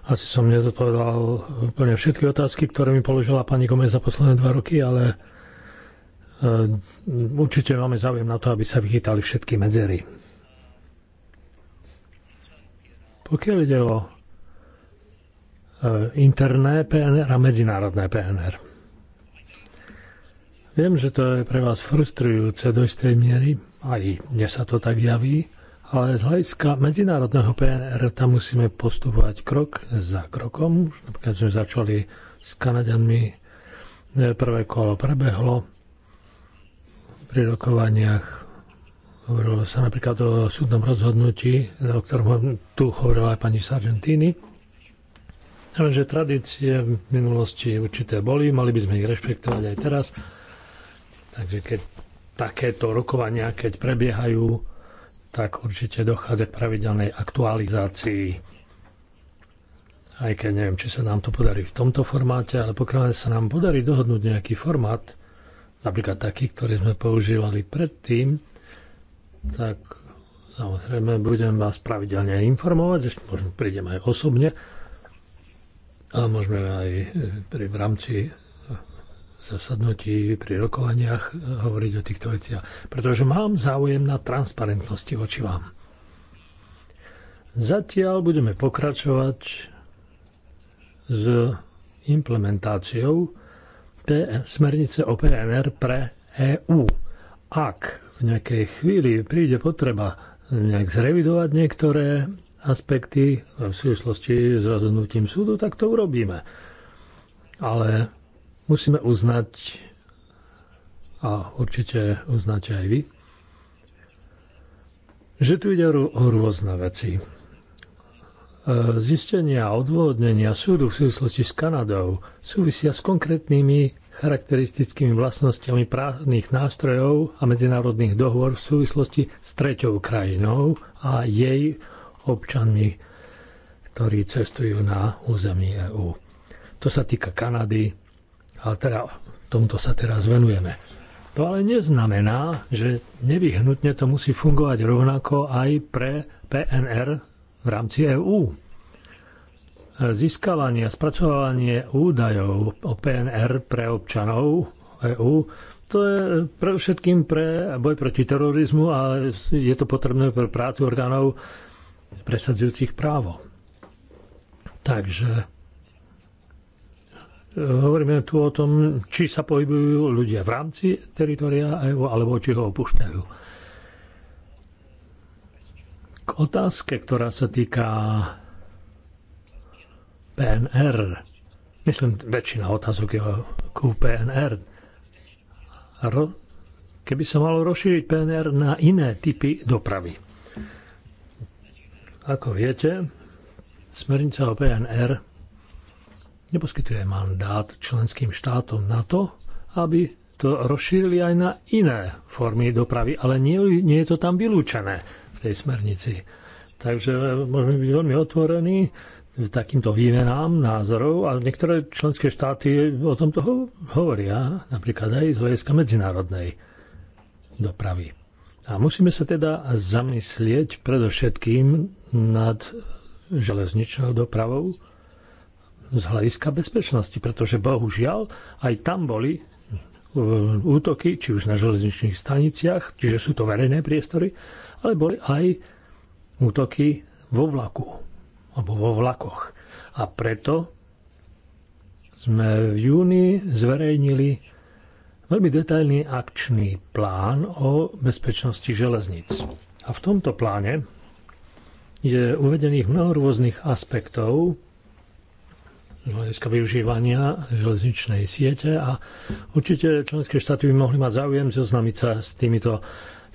Asi som nezodpovedal úplne všetky otázky, ktoré mi položila pani Gomez za posledné dva roky, ale eh, určite máme záujem na to, aby sa vychytali všetky medzery. Pokiaľ ide o eh, interné PNR a medzinárodné PNR. Viem, že to je pre vás frustrujúce do istej miery, aj mne sa to tak javí, ale z hľadiska medzinárodného PNR tam musíme postupovať krok za krokom. Už napríklad sme začali s Kanaďanmi. Prvé kolo prebehlo. Pri rokovaniach hovorilo sa napríklad o súdnom rozhodnutí, o ktorom tu hovorila aj pani Sargentini. že tradície v minulosti určité boli, mali by sme ich rešpektovať aj teraz. Takže keď takéto rokovania, keď prebiehajú, tak určite dochádza k pravidelnej aktualizácii. Aj keď neviem, či sa nám to podarí v tomto formáte, ale pokiaľ sa nám podarí dohodnúť nejaký formát, napríklad taký, ktorý sme používali predtým, tak samozrejme budem vás pravidelne informovať, ešte možno prídem aj osobne a môžeme aj pri, v rámci zasadnutí, pri rokovaniach eh, hovoriť o týchto veciach. Pretože mám záujem na transparentnosti voči vám. Zatiaľ budeme pokračovať s implementáciou smernice o PNR pre EU. Ak v nejakej chvíli príde potreba nejak zrevidovať niektoré aspekty v súvislosti s rozhodnutím súdu, tak to urobíme. Ale musíme uznať, a určite uznáte aj vy, že tu ide o rôzne veci. E, zistenia a odvodnenia súdu v súvislosti s Kanadou súvisia s konkrétnymi charakteristickými vlastnosťami právnych nástrojov a medzinárodných dohôr v súvislosti s treťou krajinou a jej občanmi, ktorí cestujú na území EÚ. To sa týka Kanady, a teda tomuto sa teraz venujeme. To ale neznamená, že nevyhnutne to musí fungovať rovnako aj pre PNR v rámci EÚ. Získavanie a spracovávanie údajov o PNR pre občanov EÚ to je pre všetkým pre boj proti terorizmu a je to potrebné pre prácu orgánov presadzujúcich právo. Takže Hovoríme tu o tom, či sa pohybujú ľudia v rámci teritoria EÚ, alebo či ho opúšťajú. K otázke, ktorá sa týka PNR, myslím, väčšina otázok je ku PNR. Keby sa malo rozšíriť PNR na iné typy dopravy. Ako viete, smernica o PNR neposkytuje mandát členským štátom na to, aby to rozšírili aj na iné formy dopravy, ale nie, nie je to tam vylúčené v tej smernici. Takže môžeme byť veľmi otvorení takýmto výmenám názorov a niektoré členské štáty o tomto toho hovoria, napríklad aj z hľadiska medzinárodnej dopravy. A musíme sa teda zamyslieť predovšetkým nad železničnou dopravou, z hľadiska bezpečnosti, pretože bohužiaľ aj tam boli e, útoky, či už na železničných staniciach, čiže sú to verejné priestory, ale boli aj útoky vo vlaku alebo vo vlakoch. A preto sme v júni zverejnili veľmi detailný akčný plán o bezpečnosti železnic. A v tomto pláne je uvedených mnoho rôznych aspektov, z hľadiska využívania železničnej siete a určite členské štáty by mohli mať záujem zoznamiť sa s týmito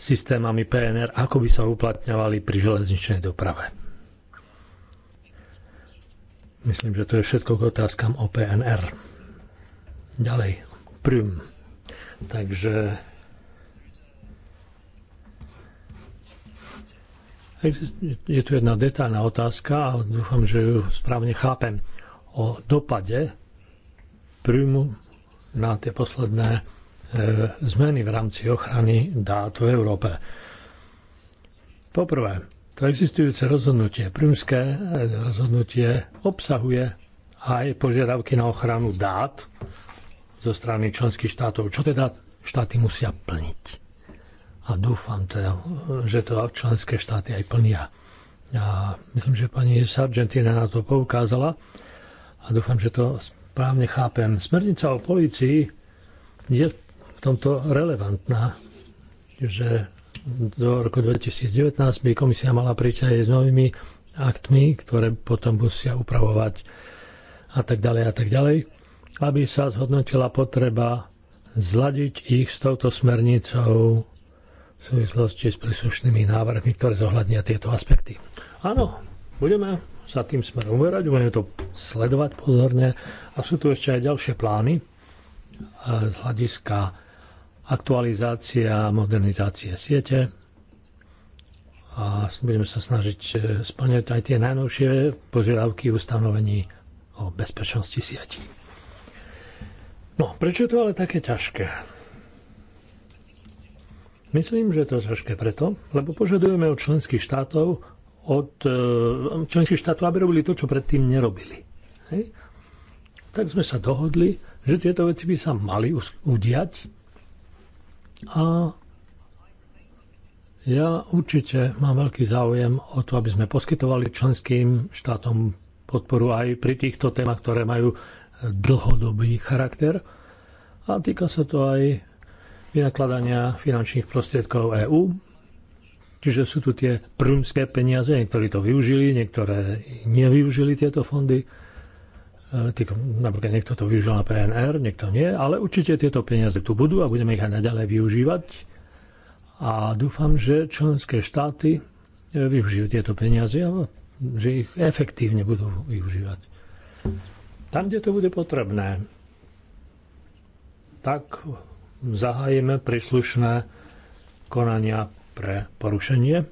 systémami PNR, ako by sa uplatňovali pri železničnej doprave. Myslím, že to je všetko k otázkam o PNR. Ďalej, prvým. Takže je tu jedna detálna otázka a dúfam, že ju správne chápem o dopade príjmu na tie posledné e, zmeny v rámci ochrany dát v Európe. Poprvé, to existujúce rozhodnutie, prímske rozhodnutie, obsahuje aj požiadavky na ochranu dát zo strany členských štátov, čo teda štáty musia plniť. A dúfam, to, teda, že to členské štáty aj plnia. A myslím, že pani Sargentina na to poukázala a dúfam, že to správne chápem. Smernica o policii je v tomto relevantná, že do roku 2019 by komisia mala prísť aj s novými aktmi, ktoré potom musia upravovať a tak ďalej a tak ďalej, aby sa zhodnotila potreba zladiť ich s touto smernicou v súvislosti s príslušnými návrhmi, ktoré zohľadnia tieto aspekty. Áno, budeme za tým smerom uverať, budeme to sledovať pozorne. A sú tu ešte aj ďalšie plány e, z hľadiska aktualizácie a modernizácie siete. A budeme sa snažiť e, splňať aj tie najnovšie požiadavky ustanovení o bezpečnosti sieti. No, prečo je to ale také ťažké? Myslím, že to je ťažké preto, lebo požadujeme od členských štátov, od e, členských štátov, aby robili to, čo predtým nerobili. Hej? Tak sme sa dohodli, že tieto veci by sa mali udiať a ja určite mám veľký záujem o to, aby sme poskytovali členským štátom podporu aj pri týchto témach, ktoré majú dlhodobý charakter a týka sa to aj vynakladania finančných prostriedkov EÚ Čiže sú tu tie prúmské peniaze, niektorí to využili, niektoré nevyužili tieto fondy. E, napríklad niekto to využil na PNR, niekto nie, ale určite tieto peniaze tu budú a budeme ich aj naďalej využívať. A dúfam, že členské štáty e, využijú tieto peniaze a že ich efektívne budú využívať. Tam, kde to bude potrebné, tak zahájime príslušné konania pre porušenie,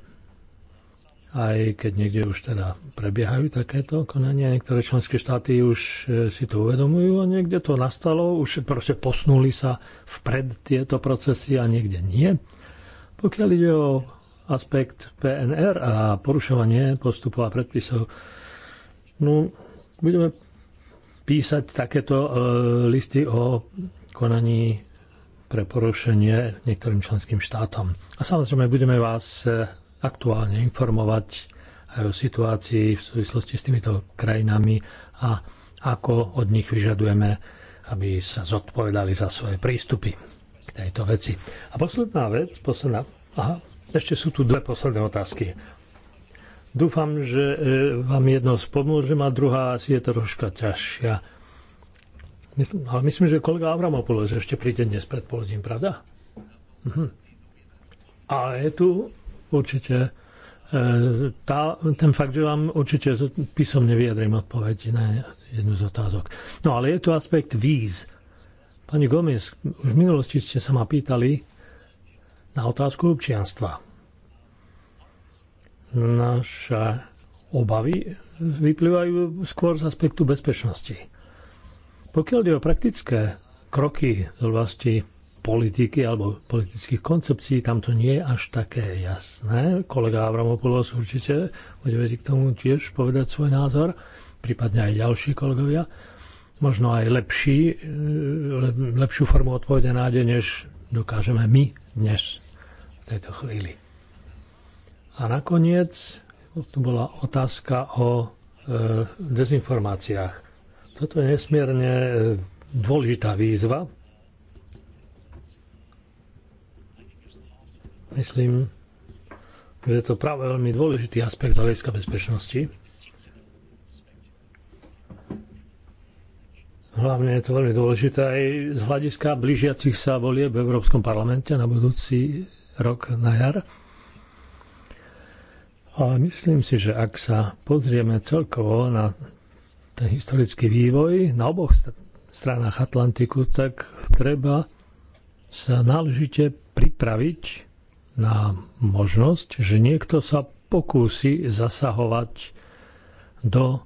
aj keď niekde už teda prebiehajú takéto konania. Niektoré členské štáty už e, si to uvedomujú a niekde to nastalo, už proste posnuli sa vpred tieto procesy a niekde nie. Pokiaľ ide o aspekt PNR a porušovanie postupov a predpisov, no budeme písať takéto e, listy o konaní pre porušenie niektorým členským štátom. A samozrejme budeme vás e, aktuálne informovať aj o situácii v súvislosti s týmito krajinami a ako od nich vyžadujeme, aby sa zodpovedali za svoje prístupy k tejto veci. A posledná vec, posledná... Aha, ešte sú tu dve posledné otázky. Dúfam, že e, vám jedno spomôžem a druhá asi je troška ťažšia. Myslím, ale myslím, že kolega Avramopoulos ešte príde dnes poludím, pravda? Mhm. A je tu určite e, tá, ten fakt, že vám určite písomne vyjadrím odpoveď na jednu z otázok. No ale je tu aspekt víz. Pani Gomez, už v minulosti ste sa ma pýtali na otázku občianstva. Naše obavy vyplývajú skôr z aspektu bezpečnosti. Pokiaľ je o praktické kroky z oblasti politiky alebo politických koncepcií, tam to nie je až také jasné. Kolega Avramopoulos určite bude vedieť k tomu tiež povedať svoj názor, prípadne aj ďalší kolegovia. Možno aj lepší, e, lepšiu formu odpovede nájde, než dokážeme my dnes v tejto chvíli. A nakoniec tu bola otázka o e, dezinformáciách. Toto je nesmierne e, dôležitá výzva. Myslím, že je to práve veľmi dôležitý aspekt hľadiska bezpečnosti. Hlavne je to veľmi dôležité aj z hľadiska blížiacich sa volieb v Európskom parlamente na budúci rok na jar. Ale myslím si, že ak sa pozrieme celkovo na ten historický vývoj na oboch stranách Atlantiku, tak treba sa náležite pripraviť na možnosť, že niekto sa pokúsi zasahovať do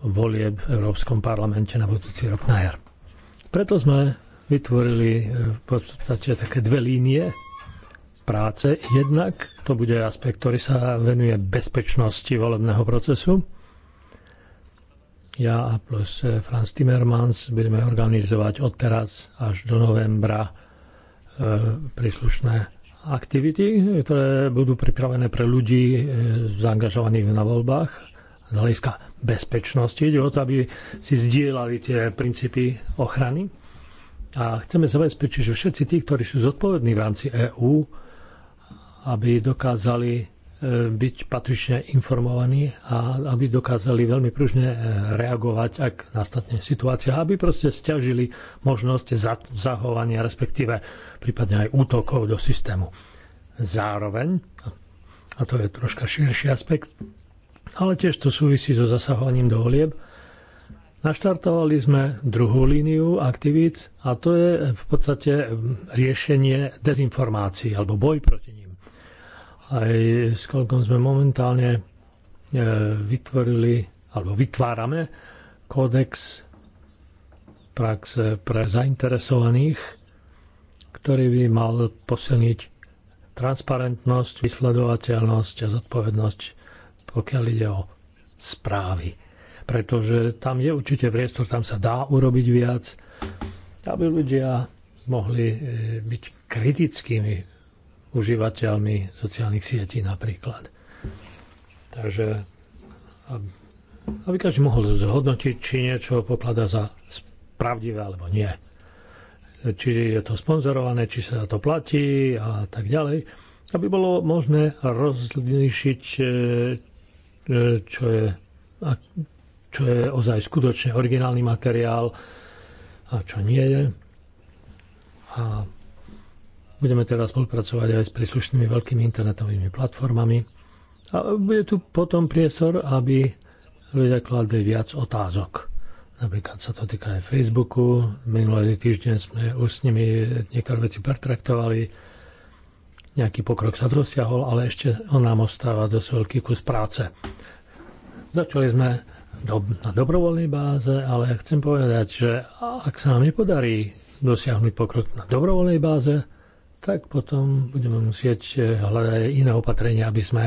volieb v Európskom parlamente na budúci rok na jar. Preto sme vytvorili e, v podstate také dve línie práce. Jednak to bude aspekt, ktorý sa venuje bezpečnosti volebného procesu, ja a plus eh, Franz Timmermans budeme organizovať od teraz až do novembra eh, príslušné aktivity, ktoré budú pripravené pre ľudí eh, zaangažovaných na voľbách z hľadiska bezpečnosti. o to, aby si zdieľali tie princípy ochrany. A chceme zabezpečiť, že všetci tí, ktorí sú zodpovední v rámci EÚ, aby dokázali byť patrične informovaní a aby dokázali veľmi pružne eh, reagovať, ak nastane situácia, aby proste stiažili možnosť zahovania, respektíve prípadne aj útokov do systému. Zároveň, a to je troška širší aspekt, ale tiež to súvisí so zasahovaním do volieb, naštartovali sme druhú líniu aktivít a to je v podstate mm, riešenie dezinformácií alebo boj proti nim aj s koľkom sme momentálne e, vytvorili, alebo vytvárame kódex praxe pre zainteresovaných, ktorý by mal posilniť transparentnosť, vysledovateľnosť a zodpovednosť, pokiaľ ide o správy. Pretože tam je určite priestor, tam sa dá urobiť viac, aby ľudia mohli e, byť kritickými užívateľmi sociálnych sietí napríklad. Takže aby každý mohol zhodnotiť, či niečo pokladá za pravdivé alebo nie. Či je to sponzorované, či sa to platí a tak ďalej. Aby bolo možné rozlíšiť, e, e, čo je, čo je ozaj skutočne originálny materiál a čo nie je. A Budeme teraz spolupracovať aj s príslušnými veľkými internetovými platformami. A bude tu potom priestor, aby ľudia kladli viac otázok. Napríklad sa to týka aj Facebooku. Minulý týždeň sme už s nimi niektoré veci pertraktovali. Nejaký pokrok sa dosiahol, ale ešte on nám ostáva dosť veľký kus práce. Začali sme do, na dobrovoľnej báze, ale chcem povedať, že ak sa nám nepodarí dosiahnuť pokrok na dobrovoľnej báze, tak potom budeme musieť eh, hľadať iné opatrenia, aby sme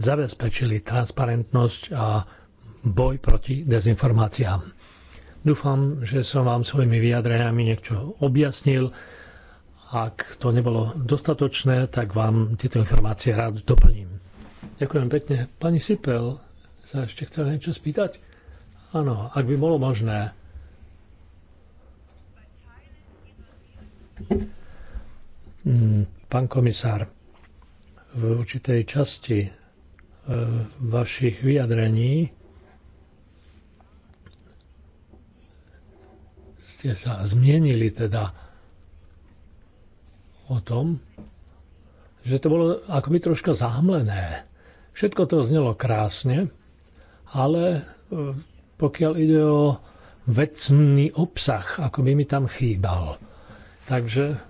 zabezpečili transparentnosť a boj proti dezinformáciám. Dúfam, že som vám svojimi vyjadreniami niečo objasnil. Ak to nebolo dostatočné, tak vám tieto informácie rád doplním. Ďakujem pekne. Pani Sipel sa ešte chcela niečo spýtať? Áno, ak by bolo možné. Mm, pán komisár, v určitej časti eh, vašich vyjadrení ste sa zmienili teda o tom, že to bolo akoby troška zahmlené. Všetko to znelo krásne, ale eh, pokiaľ ide o vecný obsah, ako by mi tam chýbal. Takže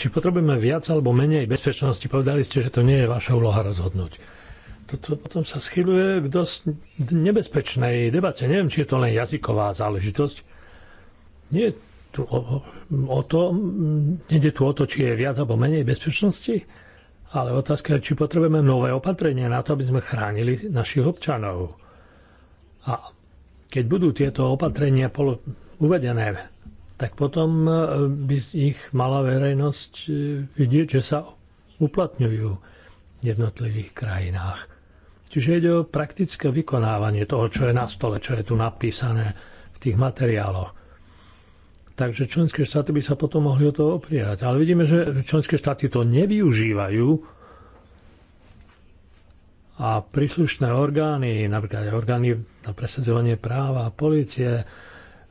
či potrebujeme viac alebo menej bezpečnosti, povedali ste, že to nie je vaša úloha rozhodnúť. Toto potom sa schyluje k dosť nebezpečnej debate. Neviem, či je to len jazyková záležitosť. Nie tu o, o to, nejde tu o to, či je viac alebo menej bezpečnosti, ale otázka je, či potrebujeme nové opatrenia na to, aby sme chránili našich občanov. A keď budú tieto opatrenia uvedené tak potom e, by ich mala verejnosť e, vidieť, že sa uplatňujú v jednotlivých krajinách. Čiže ide o praktické vykonávanie toho, čo je na stole, čo je tu napísané v tých materiáloch. Takže členské štáty by sa potom mohli o to oprierať. Ale vidíme, že členské štáty to nevyužívajú a príslušné orgány, napríklad orgány na presadzovanie práva, policie,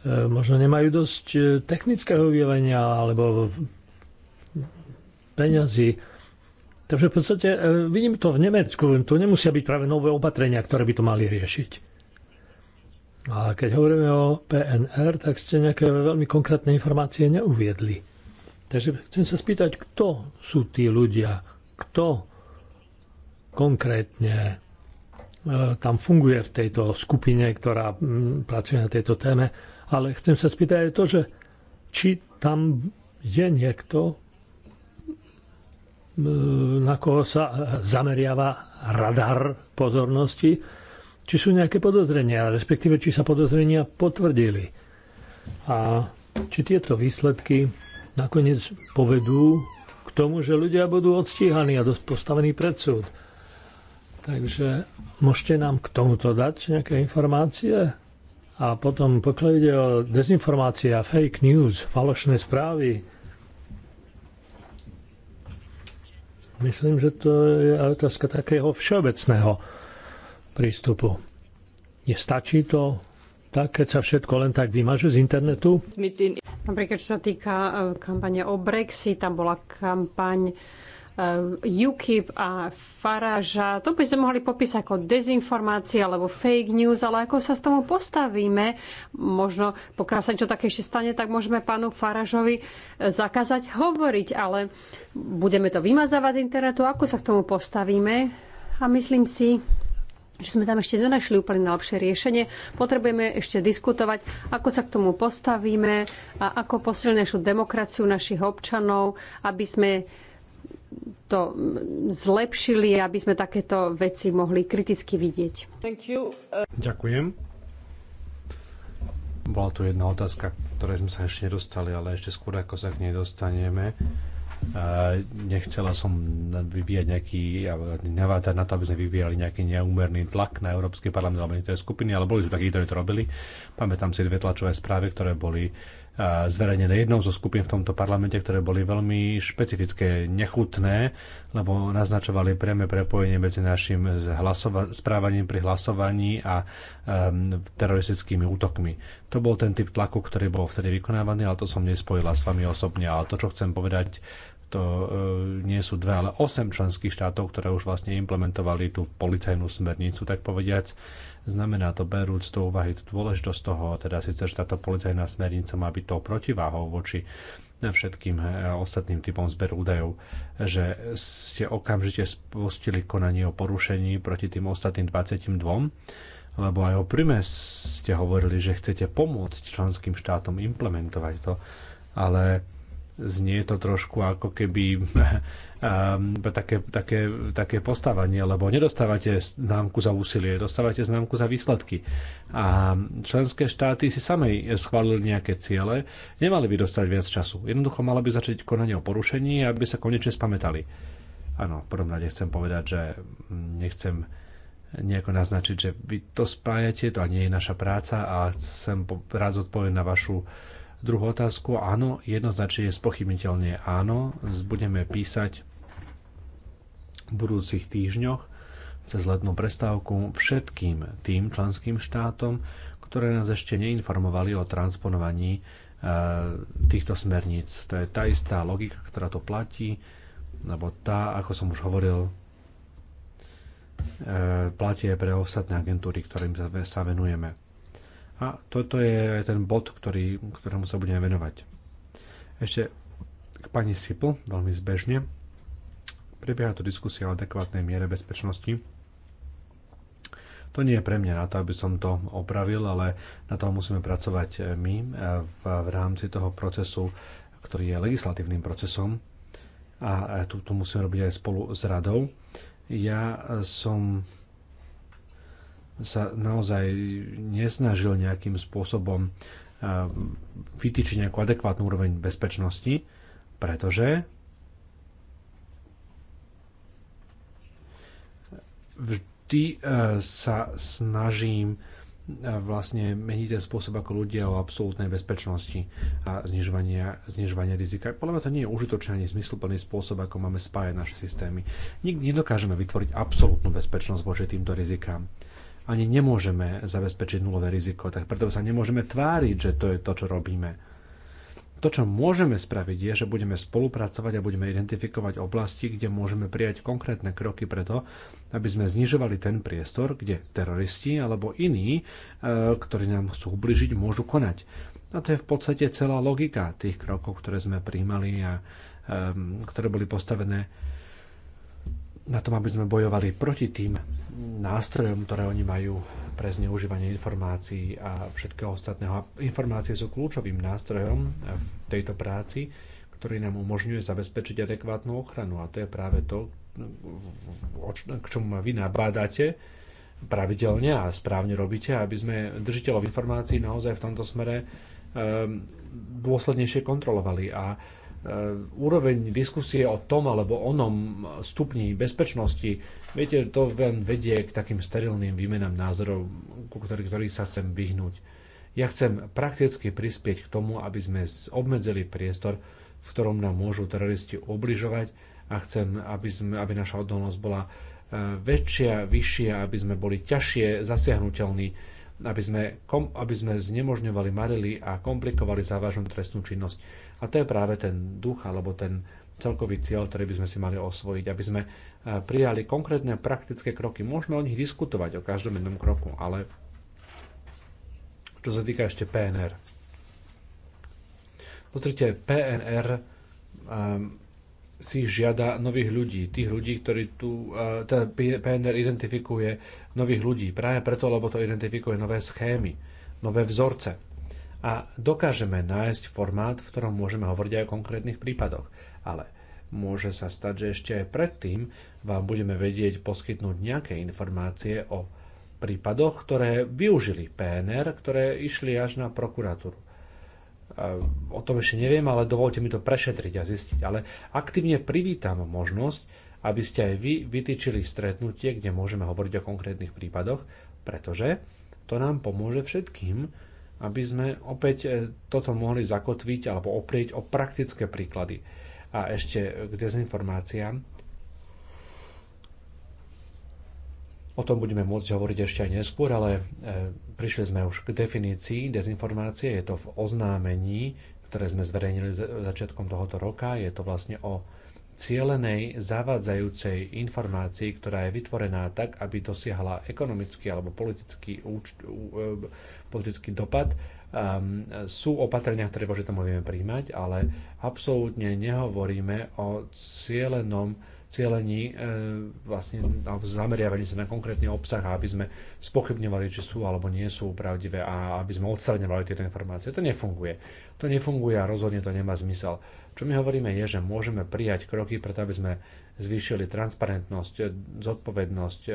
možno nemajú dosť e, technického vyjavenia alebo peňazí. Takže v podstate e, vidím to v Nemecku, tu nemusia byť práve nové opatrenia, ktoré by to mali riešiť. A keď hovoríme o PNR, tak ste nejaké veľmi konkrétne informácie neuviedli. Takže chcem sa spýtať, kto sú tí ľudia, kto konkrétne e, tam funguje v tejto skupine, ktorá pracuje na tejto téme ale chcem sa spýtať aj to, že či tam je niekto, na koho sa zameriava radar pozornosti, či sú nejaké podozrenia, respektíve či sa podozrenia potvrdili. A či tieto výsledky nakoniec povedú k tomu, že ľudia budú odstíhaní a postavení pred súd. Takže môžete nám k tomuto dať nejaké informácie? A potom, pokiaľ ide o dezinformácia, fake news, falošné správy, myslím, že to je otázka takého všeobecného prístupu. Nestačí to tak, keď sa všetko len tak vymaže z internetu? Napríklad, čo sa týka eh, kampane o Brexit, tam bola kampaň Eh, UKIP a Faraža. To by sme mohli popísať ako dezinformácie alebo fake news, ale ako sa s tomu postavíme, možno pokiaľ sa niečo také ešte stane, tak môžeme pánu Faražovi eh, zakázať hovoriť, ale budeme to vymazávať z internetu, ako sa k tomu postavíme. A myslím si, že sme tam ešte nenašli úplne najlepšie riešenie. Potrebujeme ešte diskutovať, ako sa k tomu postavíme a ako posilniť demokraciu našich občanov, aby sme to zlepšili, aby sme takéto veci mohli kriticky vidieť. Ďakujem. Bola tu jedna otázka, ktorej sme sa ešte nedostali, ale ešte skôr ako sa k nej dostaneme. Eh, nechcela som vyvíjať nejaký, navádzať na to, aby sme vyvíjali nejaký neúmerný tlak na Európsky parlament alebo niektoré skupiny, ale boli sme takí, ktorí to robili. Pamätám si dve tlačové správy, ktoré boli zverejnené jednou zo skupín v tomto parlamente, ktoré boli veľmi špecifické, nechutné, lebo naznačovali priame prepojenie medzi našim správaním pri hlasovaní a um, teroristickými útokmi. To bol ten typ tlaku, ktorý bol vtedy vykonávaný, ale to som nespojila s vami osobne. Ale to, čo chcem povedať, to e, nie sú dve, ale osem členských štátov, ktoré už vlastne implementovali tú policajnú smernicu, tak povediac Znamená to berúc do úvahy tú dôležitosť toho, teda síce, že táto policajná smernica má byť tou protiváhou voči všetkým e, ostatným typom zberu údajov, že ste okamžite spustili konanie o porušení proti tým ostatným 22, lebo aj o príme ste hovorili, že chcete pomôcť členským štátom implementovať to, ale znie to trošku ako keby um, také, také, také postavanie, lebo nedostávate známku za úsilie, dostávate známku za výsledky. A členské štáty si samej schválili nejaké ciele, nemali by dostať viac času. Jednoducho mala by začať konanie o porušení, aby sa konečne spametali. Áno, v prvom rade chcem povedať, že nechcem nejako naznačiť, že vy to spájate, to nie je naša práca a chcem rád zodpovedať na vašu uh, druhú otázku, áno, jednoznačne spochybniteľne áno, budeme písať v budúcich týždňoch cez letnú prestávku všetkým tým členským štátom, ktoré nás ešte neinformovali o transponovaní e, týchto smerníc. To je tá istá logika, ktorá to platí, lebo tá, ako som už hovoril, e, platí aj pre ostatné agentúry, ktorým sa venujeme. A toto je ten bod, ktorý, ktorému sa budeme venovať. Ešte k pani Sipl, veľmi zbežne. Prebieha tu diskusia o adekvátnej miere bezpečnosti. To nie je pre mňa na to, aby som to opravil, ale na to musíme pracovať my eh, v, v rámci toho procesu, ktorý je legislatívnym procesom. A eh, tu, tu musíme robiť aj spolu s radou. Ja eh, som sa naozaj nesnažil nejakým spôsobom vytýčiť nejakú adekvátnu úroveň bezpečnosti, pretože vždy e, sa snažím e, vlastne meniť ten spôsob, ako ľudia o absolútnej bezpečnosti a znižovania, znižovania rizika. Podľa mňa to nie je užitočný ani zmysluplný spôsob, ako máme spájať naše systémy. Nikdy nedokážeme vytvoriť absolútnu bezpečnosť voči týmto rizikám ani nemôžeme zabezpečiť nulové riziko, tak preto sa nemôžeme tváriť, že to je to, čo robíme. To, čo môžeme spraviť, je, že budeme spolupracovať a budeme identifikovať oblasti, kde môžeme prijať konkrétne kroky preto, aby sme znižovali ten priestor, kde teroristi alebo iní, e, ktorí nám chcú ubližiť, môžu konať. A to je v podstate celá logika tých krokov, ktoré sme príjmali a e, ktoré boli postavené na tom, aby sme bojovali proti tým nástrojom, ktoré oni majú pre zneužívanie informácií a všetkého ostatného. Informácie sú kľúčovým nástrojom v tejto práci, ktorý nám umožňuje zabezpečiť adekvátnu ochranu. A to je práve to, k čomu ma vy nabádate pravidelne a správne robíte, aby sme držiteľov informácií naozaj v tomto smere ehm, dôslednejšie kontrolovali. A E, úroveň diskusie o tom alebo onom stupni bezpečnosti, viete, to len vedie k takým sterilným výmenám názorov, ku ktorých, ktorých sa chcem vyhnúť. Ja chcem prakticky prispieť k tomu, aby sme obmedzili priestor, v ktorom nám môžu teroristi obližovať a chcem, aby, sme, aby naša odolnosť bola e, väčšia, vyššia, aby sme boli ťažšie zasiahnutelní, aby sme, kom, aby sme znemožňovali, marili a komplikovali závažnú trestnú činnosť a to je práve ten duch alebo ten celkový cieľ, ktorý by sme si mali osvojiť, aby sme eh, prijali konkrétne praktické kroky. Môžeme o nich diskutovať, o každom jednom kroku, ale čo sa týka ešte PNR. Pozrite, PNR um, ehm, si žiada nových ľudí, tých ľudí, ktorí tu, uh, teda PNR identifikuje nových ľudí, práve preto, lebo to identifikuje nové schémy, nové vzorce a dokážeme nájsť formát, v ktorom môžeme hovoriť aj o konkrétnych prípadoch. Ale môže sa stať, že ešte aj predtým vám budeme vedieť poskytnúť nejaké informácie o prípadoch, ktoré využili PNR, ktoré išli až na prokuratúru. O tom ešte neviem, ale dovolte mi to prešetriť a zistiť. Ale aktívne privítam možnosť, aby ste aj vy vytýčili stretnutie, kde môžeme hovoriť o konkrétnych prípadoch, pretože to nám pomôže všetkým, aby sme opäť e, toto mohli zakotviť alebo oprieť o praktické príklady. A ešte k dezinformáciám. O tom budeme môcť hovoriť ešte aj neskôr, ale e, prišli sme už k definícii dezinformácie. Je to v oznámení, ktoré sme zverejnili začiatkom tohoto roka. Je to vlastne o cielenej zavádzajúcej informácii ktorá je vytvorená tak aby dosiahla ekonomický alebo politický, e, politický dopad um, sú opatrenia, ktoré voči tomu môžeme príjmať, ale absolútne nehovoríme o cielenom cieľení e, vlastne zameriavali sa na konkrétny obsah aby sme spochybňovali, či sú alebo nie sú pravdivé a aby sme odstraňovali tieto informácie. To nefunguje. To nefunguje a rozhodne to nemá zmysel. Čo my hovoríme je, že môžeme prijať kroky preto, aby sme zvýšili transparentnosť, zodpovednosť, e,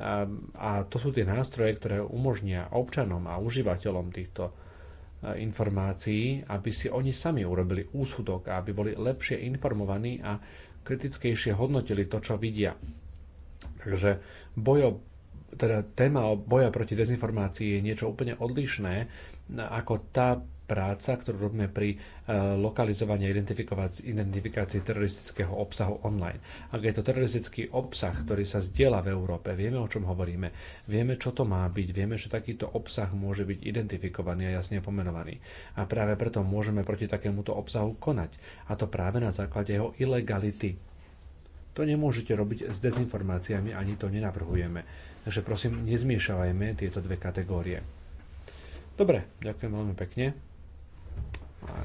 a, a to sú tie nástroje, ktoré umožnia občanom a užívateľom týchto e, informácií, aby si oni sami urobili úsudok a aby boli lepšie informovaní a kritickejšie hodnotili to, čo vidia. Takže bojo, teda téma boja proti dezinformácii je niečo úplne odlišné ako tá práca, ktorú robíme pri e, lokalizovaní a identifikácii teroristického obsahu online. Ak je to teroristický obsah, ktorý sa zdieľa v Európe, vieme, o čom hovoríme, vieme, čo to má byť, vieme, že takýto obsah môže byť identifikovaný a jasne pomenovaný. A práve preto môžeme proti takémuto obsahu konať. A to práve na základe jeho ilegality. To nemôžete robiť s dezinformáciami, ani to nenavrhujeme. Takže prosím, nezmiešavajme tieto dve kategórie. Dobre, ďakujem veľmi pekne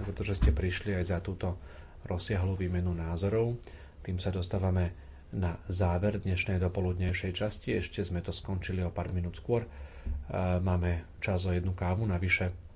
za to, že ste prišli aj za túto rozsiahlu výmenu názorov. Tým sa dostávame na záver dnešnej dopoludnejšej časti. Ešte sme to skončili o pár minút skôr. E, máme čas o jednu kávu navyše.